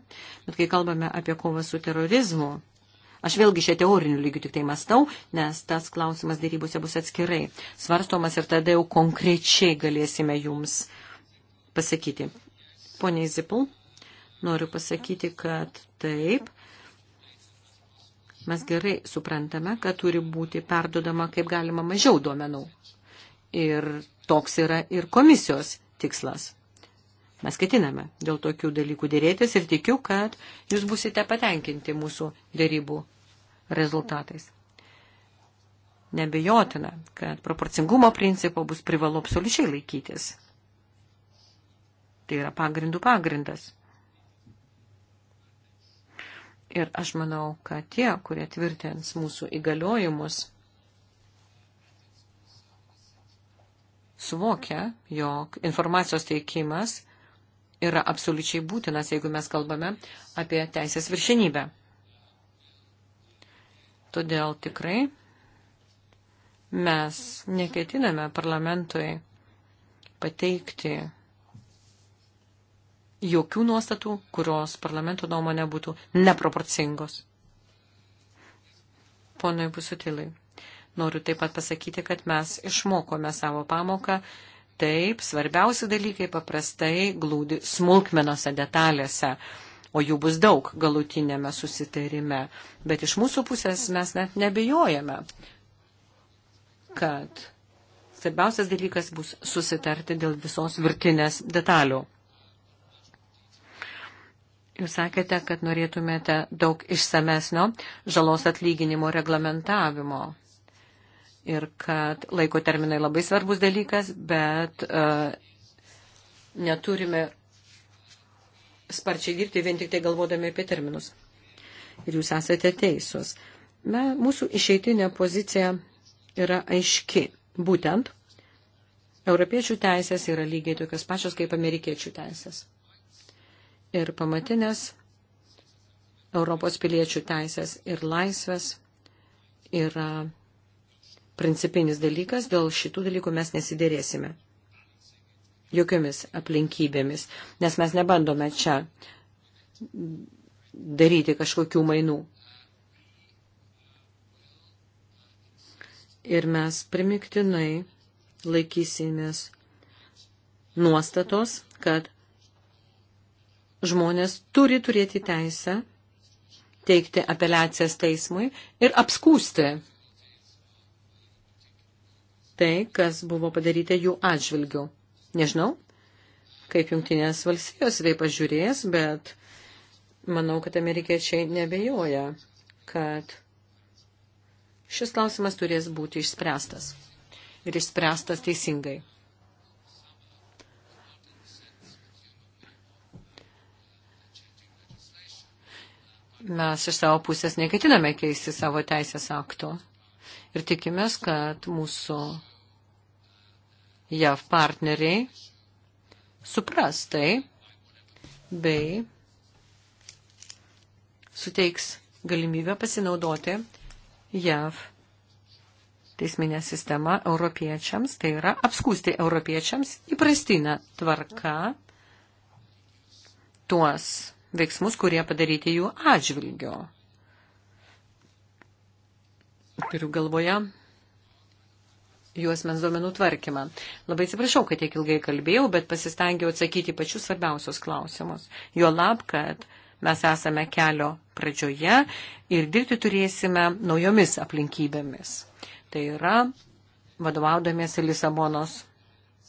bet kai kalbame apie kovą su terorizmu, aš vėlgi šią teorinių lygių tik tai mastau, nes tas klausimas dėrybose bus atskirai svarstomas ir tada jau konkrečiai galėsime jums pasakyti. Pone Zipul, noriu pasakyti, kad taip, mes gerai suprantame, kad turi būti perdodama kaip galima mažiau duomenų. Ir toks yra ir komisijos tikslas. Mes ketiname dėl tokių dalykų dėrėtis ir tikiu, kad jūs busite patenkinti mūsų dėrybų rezultatais. Nebejotina, kad proporcingumo principo bus privalu absoliučiai laikytis. Tai yra pagrindų pagrindas. Ir aš manau, kad tie, kurie tvirtins mūsų įgaliojimus, suvokia, jog informacijos teikimas yra absoliučiai būtinas, jeigu mes kalbame apie teisės viršinybę. Todėl tikrai mes neketiname parlamentui pateikti jokių nuostatų, kurios parlamento nuomonė būtų neproporcingos. Ponui Busutilai, noriu taip pat pasakyti, kad mes išmokome savo pamoką. Taip, svarbiausi dalykai paprastai glūdi smulkmenose detalėse, o jų bus daug galutinėme susitarime. Bet iš mūsų pusės mes net nebejojame, kad svarbiausias dalykas bus susitarti dėl visos virtinės detalių. Jūs sakėte, kad norėtumėte daug išsamesnio žalos atlyginimo reglamentavimo ir kad laiko terminai labai svarbus dalykas, bet uh, neturime sparčiai dirbti vien tik tai galvodami apie terminus. Ir jūs esate teisūs. Mūsų išeitinė pozicija yra aiški. Būtent, europiečių teisės yra lygiai tokios pačios kaip amerikiečių teisės ir pamatinės Europos piliečių teisės ir laisvės yra principinis dalykas, dėl šitų dalykų mes nesidėrėsime. Jokiomis aplinkybėmis, nes mes nebandome čia daryti kažkokių mainų. Ir mes primiktinai laikysimės nuostatos, kad žmonės turi turėti teisę teikti apeliacijas teismui ir apskūsti tai, kas buvo padaryta jų atžvilgių. Nežinau, kaip jungtinės valstijos tai pažiūrės, bet manau, kad amerikiečiai nebejoja, kad šis klausimas turės būti išspręstas. Ir išspręstas teisingai. mes iš savo pusės neketiname keisti savo teisės akto ir tikimės, kad mūsų JAV partneriai supras tai bei suteiks galimybę pasinaudoti JAV teisminę sistemą europiečiams, tai yra apskūsti europiečiams įprastinę tvarką tuos veiksmus, kurie padaryti jų atžvilgiu. Turiu galvoje juos mens duomenų tvarkymą. Labai atsiprašau, kad tiek ilgai kalbėjau, bet pasistengiau atsakyti pačius svarbiausius klausimus. Jo lab, kad mes esame kelio pradžioje ir dirbti turėsime naujomis aplinkybėmis. Tai yra, vadovaudamiesi Lisabonos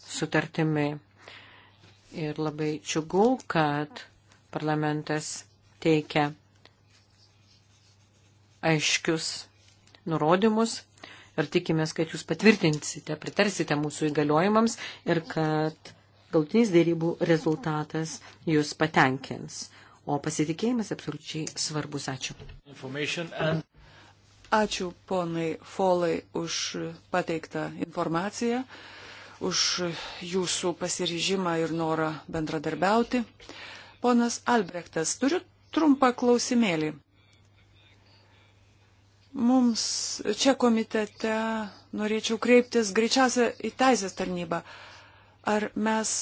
sutartimi. Ir labai čiugu, kad parlamentas teikia aiškius nurodymus ir tikimės, kad jūs patvirtinsite, pritarsite mūsų įgaliojimams ir kad galtinis dėrybų rezultatas jūs patenkins. O pasitikėjimas absoliučiai svarbus. Ačiū. And... Ačiū ponai Folai už pateiktą informaciją, už jūsų pasiryžimą ir norą bendradarbiauti. Ponas Albrechtas, turiu trumpą klausimėlį. Mums čia komitete norėčiau kreiptis greičiausia į teisės tarnybą. Ar mes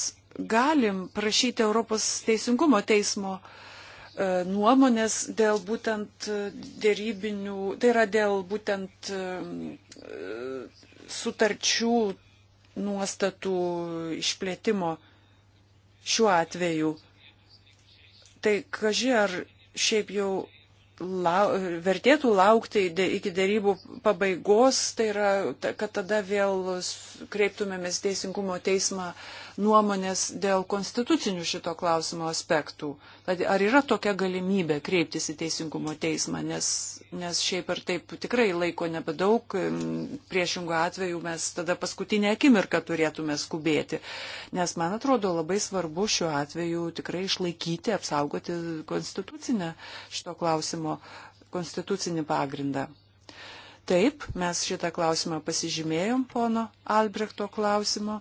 galim prašyti Europos teisingumo teismo e, nuomonės dėl būtent e, dėrybinių, tai yra dėl būtent e, sutarčių nuostatų išplėtimo šiuo atveju. Tai kaži ar šiaip jau lau, vertėtų laukti iki dėrybų pabaigos, tai yra, kad tada vėl kreiptumėmės teisingumo teismą uh, nuomonės dėl konstitucinių šito klausimo aspektų. Ar yra tokia galimybė kreiptis į Teisingumo teismą, nes, nes šiaip ar taip tikrai laiko nebedaug, priešingų atveju mes tada paskutinę akimirką turėtume skubėti. Nes man atrodo labai svarbu šiuo atveju tikrai išlaikyti, apsaugoti konstitucinę šito klausimo konstitucinį pagrindą. Taip, mes šitą klausimą pasižymėjom pono Albrechto klausimo.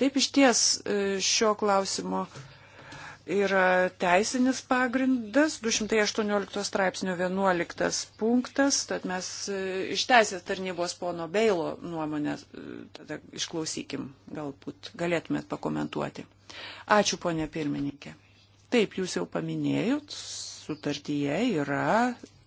Taip iš ties e, šio klausimo yra teisinis pagrindas 218 straipsnio 11 punktas, tad mes e, iš teisės tarnybos pono Beilo nuomonę e, tada išklausykim, galbūt galėtumėt pakomentuoti. Ačiū, ponė pirmininkė. Taip, jūs jau paminėjot, sutartyje yra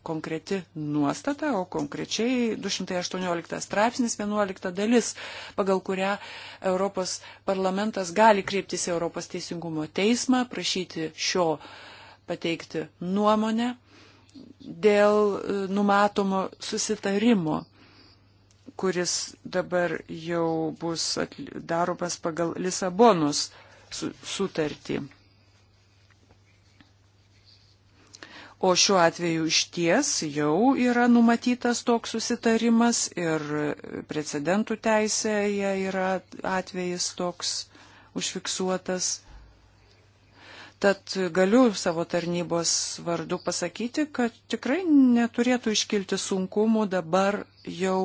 konkreti nuostata, o konkrečiai 218 straipsnis 11 dalis, pagal kurią Europos parlamentas gali kreiptis į Europos teisingumo teismą, prašyti šio pateikti nuomonę dėl e, numatomo susitarimo kuris dabar jau bus daromas pagal Lisabonos sutartį. O šiuo atveju išties jau yra numatytas toks susitarimas ir precedentų teisėje yra atvejis toks užfiksuotas. Tad galiu savo tarnybos vardu pasakyti, kad tikrai neturėtų iškilti sunkumų dabar jau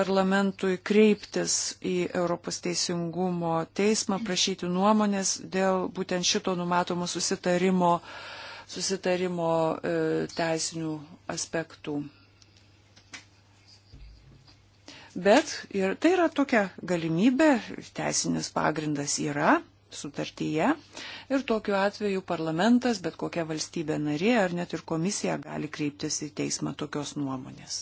parlamentui kreiptis į Europos teisingumo teismą, prašyti nuomonės dėl būtent šito numatomo susitarimo uh, susitarimo e, teisinių aspektų. Bet ir tai yra tokia galimybė, teisinis pagrindas yra sutartyje ir tokiu atveju parlamentas, bet kokia valstybė narė ar net ir komisija gali kreiptis į teismą tokios nuomonės.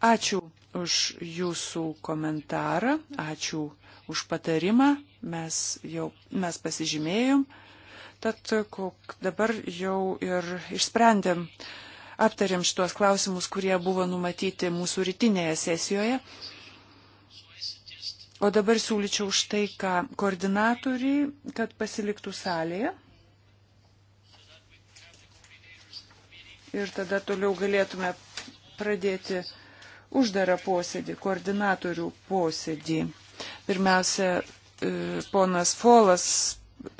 Ačiū už jūsų komentarą, ačiū už patarimą, mes jau mes pasižymėjom, tad kok, dabar jau ir išsprendėm, aptarėm šitos klausimus, kurie buvo numatyti mūsų rytinėje sesijoje. O dabar siūlyčiau už tai, ką koordinatoriai, kad pasiliktų salėje. Ir tada toliau galėtume pradėti uždarą posėdį, koordinatorių posėdį. Pirmiausia, e, ponas Folas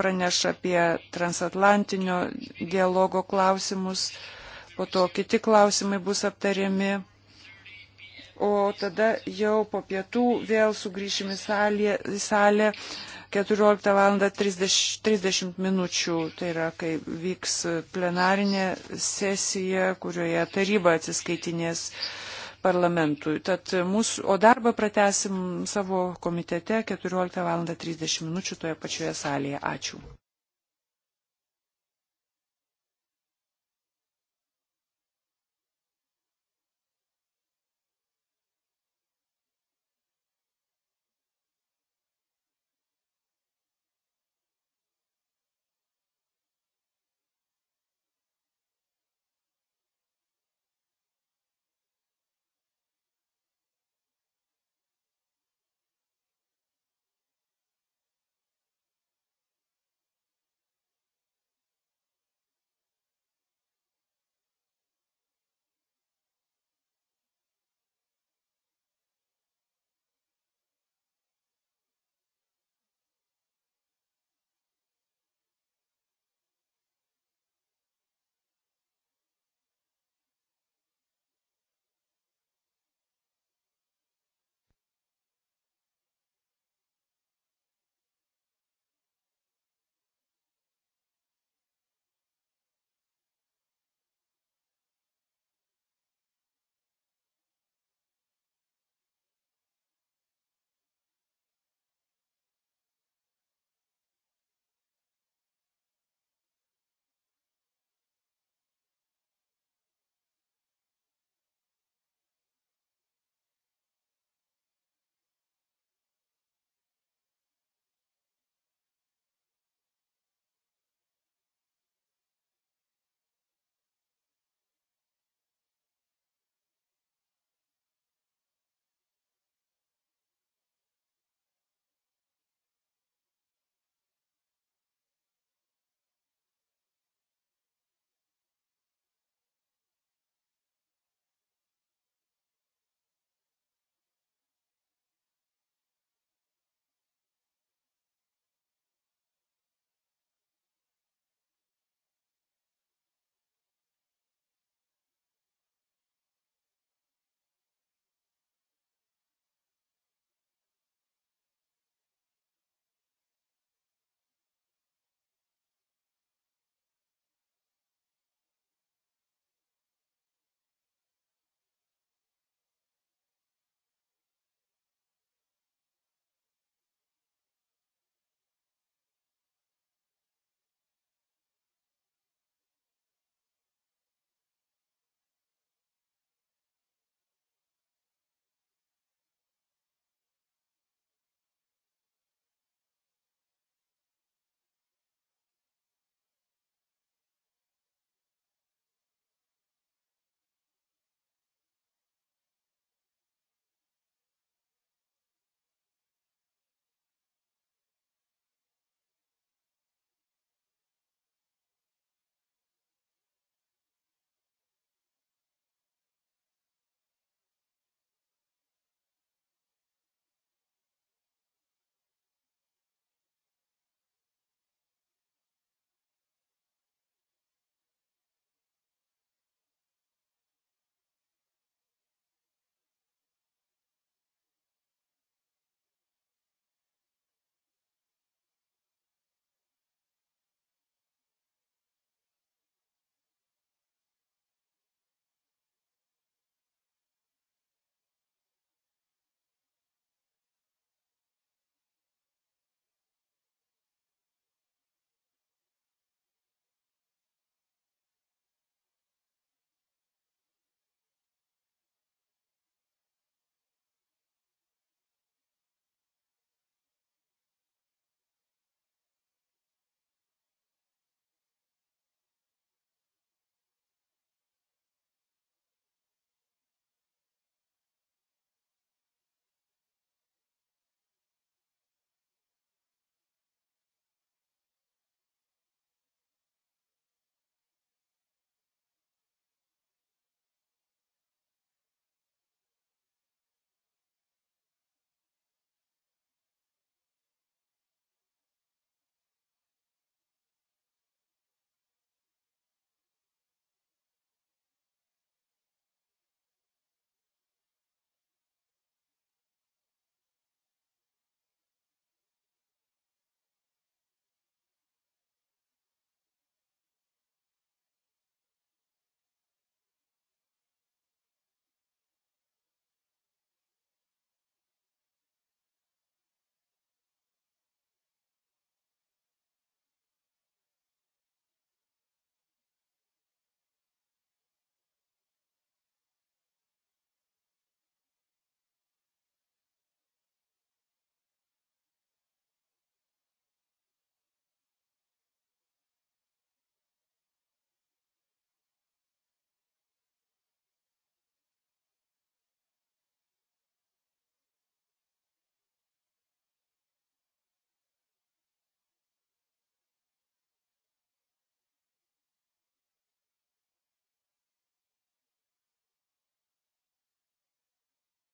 praneša apie transatlantinio dialogo klausimus, po to kiti klausimai bus aptariami. O tada jau po pietų vėl sugrįšime į salę, į salę 14 val. 30, 30 minučių, tai yra, kai vyks plenarinė sesija, kurioje taryba atsiskaitinės uh, parlamentui. Tad mūsų, o darbą pratesim savo komitete 14 val. 30 min. toje pačioje salėje. Ačiū.